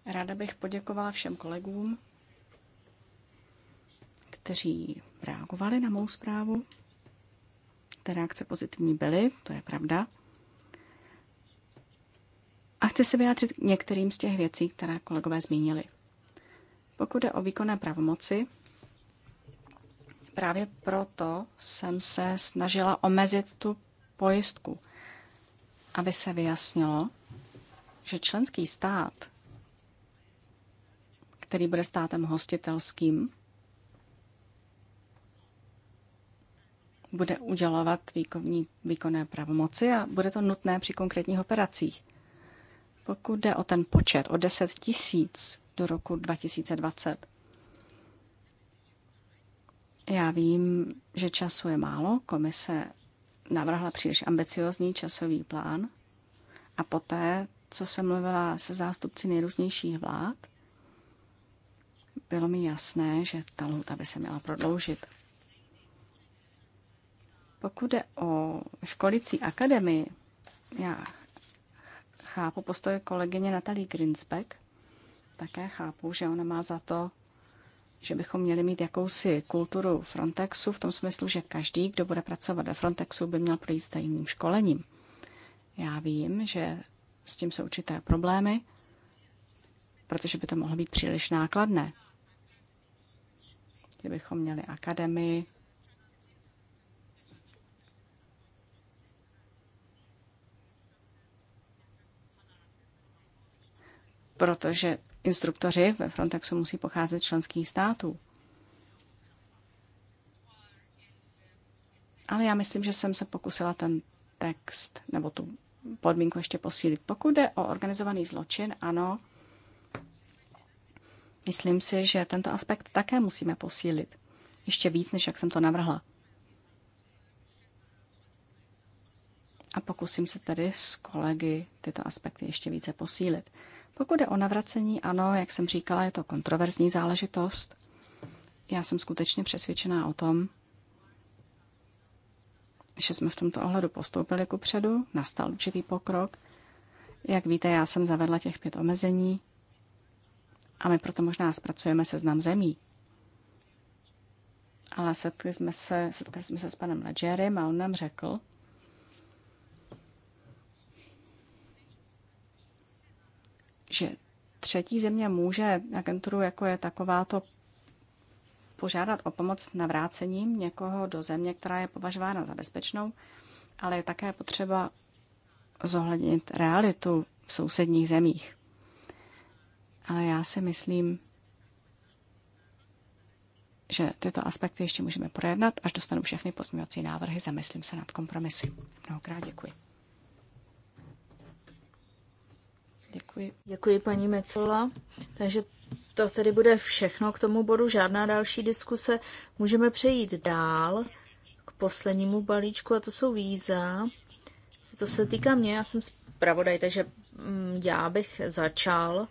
Ráda bych poděkovala všem kolegům, kteří reagovali na mou zprávu. Ty reakce pozitivní byly, to je pravda. A chci se vyjádřit k některým z těch věcí, které kolegové zmínili. Pokud je o výkonné pravomoci, Právě proto jsem se snažila omezit tu pojistku, aby se vyjasnilo, že členský stát, který bude státem hostitelským, bude udělovat výkonní, výkonné pravomoci a bude to nutné při konkrétních operacích. Pokud jde o ten počet, o 10 tisíc do roku 2020, já vím, že času je málo. Komise navrhla příliš ambiciozní časový plán a poté, co jsem mluvila se zástupci nejrůznějších vlád, bylo mi jasné, že ta lhuta by se měla prodloužit. Pokud jde o školicí akademii, já chápu postoj kolegyně Natalie Grinsbeck, také chápu, že ona má za to, že bychom měli mít jakousi kulturu Frontexu v tom smyslu, že každý, kdo bude pracovat ve Frontexu, by měl projít stejným školením. Já vím, že s tím jsou určité problémy, protože by to mohlo být příliš nákladné. Kdybychom měli akademii, protože instruktoři ve Frontexu musí pocházet z členských států. Ale já myslím, že jsem se pokusila ten text nebo tu podmínku ještě posílit. Pokud jde o organizovaný zločin, ano, myslím si, že tento aspekt také musíme posílit. Ještě víc, než jak jsem to navrhla. A pokusím se tedy s kolegy tyto aspekty ještě více posílit. Pokud je o navracení, ano, jak jsem říkala, je to kontroverzní záležitost. Já jsem skutečně přesvědčená o tom, že jsme v tomto ohledu postoupili ku předu, nastal určitý pokrok. Jak víte, já jsem zavedla těch pět omezení a my proto možná zpracujeme seznam zemí. Ale setkali jsme se, setkali jsme se s panem Ledgerem a on nám řekl, že třetí země může agenturu, jako je takováto, požádat o pomoc navrácením někoho do země, která je považována za bezpečnou, ale je také potřeba zohlednit realitu v sousedních zemích. Ale já si myslím, že tyto aspekty ještě můžeme projednat, až dostanu všechny pozměňovací návrhy, zamyslím se nad kompromisy. Mnohokrát děkuji. Děkuji. Děkuji, paní Mecola. Takže to tedy bude všechno k tomu bodu, žádná další diskuse. Můžeme přejít dál k poslednímu balíčku a to jsou víza. To se týká mě, já jsem zpravodaj, takže mm, já bych začal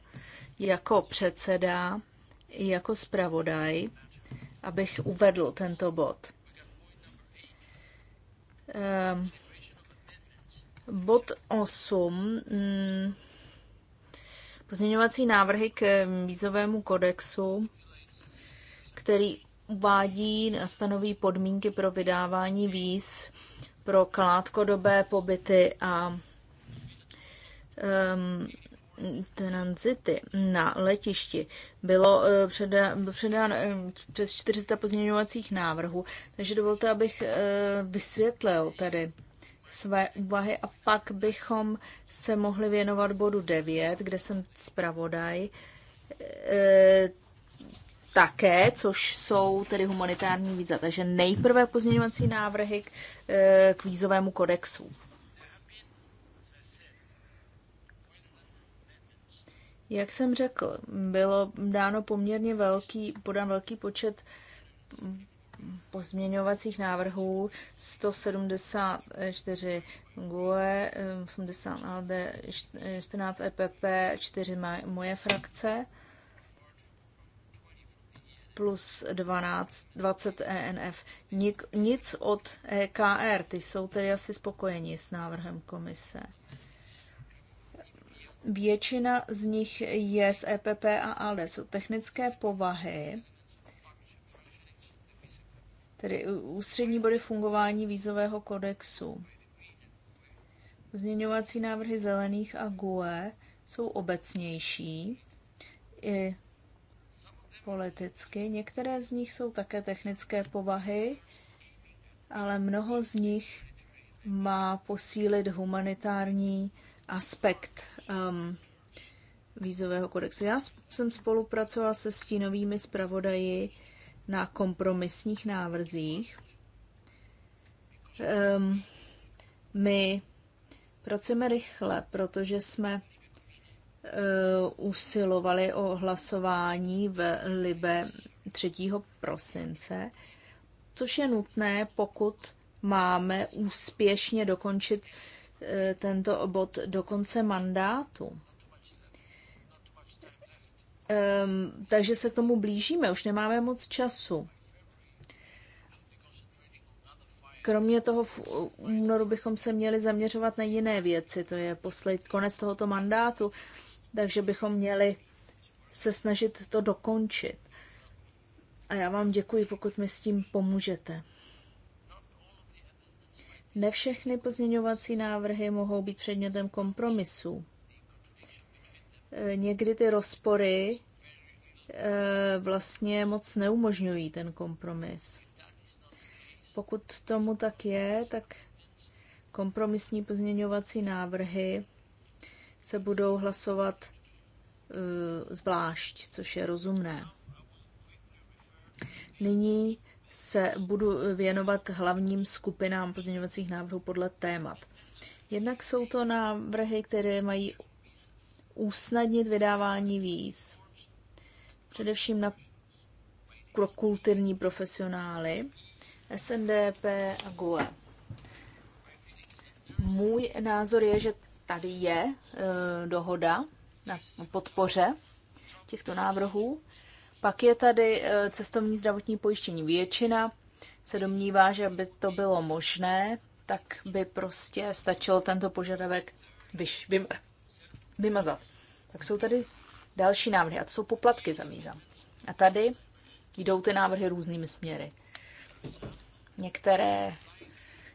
jako předseda i jako zpravodaj, abych uvedl tento bod. Ehm, bod 8 Pozměňovací návrhy k eh, vízovému kodexu, který uvádí a stanoví podmínky pro vydávání víz pro krátkodobé pobyty a um, tranzity na letišti bylo eh, předá, předáno eh, přes 400 pozměňovacích návrhů, takže dovolte, abych vysvětlil tady své úvahy a pak bychom se mohli věnovat bodu 9, kde jsem zpravodaj e, také, což jsou tedy humanitární víza. Takže nejprve pozměňovací návrhy k, e, k vízovému kodexu. Jak jsem řekl, bylo dáno poměrně velký, podán velký počet pozměňovacích návrhů 174 GUE, 80 AD, 14 EPP, 4 moje frakce plus 12, 20 ENF. Nik, nic od EKR, ty jsou tedy asi spokojeni s návrhem komise. Většina z nich je z EPP a ALDE, jsou technické povahy tedy ústřední body fungování vízového kodexu. Pozměňovací návrhy zelených a GUE jsou obecnější i politicky. Některé z nich jsou také technické povahy, ale mnoho z nich má posílit humanitární aspekt um, vízového kodexu. Já jsem spolupracovala se stínovými zpravodaji na kompromisních návrzích. Um, my pracujeme rychle, protože jsme uh, usilovali o hlasování v Libe 3. prosince, což je nutné, pokud máme úspěšně dokončit uh, tento bod do konce mandátu. Um, takže se k tomu blížíme, už nemáme moc času. Kromě toho v únoru bychom se měli zaměřovat na jiné věci, to je posled, konec tohoto mandátu, takže bychom měli se snažit to dokončit. A já vám děkuji, pokud mi s tím pomůžete. Ne všechny pozměňovací návrhy mohou být předmětem kompromisu. Eh, někdy ty rozpory eh, vlastně moc neumožňují ten kompromis. Pokud tomu tak je, tak kompromisní pozměňovací návrhy se budou hlasovat eh, zvlášť, což je rozumné. Nyní se budu věnovat hlavním skupinám pozměňovacích návrhů podle témat. Jednak jsou to návrhy, které mají usnadnit vydávání víz, především na pro kulturní profesionály, SNDP a GUE. Můj názor je, že tady je e, dohoda na podpoře těchto návrhů. Pak je tady e, cestovní zdravotní pojištění. Většina se domnívá, že by to bylo možné, tak by prostě stačilo tento požadavek vyš, vy, vymazat. Tak jsou tady další návrhy, a to jsou poplatky za míza. A tady jdou ty návrhy různými směry. Některé,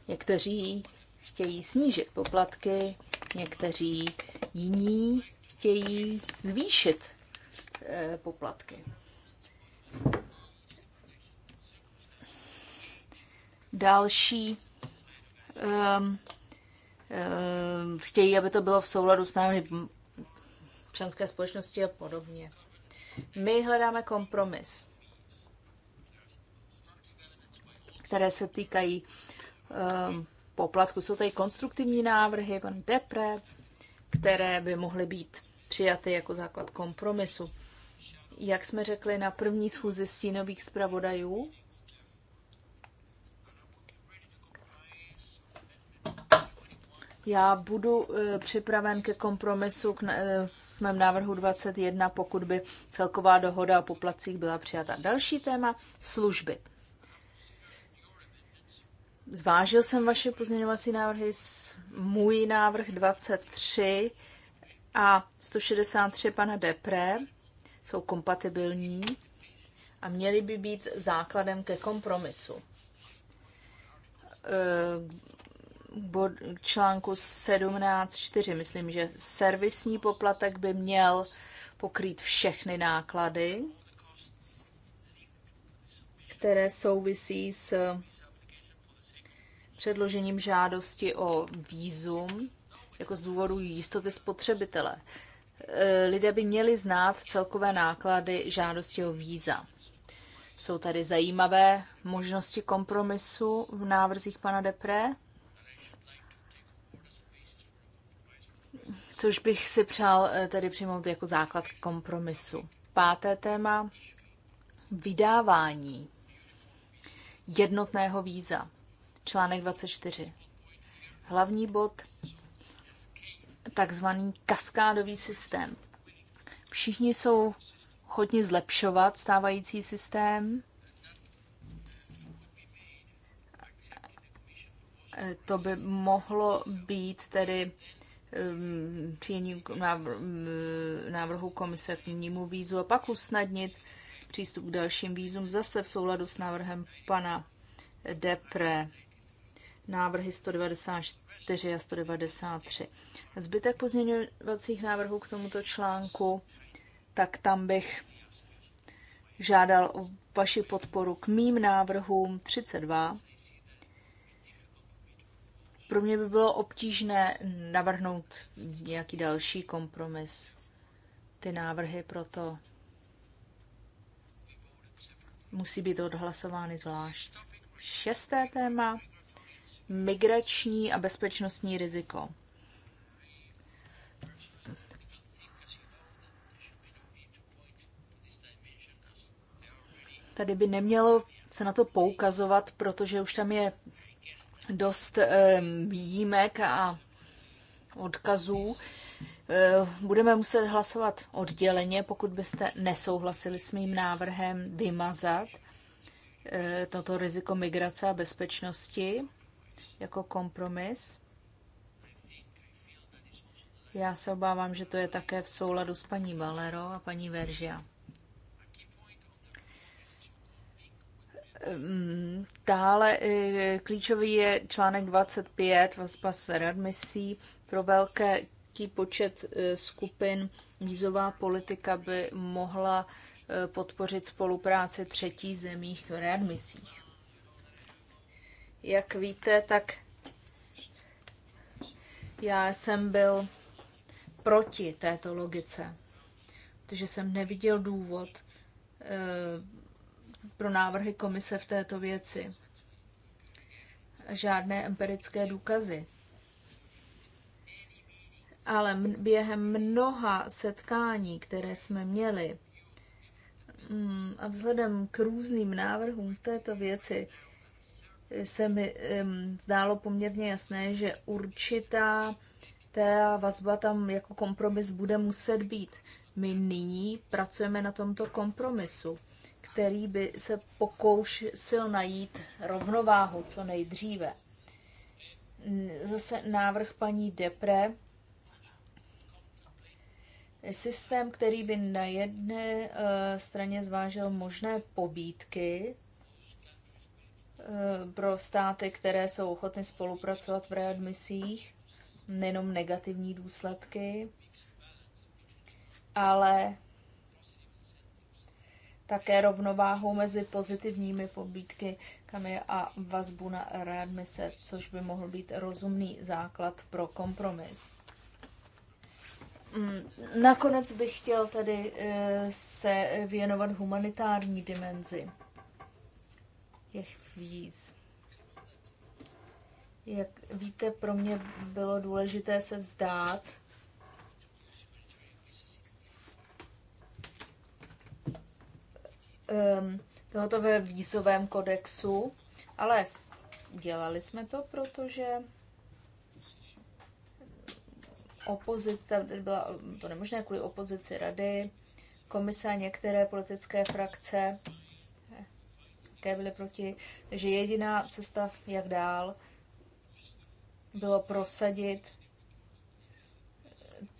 někteří chtějí snížit poplatky, někteří jiní chtějí zvýšit eh, poplatky. Další um, Ehm, chtějí, aby to bylo v souladu s námi občanské společnosti a podobně. My hledáme kompromis, které se týkají um, poplatku. Jsou tady konstruktivní návrhy, pan Depre, které by mohly být přijaty jako základ kompromisu. Jak jsme řekli na první schůzi stínových zpravodajů, Já budu eh, připraven ke kompromisu k eh, mém návrhu 21, pokud by celková dohoda o poplacích byla přijata. Další téma služby. Zvážil jsem vaše pozměňovací návrhy, můj návrh 23 a 163 pana Depre jsou kompatibilní a měly by být základem ke kompromisu eh, bod, článku 17.4. Myslím, že servisní poplatek by měl pokrýt všechny náklady, které souvisí s předložením žádosti o výzum jako z důvodu jistoty spotřebitele. E, lidé by měli znát celkové náklady žádosti o víza. Jsou tady zajímavé možnosti kompromisu v návrzích pana Depré. což bych si přál eh, tedy přijmout jako základ kompromisu. Páté téma vydávání jednotného víza. Článek 24. Hlavní bod takzvaný kaskádový systém. Všichni jsou chodně zlepšovat stávající systém. Eh, to by mohlo být tedy Um, přijetím um, návrhu komise k nímu vízu a pak usnadnit přístup k dalším vízům zase v souladu s návrhem pana Depre. Návrhy 194 a 193. Zbytek pozměňovacích návrhů k tomuto článku, tak tam bych žádal o vaši podporu k mým návrhům 32, pro mě by bylo obtížné navrhnout nějaký další kompromis. Ty návrhy proto musí být odhlasovány zvlášť. Šesté téma migrační a bezpečnostní riziko. Tady by nemělo se na to poukazovat, protože už tam je dost eh, výjimek a odkazů. Eh, budeme muset hlasovat odděleně, pokud byste nesouhlasili s mým návrhem vymazat eh, toto riziko migrace a bezpečnosti jako kompromis. Já se obávám, že to je také v souladu s paní Valero a paní Veržia. Ehm, dále eh, klíčový je článek 25 vazba s readmisí. Pro velké počet eh, skupin vízová politika by mohla eh, podpořit spolupráci třetí zemích v readmisích. Jak víte, tak já jsem byl proti této logice, protože jsem neviděl důvod pro návrhy komise v této věci. Žádné empirické důkazy. Ale během mnoha setkání, které jsme měli, mm, a vzhledem k různým návrhům v této věci, se mi zdálo poměrně jasné, že určitá ta vazba tam jako kompromis bude muset být. My nyní pracujeme na tomto kompromisu který by se pokoušel najít rovnováhu co nejdříve. Zase návrh paní Depre. Systém, který by na jedné eh, straně zvážil možné pobídky eh, pro státy, které jsou ochotny spolupracovat v readmisích, nejenom negativní důsledky, ale také rovnováhu mezi pozitivními pobídky a vazbu na readmise, což by mohl být rozumný základ pro kompromis. Mm, nakonec bych chtěl tedy eh, se věnovat humanitární dimenzi těch víz. Jak víte, pro mě bylo důležité se vzdát Um, tohoto ve vízovém kodexu, ale dělali jsme to, protože opozice, byla to nemožné kvůli opozici rady, komise a některé politické frakce které byly proti, že jediná cesta, jak dál, bylo prosadit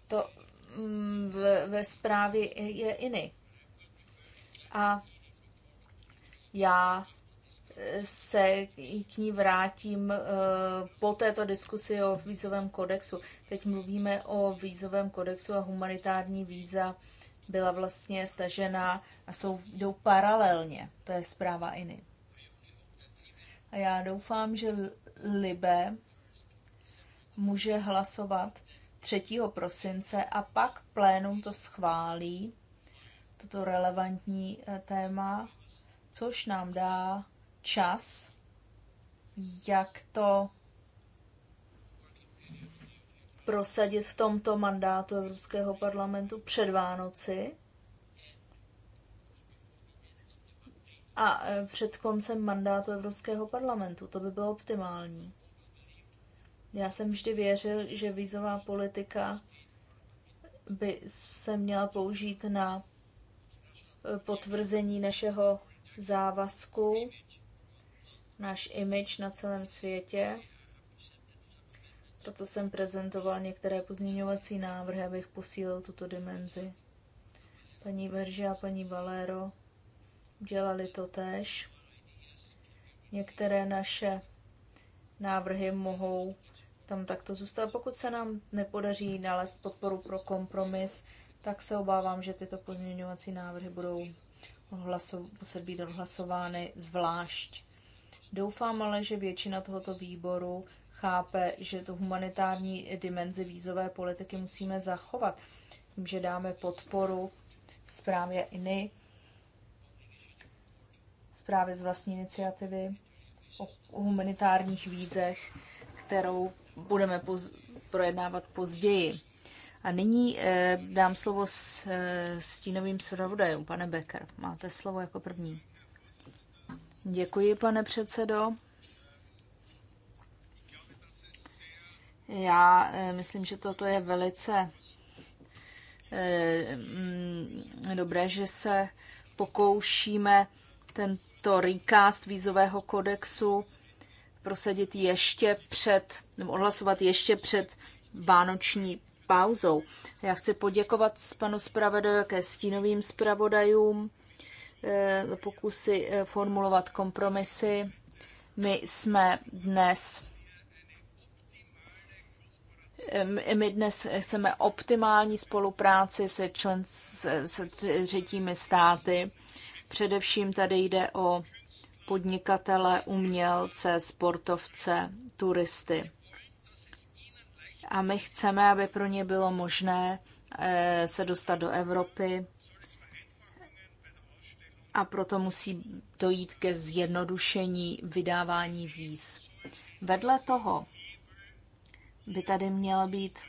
to v mm, ve zprávě je iny. A já eh, se k ní vrátím eh, po této diskusi o vízovém kodexu. Teď mluvíme o vízovém kodexu a humanitární víza byla vlastně stažená a jsou, jdou paralelně. To je zpráva INY. A já doufám, že Libe může hlasovat 3. prosince a pak plénum to schválí, toto relevantní eh, téma což nám dá čas, jak to prosadit v tomto mandátu Evropského parlamentu před Vánoci a eh, před koncem mandátu Evropského parlamentu. To by bylo optimální. Já jsem vždy věřil, že vízová politika by se měla použít na eh, potvrzení našeho závazků, náš image na celém světě. Proto jsem prezentoval některé pozměňovací návrhy, abych posílil tuto dimenzi. Paní Verže a paní Valero dělali to tež. Některé naše návrhy mohou tam takto zůstat. Pokud se nám nepodaří nalézt podporu pro kompromis, tak se obávám, že tyto pozměňovací návrhy budou muset být odhlasovány zvlášť. Doufám ale, že většina tohoto výboru chápe, že tu humanitární dimenzi vízové politiky musíme zachovat, tím, že dáme podporu zprávě INY, zprávě z vlastní iniciativy o humanitárních vízech, kterou budeme poz- projednávat později. A nyní eh, dám slovo s eh, stínovým zpravodajem Pane Becker, máte slovo jako první. Děkuji, pane předsedo. Já eh, myslím, že toto je velice eh, mm, dobré, že se pokoušíme tento recast vízového kodexu prosadit ještě před, nebo odhlasovat ještě před vánoční pauzou. Já chci poděkovat panu zpravodaju, ke stínovým zpravodajům, eh, pokusy eh, formulovat kompromisy. My jsme dnes eh, my dnes chceme optimální spolupráci se, člen, se, se třetími státy. Především tady jde o podnikatele, umělce, sportovce, turisty a my chceme, aby pro ně bylo možné eh, se dostat do Evropy a proto musí dojít ke zjednodušení vydávání víz. Vedle toho by tady měla být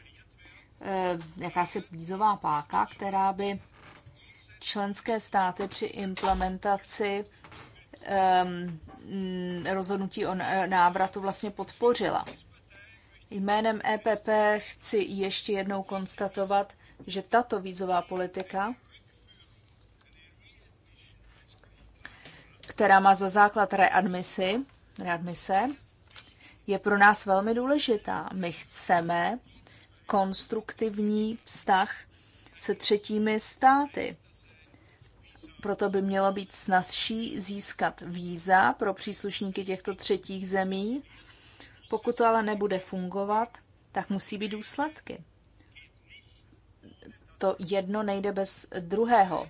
eh, jakási vízová páka, která by členské státy při implementaci ehm, rozhodnutí o návratu vlastně podpořila. Jménem EPP chci ještě jednou konstatovat, že tato vízová politika, která má za základ readmisi, readmise, je pro nás velmi důležitá. My chceme konstruktivní vztah se třetími státy. Proto by mělo být snazší získat víza pro příslušníky těchto třetích zemí, pokud to ale nebude fungovat, tak musí být důsledky. To jedno nejde bez druhého.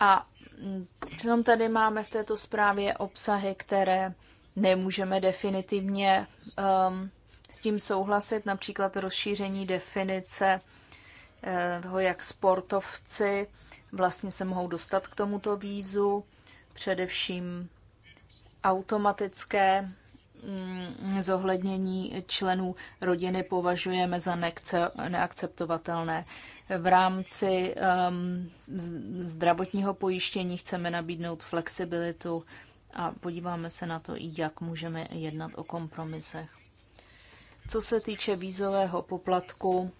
A přitom tady máme v této zprávě obsahy, které nemůžeme definitivně um, s tím souhlasit, například rozšíření definice eh, toho, jak sportovci vlastně se mohou dostat k tomuto vízu, především automatické mm, zohlednění členů rodiny považujeme za neakceptovatelné. V rámci um, zdravotního pojištění chceme nabídnout flexibilitu a podíváme se na to, jak můžeme jednat o kompromisech. Co se týče vízového poplatku,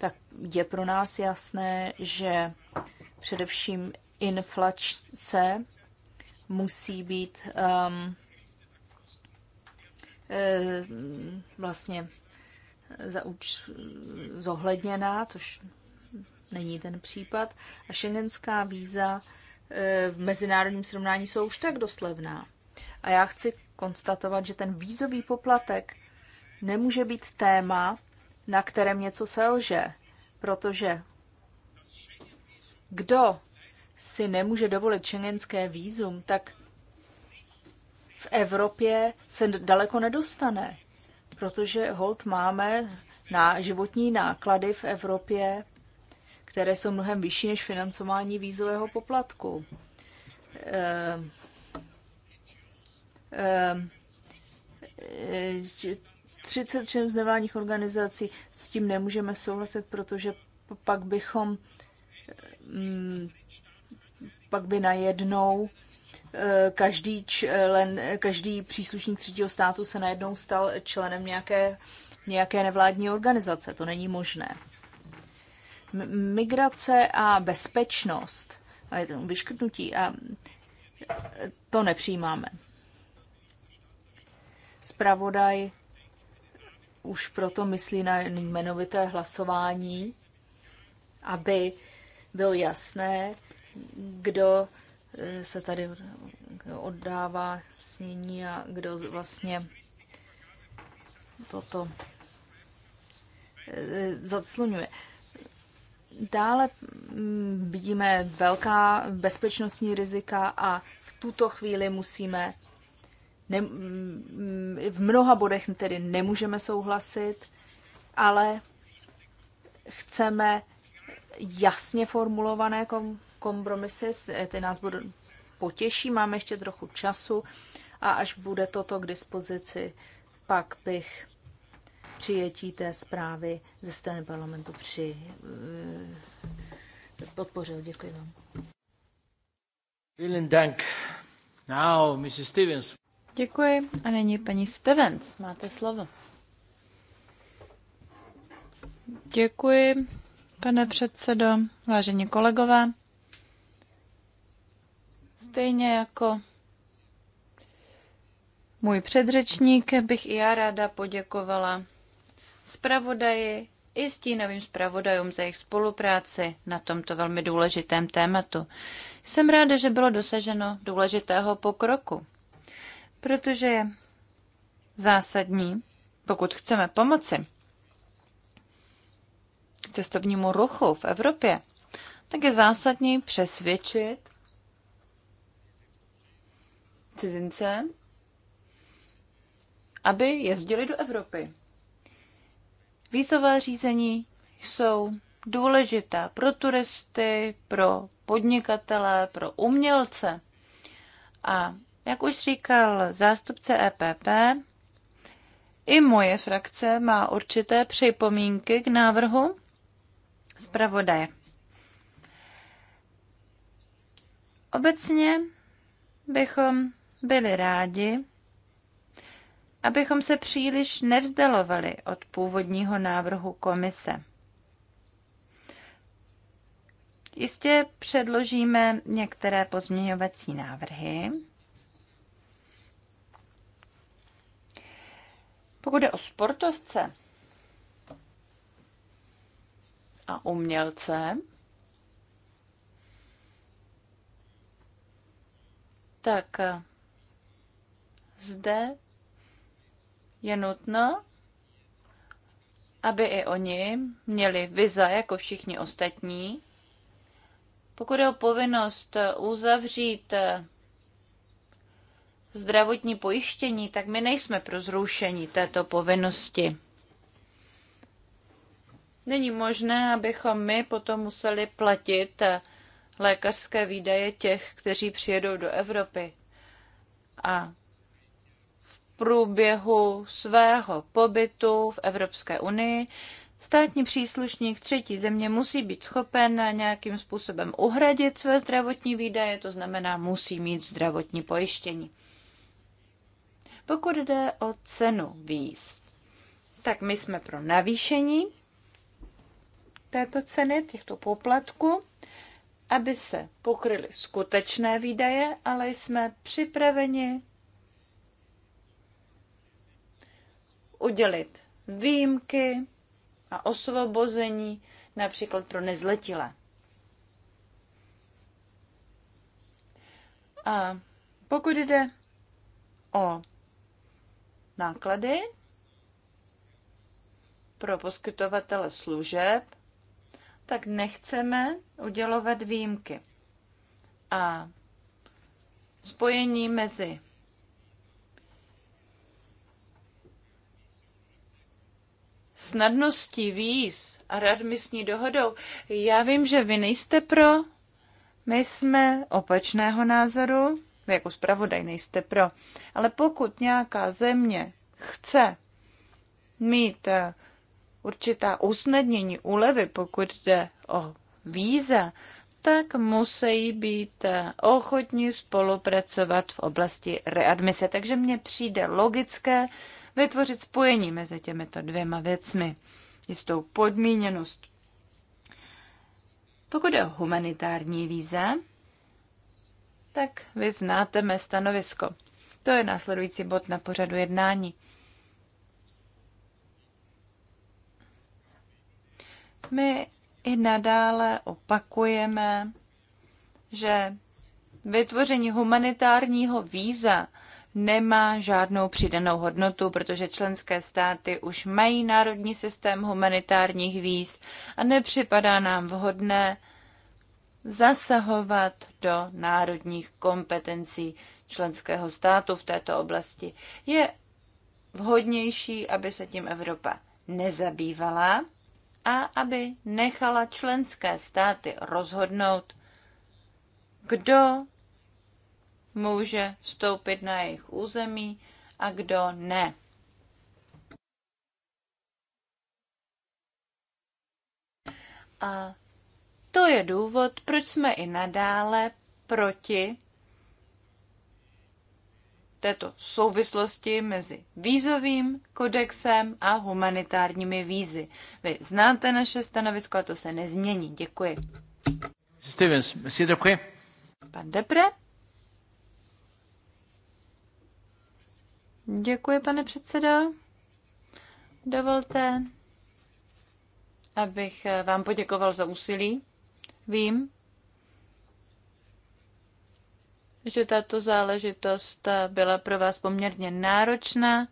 tak je pro nás jasné, že především inflace musí být um, eh, vlastně zauč, zohledněná, což není ten případ. A šengenská víza eh, v mezinárodním srovnání jsou už tak dost levná. A já chci konstatovat, že ten vízový poplatek nemůže být téma, na kterém něco selže, protože kdo si nemůže dovolit šengenské výzum, tak v Evropě se daleko nedostane, protože hold máme na životní náklady v Evropě, které jsou mnohem vyšší než financování vízového poplatku. Uh, ehm, 36 nevládních organizací s tím nemůžeme souhlasit, protože pak bychom mm, pak by najednou eh, každý, člen, každý příslušník třetího státu se najednou stal členem nějaké, nějaké nevládní organizace. To není možné. Migrace a bezpečnost, a je to vyškrtnutí, a eh, to nepřijímáme. Spravodaj už proto myslí na jmenovité hlasování, aby bylo jasné, kdo eh, se tady oddává snění a kdo vlastně toto eh, zaclunuje. Dále mm, vidíme velká bezpečnostní rizika a v tuto chvíli musíme ne, mm, v mnoha bodech tedy nemůžeme souhlasit, ale chceme jasně formulované kom, kompromisy, eh, ty nás budou potěší, máme ještě trochu času a až bude toto k dispozici, pak bych přijetí té zprávy ze strany parlamentu při eh, podpořil. Děkuji vám. Dank. Now, Mrs. Stevens. Děkuji. A nyní paní Stevens, máte slovo. Děkuji, pane předsedo, vážení kolegové. Stejně jako můj předřečník bych i já ráda poděkovala zpravodaji i stínovým zpravodajům za jejich spolupráci na tomto velmi důležitém tématu. Jsem ráda, že bylo dosaženo důležitého pokroku, protože je zásadní, pokud chceme pomoci k cestovnímu ruchu v Evropě, tak je zásadní přesvědčit cizince, aby jezdili do Evropy. Vízová řízení jsou důležitá pro turisty, pro podnikatele, pro umělce. A jak už říkal zástupce EPP, i moje frakce má určité připomínky k návrhu zpravodaje. Obecně bychom byli rádi, abychom se příliš nevzdalovali od původního návrhu komise. Jistě předložíme některé pozměňovací návrhy. Pokud jde o sportovce a umělce, tak zde je nutno, aby i oni měli viza jako všichni ostatní. Pokud je o povinnost uzavřít eh, zdravotní pojištění, tak my nejsme pro zrušení této povinnosti. Není možné, abychom my potom museli platit eh, lékařské výdaje těch, kteří přijedou do Evropy. A průběhu svého pobytu v Evropské unii státní příslušník třetí země musí být schopen nějakým způsobem uhradit své zdravotní výdaje, to znamená musí mít zdravotní pojištění. Pokud jde o cenu víz, tak my jsme pro navýšení této ceny, těchto poplatků, aby se pokryly skutečné výdaje, ale jsme připraveni udělit výjimky a osvobození například pro nezletilé. A pokud jde o náklady pro poskytovatele služeb, tak nechceme udělovat výjimky. A spojení mezi snadností víz a readmisní dohodou. Já vím, že vy nejste pro, my jsme opačného názoru, vy jako zpravodaj nejste pro, ale pokud nějaká země chce mít eh, určitá usnadnění, úlevy, pokud jde o víza, tak musí být ochotní spolupracovat v oblasti readmise. Takže mně přijde logické vytvořit spojení mezi těmito dvěma věcmi, jistou podmíněnost. Pokud je o humanitární víza, tak vy znáte mé stanovisko. To je následující bod na pořadu jednání. My i nadále opakujeme, že vytvoření humanitárního víza nemá žádnou přidanou hodnotu, protože členské státy už mají národní systém humanitárních víz a nepřipadá nám vhodné zasahovat do národních kompetencí členského státu v této oblasti. Je vhodnější, aby se tím Evropa nezabývala a aby nechala členské státy rozhodnout, kdo může vstoupit na jejich území a kdo ne. A to je důvod, proč jsme i nadále proti této souvislosti mezi vízovým kodexem a humanitárními vízy. Vy znáte naše stanovisko a to se nezmění. Děkuji. Stevens, Monsieur Depré. Pan depre. Děkuji, pane předsedo. Dovolte, abych vám poděkoval za úsilí. Vím, že tato záležitost eh, byla pro vás poměrně náročná,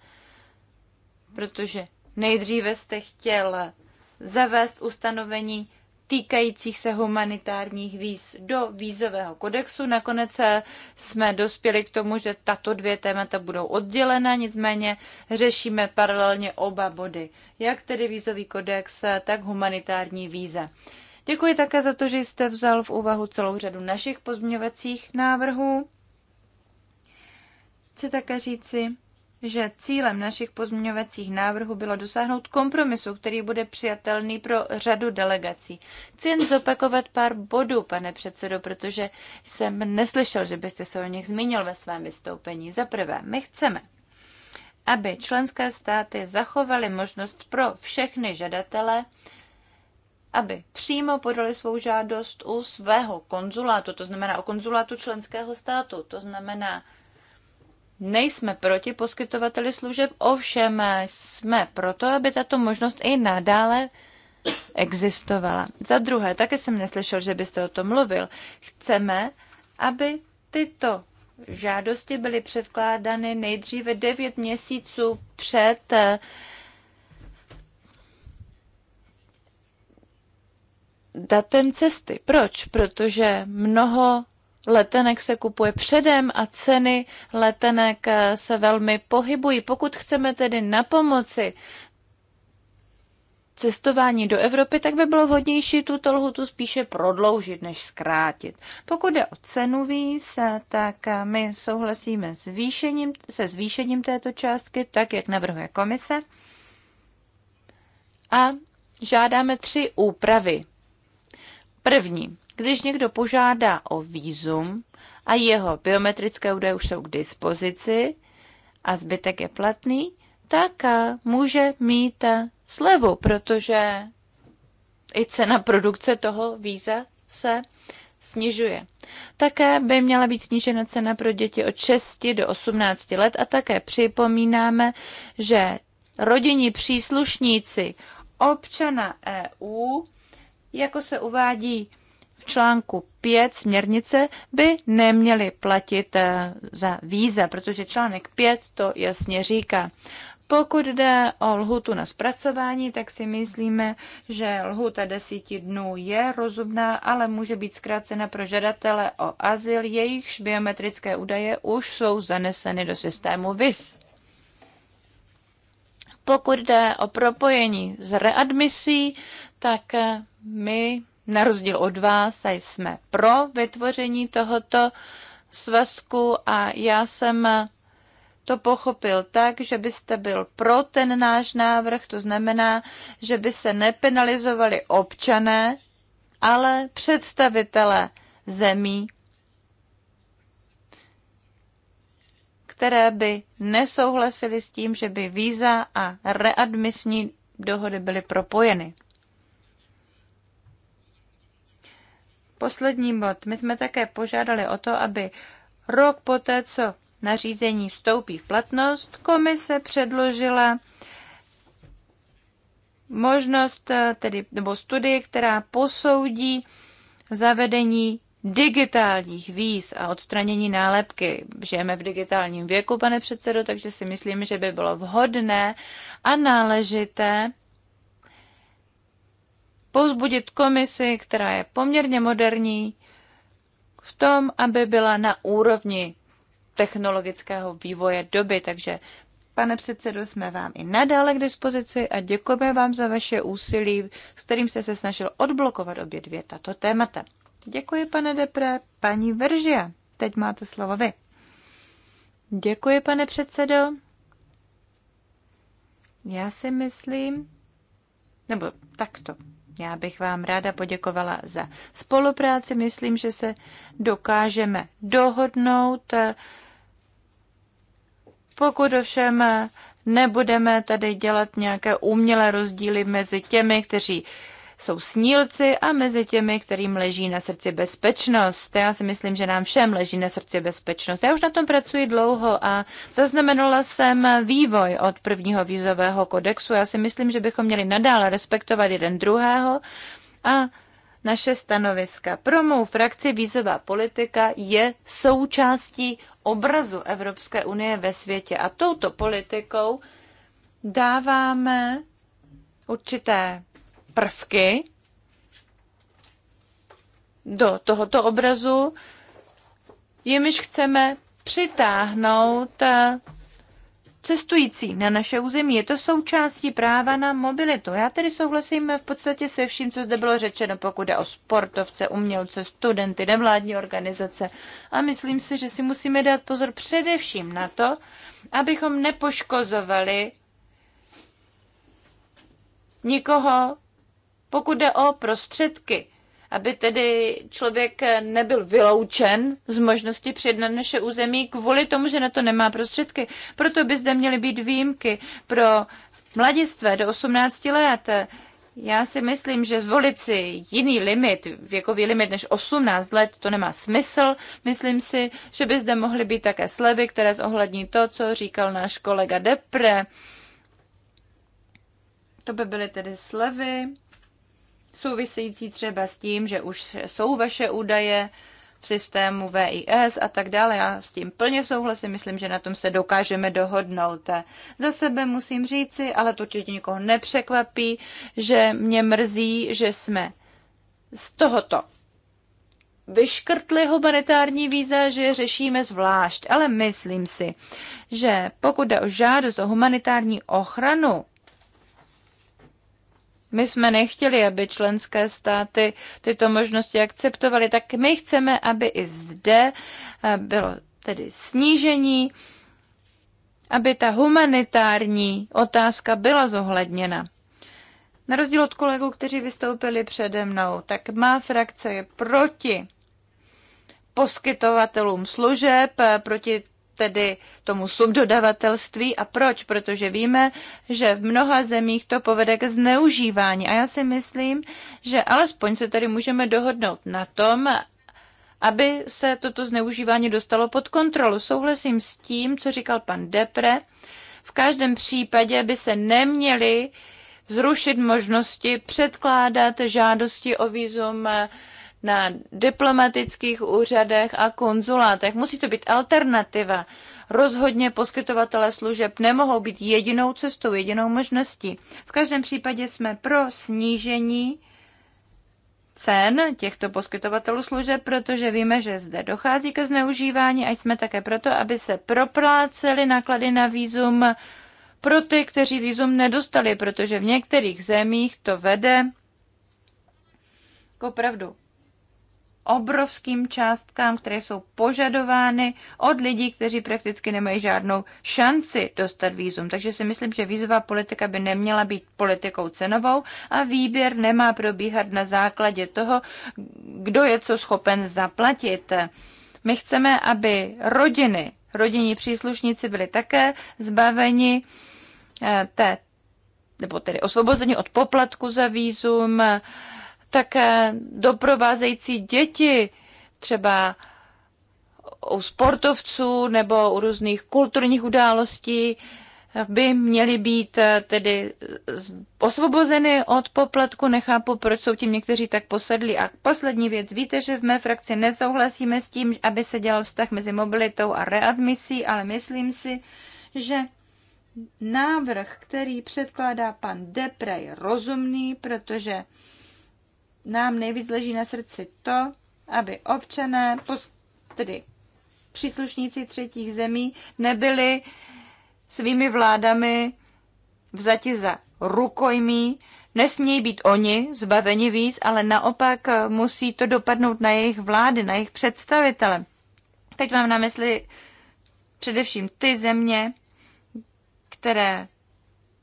protože nejdříve jste chtěl zavést ustanovení týkajících se humanitárních víz do vízového kodexu. Nakonec eh, jsme dospěli k tomu, že tato dvě témata budou oddělena, nicméně řešíme paralelně oba body, jak tedy vízový kodex, eh, tak humanitární víze. Děkuji také za to, že jste vzal v úvahu celou řadu našich pozměňovacích návrhů. Chci také říci, že cílem našich pozměňovacích návrhů bylo dosáhnout kompromisu, který bude přijatelný pro řadu delegací. Chci jen zopakovat pár bodů, pane předsedo, protože jsem neslyšel, že byste se o nich zmínil ve svém vystoupení. Za prvé, my chceme, aby členské státy zachovaly možnost pro všechny žadatele aby přímo podali svou žádost u svého konzulátu, to znamená u konzulátu členského státu. To znamená, nejsme proti poskytovateli služeb, ovšem jsme proto, aby tato možnost i nadále existovala. Za druhé, také jsem neslyšel, že byste o tom mluvil. Chceme, aby tyto žádosti byly předkládány nejdříve 9 měsíců před eh, datem cesty. Proč? Protože mnoho letenek se kupuje předem a ceny letenek eh, se velmi pohybují. Pokud chceme tedy na pomoci cestování do Evropy, tak by bylo vhodnější tuto lhutu spíše prodloužit, než zkrátit. Pokud je o cenu víc, eh, tak eh, my souhlasíme s výšením, se zvýšením této částky, tak jak navrhuje komise. A žádáme tři úpravy První, když někdo požádá o výzum a jeho biometrické údaje už jsou k dispozici a zbytek je platný, tak eh, může mít eh, slevu, protože i cena produkce toho víza se snižuje. Také by měla být snížena cena pro děti od 6 do 18 let a také připomínáme, že rodinní příslušníci občana EU jako se uvádí v článku 5 směrnice, by neměly platit eh, za víza, protože článek 5 to jasně říká. Pokud jde o lhutu na zpracování, tak si myslíme, že lhuta desíti dnů je rozumná, ale může být zkrácena pro žadatele o azyl, jejichž biometrické údaje už jsou zaneseny do systému VIS. Pokud jde o propojení s readmisí, tak eh, my, na rozdíl od vás, jsme pro vytvoření tohoto svazku a já jsem eh, to pochopil tak, že byste byl pro ten náš návrh, to znamená, že by se nepenalizovali občané, ale představitelé zemí které by nesouhlasily s tím, že by víza a readmisní dohody byly propojeny. Poslední bod. My jsme také požádali o to, aby rok poté, co nařízení vstoupí v platnost, komise předložila možnost, eh, tedy, nebo studii, která posoudí zavedení digitálních víz a odstranění nálepky. Žijeme v digitálním věku, pane předsedo, takže si myslím, že by bylo vhodné a náležité pozbudit komisi, která je poměrně moderní, v tom, aby byla na úrovni technologického vývoje doby. Takže, pane předsedo, jsme vám i nadále k dispozici a děkujeme vám za vaše úsilí, s kterým jste se snažil odblokovat obě dvě tato témata. Děkuji, pane Depre. Paní Veržia, teď máte slovo vy. Děkuji, pane předsedo. Já si myslím, nebo takto. Já bych vám ráda poděkovala za spolupráci. Myslím, že se dokážeme dohodnout. Pokud ovšem nebudeme tady dělat nějaké umělé rozdíly mezi těmi, kteří jsou snílci a mezi těmi, kterým leží na srdci bezpečnost. Já si myslím, že nám všem leží na srdci bezpečnost. Já už na tom pracuji dlouho a zaznamenala jsem vývoj od prvního vízového kodexu. Já si myslím, že bychom měli nadále respektovat jeden druhého a naše stanoviska. Pro mou frakci vízová politika je součástí obrazu Evropské unie ve světě a touto politikou dáváme určité prvky do tohoto obrazu, jimiž chceme přitáhnout eh, cestující na naše území. Je to součástí práva na mobilitu. Já tedy souhlasím v podstatě se vším, co zde bylo řečeno, pokud jde o sportovce, umělce, studenty, nevládní organizace. A myslím si, že si musíme dát pozor především na to, abychom nepoškozovali nikoho, pokud jde o prostředky, aby tedy člověk nebyl vyloučen z možnosti přijet na naše území kvůli tomu, že na to nemá prostředky. Proto by zde měly být výjimky pro mladistvé do 18 let. Já si myslím, že zvolit si jiný limit, věkový limit než 18 let, to nemá smysl. Myslím si, že by zde mohly být také slevy, které zohlední to, co říkal náš kolega Depre. To by byly tedy slevy související třeba s tím, že už jsou vaše údaje v systému VIS a tak dále. Já s tím plně souhlasím, myslím, že na tom se dokážeme dohodnout. Za sebe musím říci, ale to určitě nikoho nepřekvapí, že mě mrzí, že jsme z tohoto vyškrtli humanitární víza, že je řešíme zvlášť, ale myslím si, že pokud jde o žádost o humanitární ochranu, my jsme nechtěli, aby členské státy tyto možnosti akceptovaly, tak my chceme, aby i zde eh, bylo tedy snížení, aby ta humanitární otázka byla zohledněna. Na rozdíl od kolegů, kteří vystoupili přede mnou, tak má frakce je proti poskytovatelům služeb, eh, proti tedy tomu subdodavatelství. A proč? Protože víme, že v mnoha zemích to povede k zneužívání. A já si myslím, že alespoň se tady můžeme dohodnout na tom, aby se toto zneužívání dostalo pod kontrolu. Souhlasím s tím, co říkal pan Depre. V každém případě by se neměly zrušit možnosti předkládat žádosti o výzum na diplomatických úřadech a konzulátech. Musí to být alternativa. Rozhodně poskytovatele služeb nemohou být jedinou cestou, jedinou možností. V každém případě jsme pro snížení cen těchto poskytovatelů služeb, protože víme, že zde dochází ke zneužívání a jsme také proto, aby se propláceli náklady na výzum pro ty, kteří výzum nedostali, protože v některých zemích to vede k opravdu obrovským částkám, které jsou požadovány od lidí, kteří prakticky nemají žádnou šanci dostat výzum. Takže si myslím, že výzová politika by neměla být politikou cenovou a výběr nemá probíhat na základě toho, kdo je co schopen zaplatit. My chceme, aby rodiny, rodinní příslušníci byli také zbaveni eh, té, nebo tedy osvobozeni od poplatku za výzum, také doprovázející děti, třeba u sportovců nebo u různých kulturních událostí, by měly být eh, tedy osvobozeny od poplatku. Nechápu, proč jsou tím někteří tak posedlí. A poslední věc, víte, že v mé frakci nesouhlasíme s tím, aby se dělal vztah mezi mobilitou a readmisí, ale myslím si, že návrh, který předkládá pan Deprej, rozumný, protože nám nejvíc leží na srdci to, aby občané, tedy příslušníci třetích zemí, nebyli svými vládami vzati za rukojmí, nesmějí být oni zbaveni víc, ale naopak musí to dopadnout na jejich vlády, na jejich představitele. Teď mám na mysli především ty země, které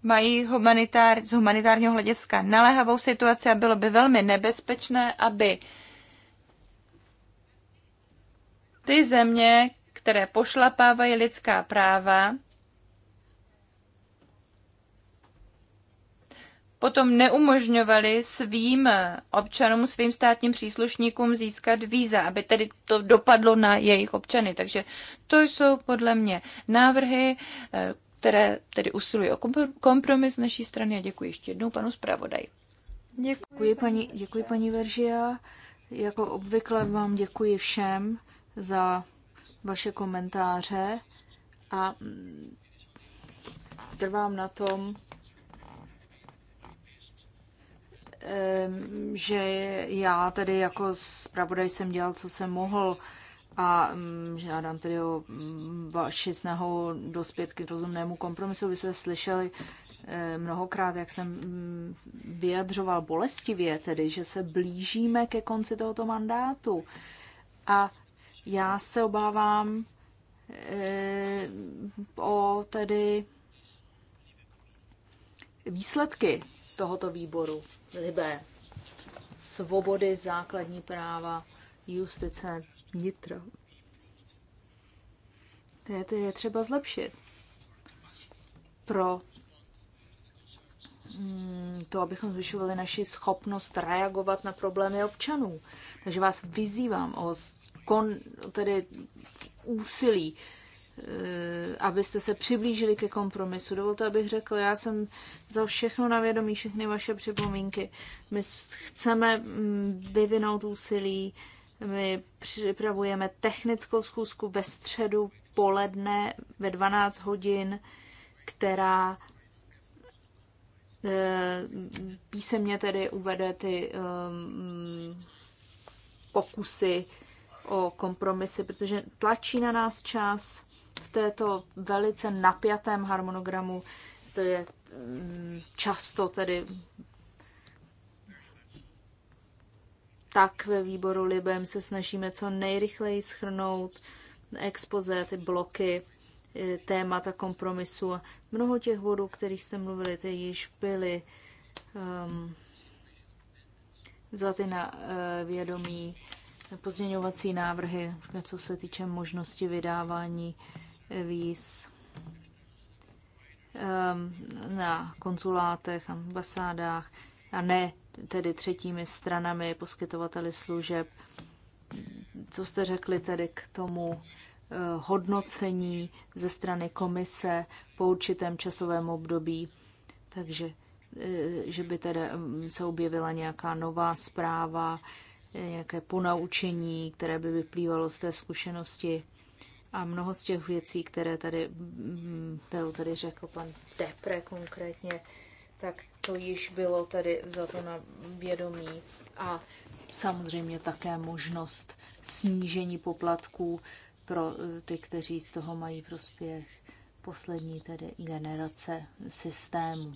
mají humanitár, z humanitárního hlediska naléhavou situaci a bylo by velmi nebezpečné, aby ty země, které pošlapávají lidská práva, potom neumožňovali svým občanům, svým státním příslušníkům získat víza, aby tedy to dopadlo na jejich občany. Takže to jsou podle mě návrhy, eh, které tedy usiluje o kompromis z naší strany a děkuji ještě jednou panu zpravodaji. Děkuji, děkuji paní, děkuji paní Veržia. Jako obvykle vám děkuji všem za vaše komentáře a trvám na tom, že já tedy jako zpravodaj jsem dělal, co jsem mohl a mm, žádám tedy o mm, vaši snahu dospět k rozumnému kompromisu. Vy jste slyšeli eh, mnohokrát, jak jsem mm, vyjadřoval bolestivě, tedy, že se blížíme ke konci tohoto mandátu. A já se obávám eh, o tedy výsledky tohoto výboru Libé. Svobody, základní práva, justice, vnitro. To je třeba zlepšit pro mm, to, abychom zvyšovali naši schopnost reagovat na problémy občanů. Takže vás vyzývám o kon, tedy úsilí, eh, abyste se přiblížili ke kompromisu. Dovolte, abych řekl, já jsem za všechno na vědomí, všechny vaše připomínky. My chceme mm, vyvinout úsilí, my připravujeme technickou schůzku ve středu poledne ve 12 hodin, která eh, písemně tedy uvede ty eh, pokusy o kompromisy, protože tlačí na nás čas v této velice napjatém harmonogramu. To je mm, často tedy tak ve výboru Libem se snažíme co nejrychleji schrnout expoze, ty bloky, eh, témata kompromisu. Mnoho těch bodů, kterých jste mluvili, ty již byly um, ty na uh, vědomí pozměňovací návrhy, co se týče možnosti vydávání eh, víz um, na konzulátech, ambasádách a ne tedy třetími stranami, poskytovateli služeb. Co jste řekli tedy k tomu eh, hodnocení ze strany komise po určitém časovém období? Takže, eh, že by tedy mm, se objevila nějaká nová zpráva, nějaké ponaučení, které by vyplývalo z té zkušenosti. A mnoho z těch věcí, které tady, mm, kterou tady řekl pan Depre konkrétně, tak to již bylo tedy vzato na vědomí a samozřejmě také možnost snížení poplatků pro eh, ty, kteří z toho mají prospěch poslední tedy generace systému.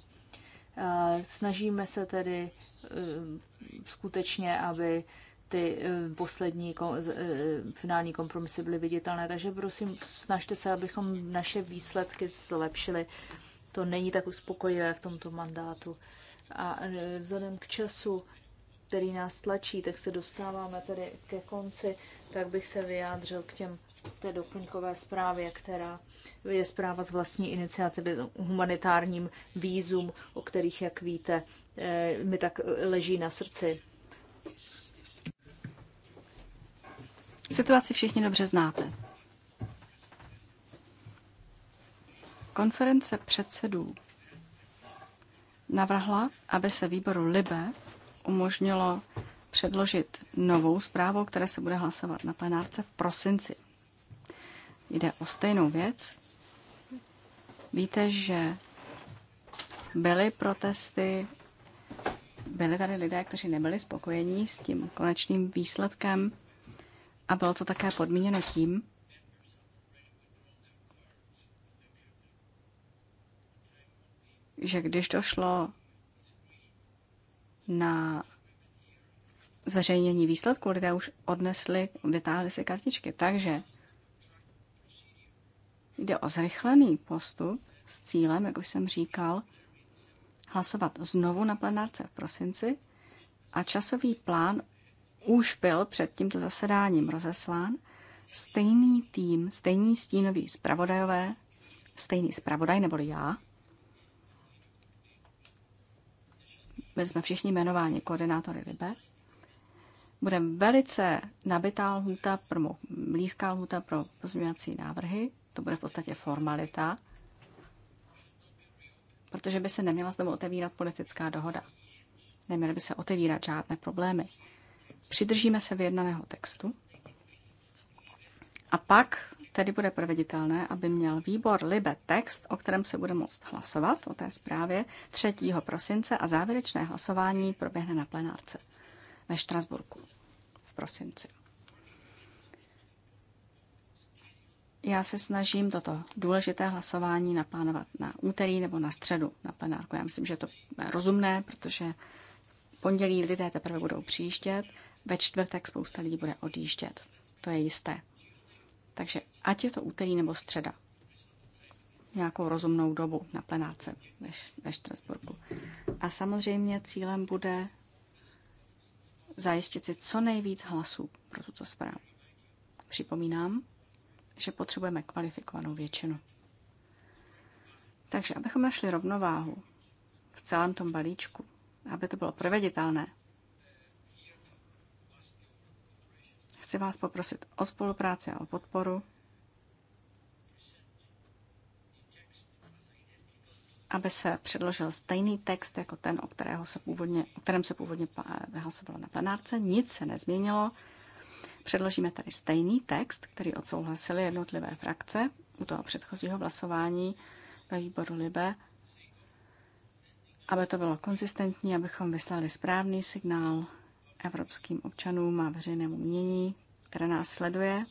Eh, snažíme se tedy eh, skutečně, aby ty poslední finální kompromisy byly viditelné, takže prosím, snažte se, abychom naše výsledky zlepšili to není tak uspokojivé v tomto mandátu. A e, vzhledem k času, který nás tlačí, tak se dostáváme tedy ke konci, tak bych se vyjádřil k těm té doplňkové zprávě, která je zpráva z vlastní iniciativy no, humanitárním výzum, o kterých, jak víte, e, mi tak leží na srdci. Situaci všichni dobře znáte. Konference předsedů navrhla, aby se výboru LIBE umožnilo předložit novou zprávu, které se bude hlasovat na plenárce v prosinci. Jde o stejnou věc. Víte, že byly protesty, byli tady lidé, kteří nebyli spokojení s tím konečným výsledkem a bylo to také podmíněno tím, že když došlo na zveřejnění výsledku, lidé už odnesli, vytáhli si kartičky. Takže jde o zrychlený postup s cílem, jak už jsem říkal, hlasovat znovu na plenárce v prosinci a časový plán už byl před tímto zasedáním rozeslán. Stejný tým, stejný stínový zpravodajové, stejný zpravodaj neboli já, byli jsme všichni jmenováni koordinátory LIBE, bude velice nabitá lhůta, pro, blízká lhůta pro pozměňovací návrhy, to bude v podstatě formalita, protože by se neměla znovu otevírat politická dohoda. Neměly by se otevírat žádné problémy. Přidržíme se vyjednaného textu a pak tedy bude proveditelné, aby měl výbor Libe text, o kterém se bude moct hlasovat, o té zprávě, 3. prosince a závěrečné hlasování proběhne na plenárce ve Štrasburku v prosinci. Já se snažím toto důležité hlasování naplánovat na úterý nebo na středu na plenárku. Já myslím, že je to rozumné, protože v pondělí lidé teprve budou přijíždět, ve čtvrtek spousta lidí bude odjíždět. To je jisté. Takže ať je to úterý nebo středa, nějakou rozumnou dobu na plenáce ve Štrasburku. A samozřejmě cílem bude zajistit si co nejvíc hlasů pro tuto zprávu. Připomínám, že potřebujeme kvalifikovanou většinu. Takže abychom našli rovnováhu v celém tom balíčku, aby to bylo proveditelné, Chci vás poprosit o spolupráci a o podporu, aby se předložil stejný text jako ten, o, kterého se původně, o kterém se původně hlasovalo na plenárce. Nic se nezměnilo. Předložíme tady stejný text, který odsouhlasili jednotlivé frakce u toho předchozího hlasování ve výboru Libe, aby to bylo konzistentní, abychom vyslali správný signál evropským občanům a veřejnému mění, které nás sleduje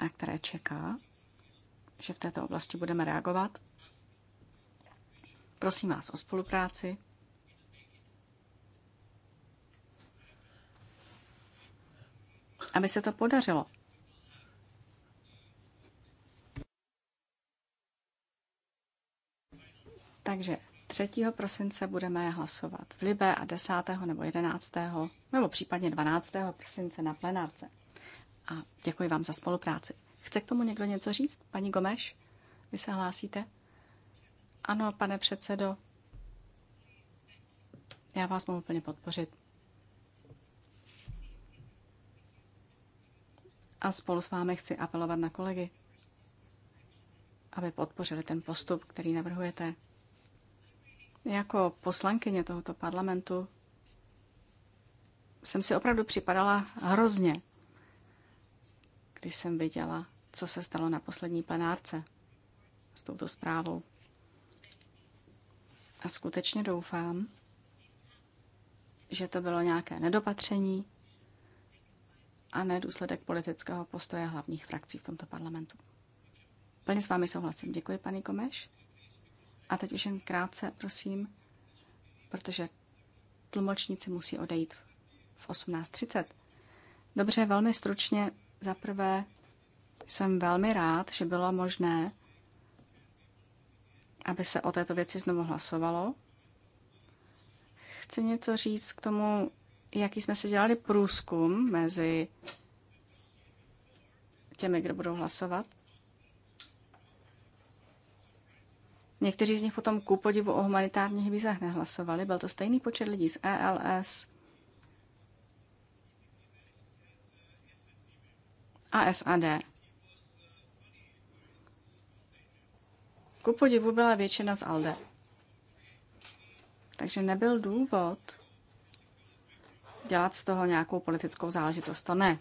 a které čeká, že v této oblasti budeme reagovat. Prosím vás o spolupráci. Aby se to podařilo. Takže 3. prosince budeme hlasovat v Libe a 10. nebo 11. nebo případně 12. prosince na plenárce. A děkuji vám za spolupráci. Chce k tomu někdo něco říct? Paní Gomeš, vy se hlásíte? Ano, pane předsedo, já vás mohu úplně podpořit. A spolu s vámi chci apelovat na kolegy, aby podpořili ten postup, který navrhujete. Jako poslankyně tohoto parlamentu jsem si opravdu připadala hrozně, když jsem viděla, co se stalo na poslední plenárce s touto zprávou. A skutečně doufám, že to bylo nějaké nedopatření a ne důsledek politického postoje hlavních frakcí v tomto parlamentu. Plně s vámi souhlasím. Děkuji, paní Komeš. A teď už jen krátce, prosím, protože tlumočníci musí odejít v 18.30. Dobře, velmi stručně. Za prvé jsem velmi rád, že bylo možné, aby se o této věci znovu hlasovalo. Chci něco říct k tomu, jaký jsme si dělali průzkum mezi těmi, kdo budou hlasovat. Někteří z nich potom ku podivu o humanitárních vízách nehlasovali. Byl to stejný počet lidí z ELS, a SAD. Ku podivu byla většina z ALDE. Takže nebyl důvod dělat z toho nějakou politickou záležitost. To ne.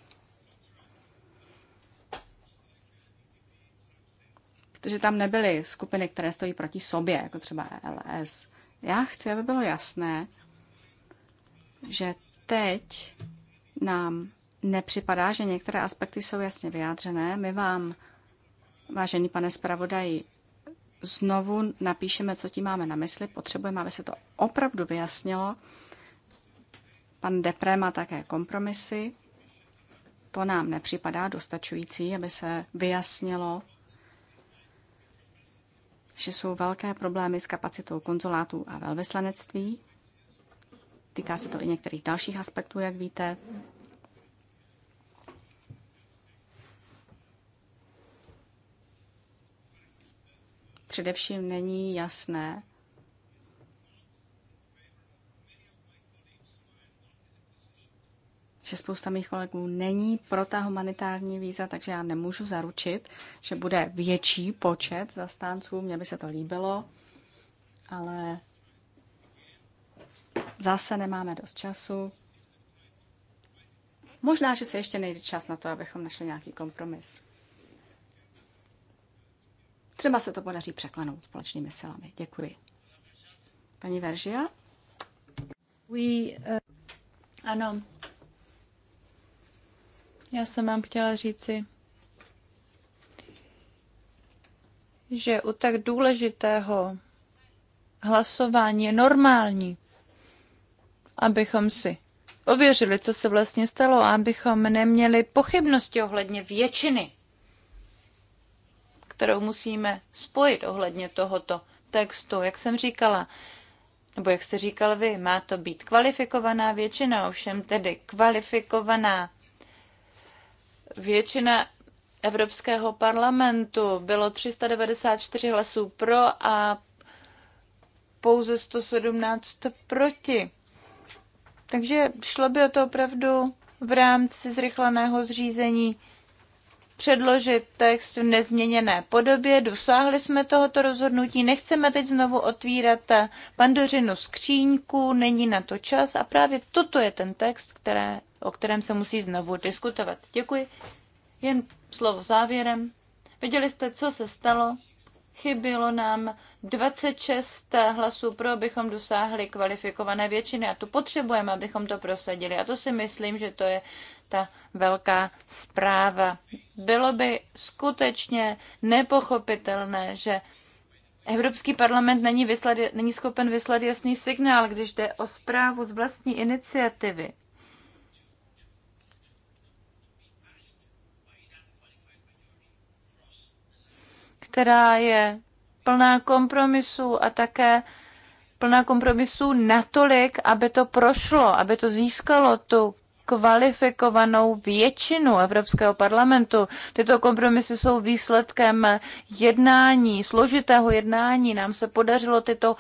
protože tam nebyly skupiny, které stojí proti sobě, jako třeba e LS. Já chci, aby bylo jasné, že teď nám nepřipadá, že některé aspekty jsou jasně vyjádřené. My vám, vážený pane zpravodaji, znovu napíšeme, co tím máme na mysli. Potřebujeme, aby se to opravdu vyjasnilo. Pan Depré má také kompromisy. To nám nepřipadá dostačující, aby se vyjasnilo, že jsou velké problémy s kapacitou konzulátů a velvyslanectví. Týká se to i některých dalších aspektů, jak víte. Především není jasné, že spousta mých kolegů není pro ta humanitární víza, takže já nemůžu zaručit, že bude větší počet zastánců. Mně by se to líbilo, ale zase nemáme dost času. Možná, že se ještě nejde čas na to, abychom našli nějaký kompromis. Třeba se to podaří překlenout společnými silami. Děkuji. Paní Veržia? We, uh... Ano, já jsem vám chtěla říci, že u tak důležitého hlasování je normální, abychom si ověřili, co se vlastně stalo a abychom neměli pochybnosti ohledně většiny, kterou musíme spojit ohledně tohoto textu. Jak jsem říkala, nebo jak jste říkal vy, má to být kvalifikovaná většina, ovšem tedy kvalifikovaná většina Evropského parlamentu. Bylo 394 hlasů pro a pouze 117 proti. Takže šlo by o to opravdu v rámci zrychleného zřízení předložit text v nezměněné podobě. Dosáhli jsme tohoto rozhodnutí, nechceme teď znovu otvírat pandořinu skříňku, není na to čas a právě toto je ten text, které, o kterém se musí znovu diskutovat. Děkuji. Jen slovo závěrem. Viděli jste, co se stalo. Chybilo nám 26 hlasů pro, abychom dosáhli kvalifikované většiny. A to potřebujeme, abychom to prosadili. A to si myslím, že to je ta velká zpráva. Bylo by skutečně nepochopitelné, že Evropský parlament není, vyslat, není schopen vyslat jasný signál, když jde o zprávu z vlastní iniciativy. která je plná kompromisů a také plná kompromisů natolik, aby to prošlo, aby to získalo tu kvalifikovanou většinu Evropského parlamentu. Tyto kompromisy jsou výsledkem jednání, složitého jednání. Nám se podařilo tyto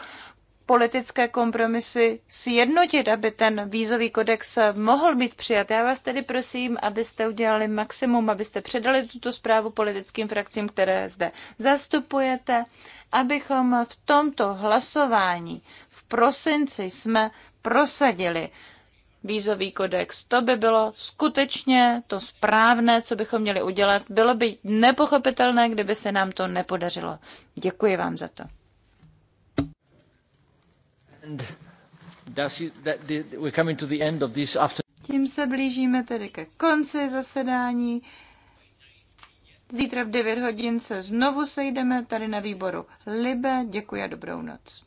politické kompromisy sjednotit, aby ten vízový kodex mohl být přijat. Já vás tedy prosím, abyste udělali maximum, abyste předali tuto zprávu politickým frakcím, které zde zastupujete, abychom v tomto hlasování v prosinci jsme prosadili vízový kodex. To by bylo skutečně to správné, co bychom měli udělat. Bylo by nepochopitelné, kdyby se nám to nepodařilo. Děkuji vám za to. Tím se blížíme tedy ke konci zasedání. Zítra v 9 hodin se znovu sejdeme tady na výboru Libe. Děkuji a dobrou noc.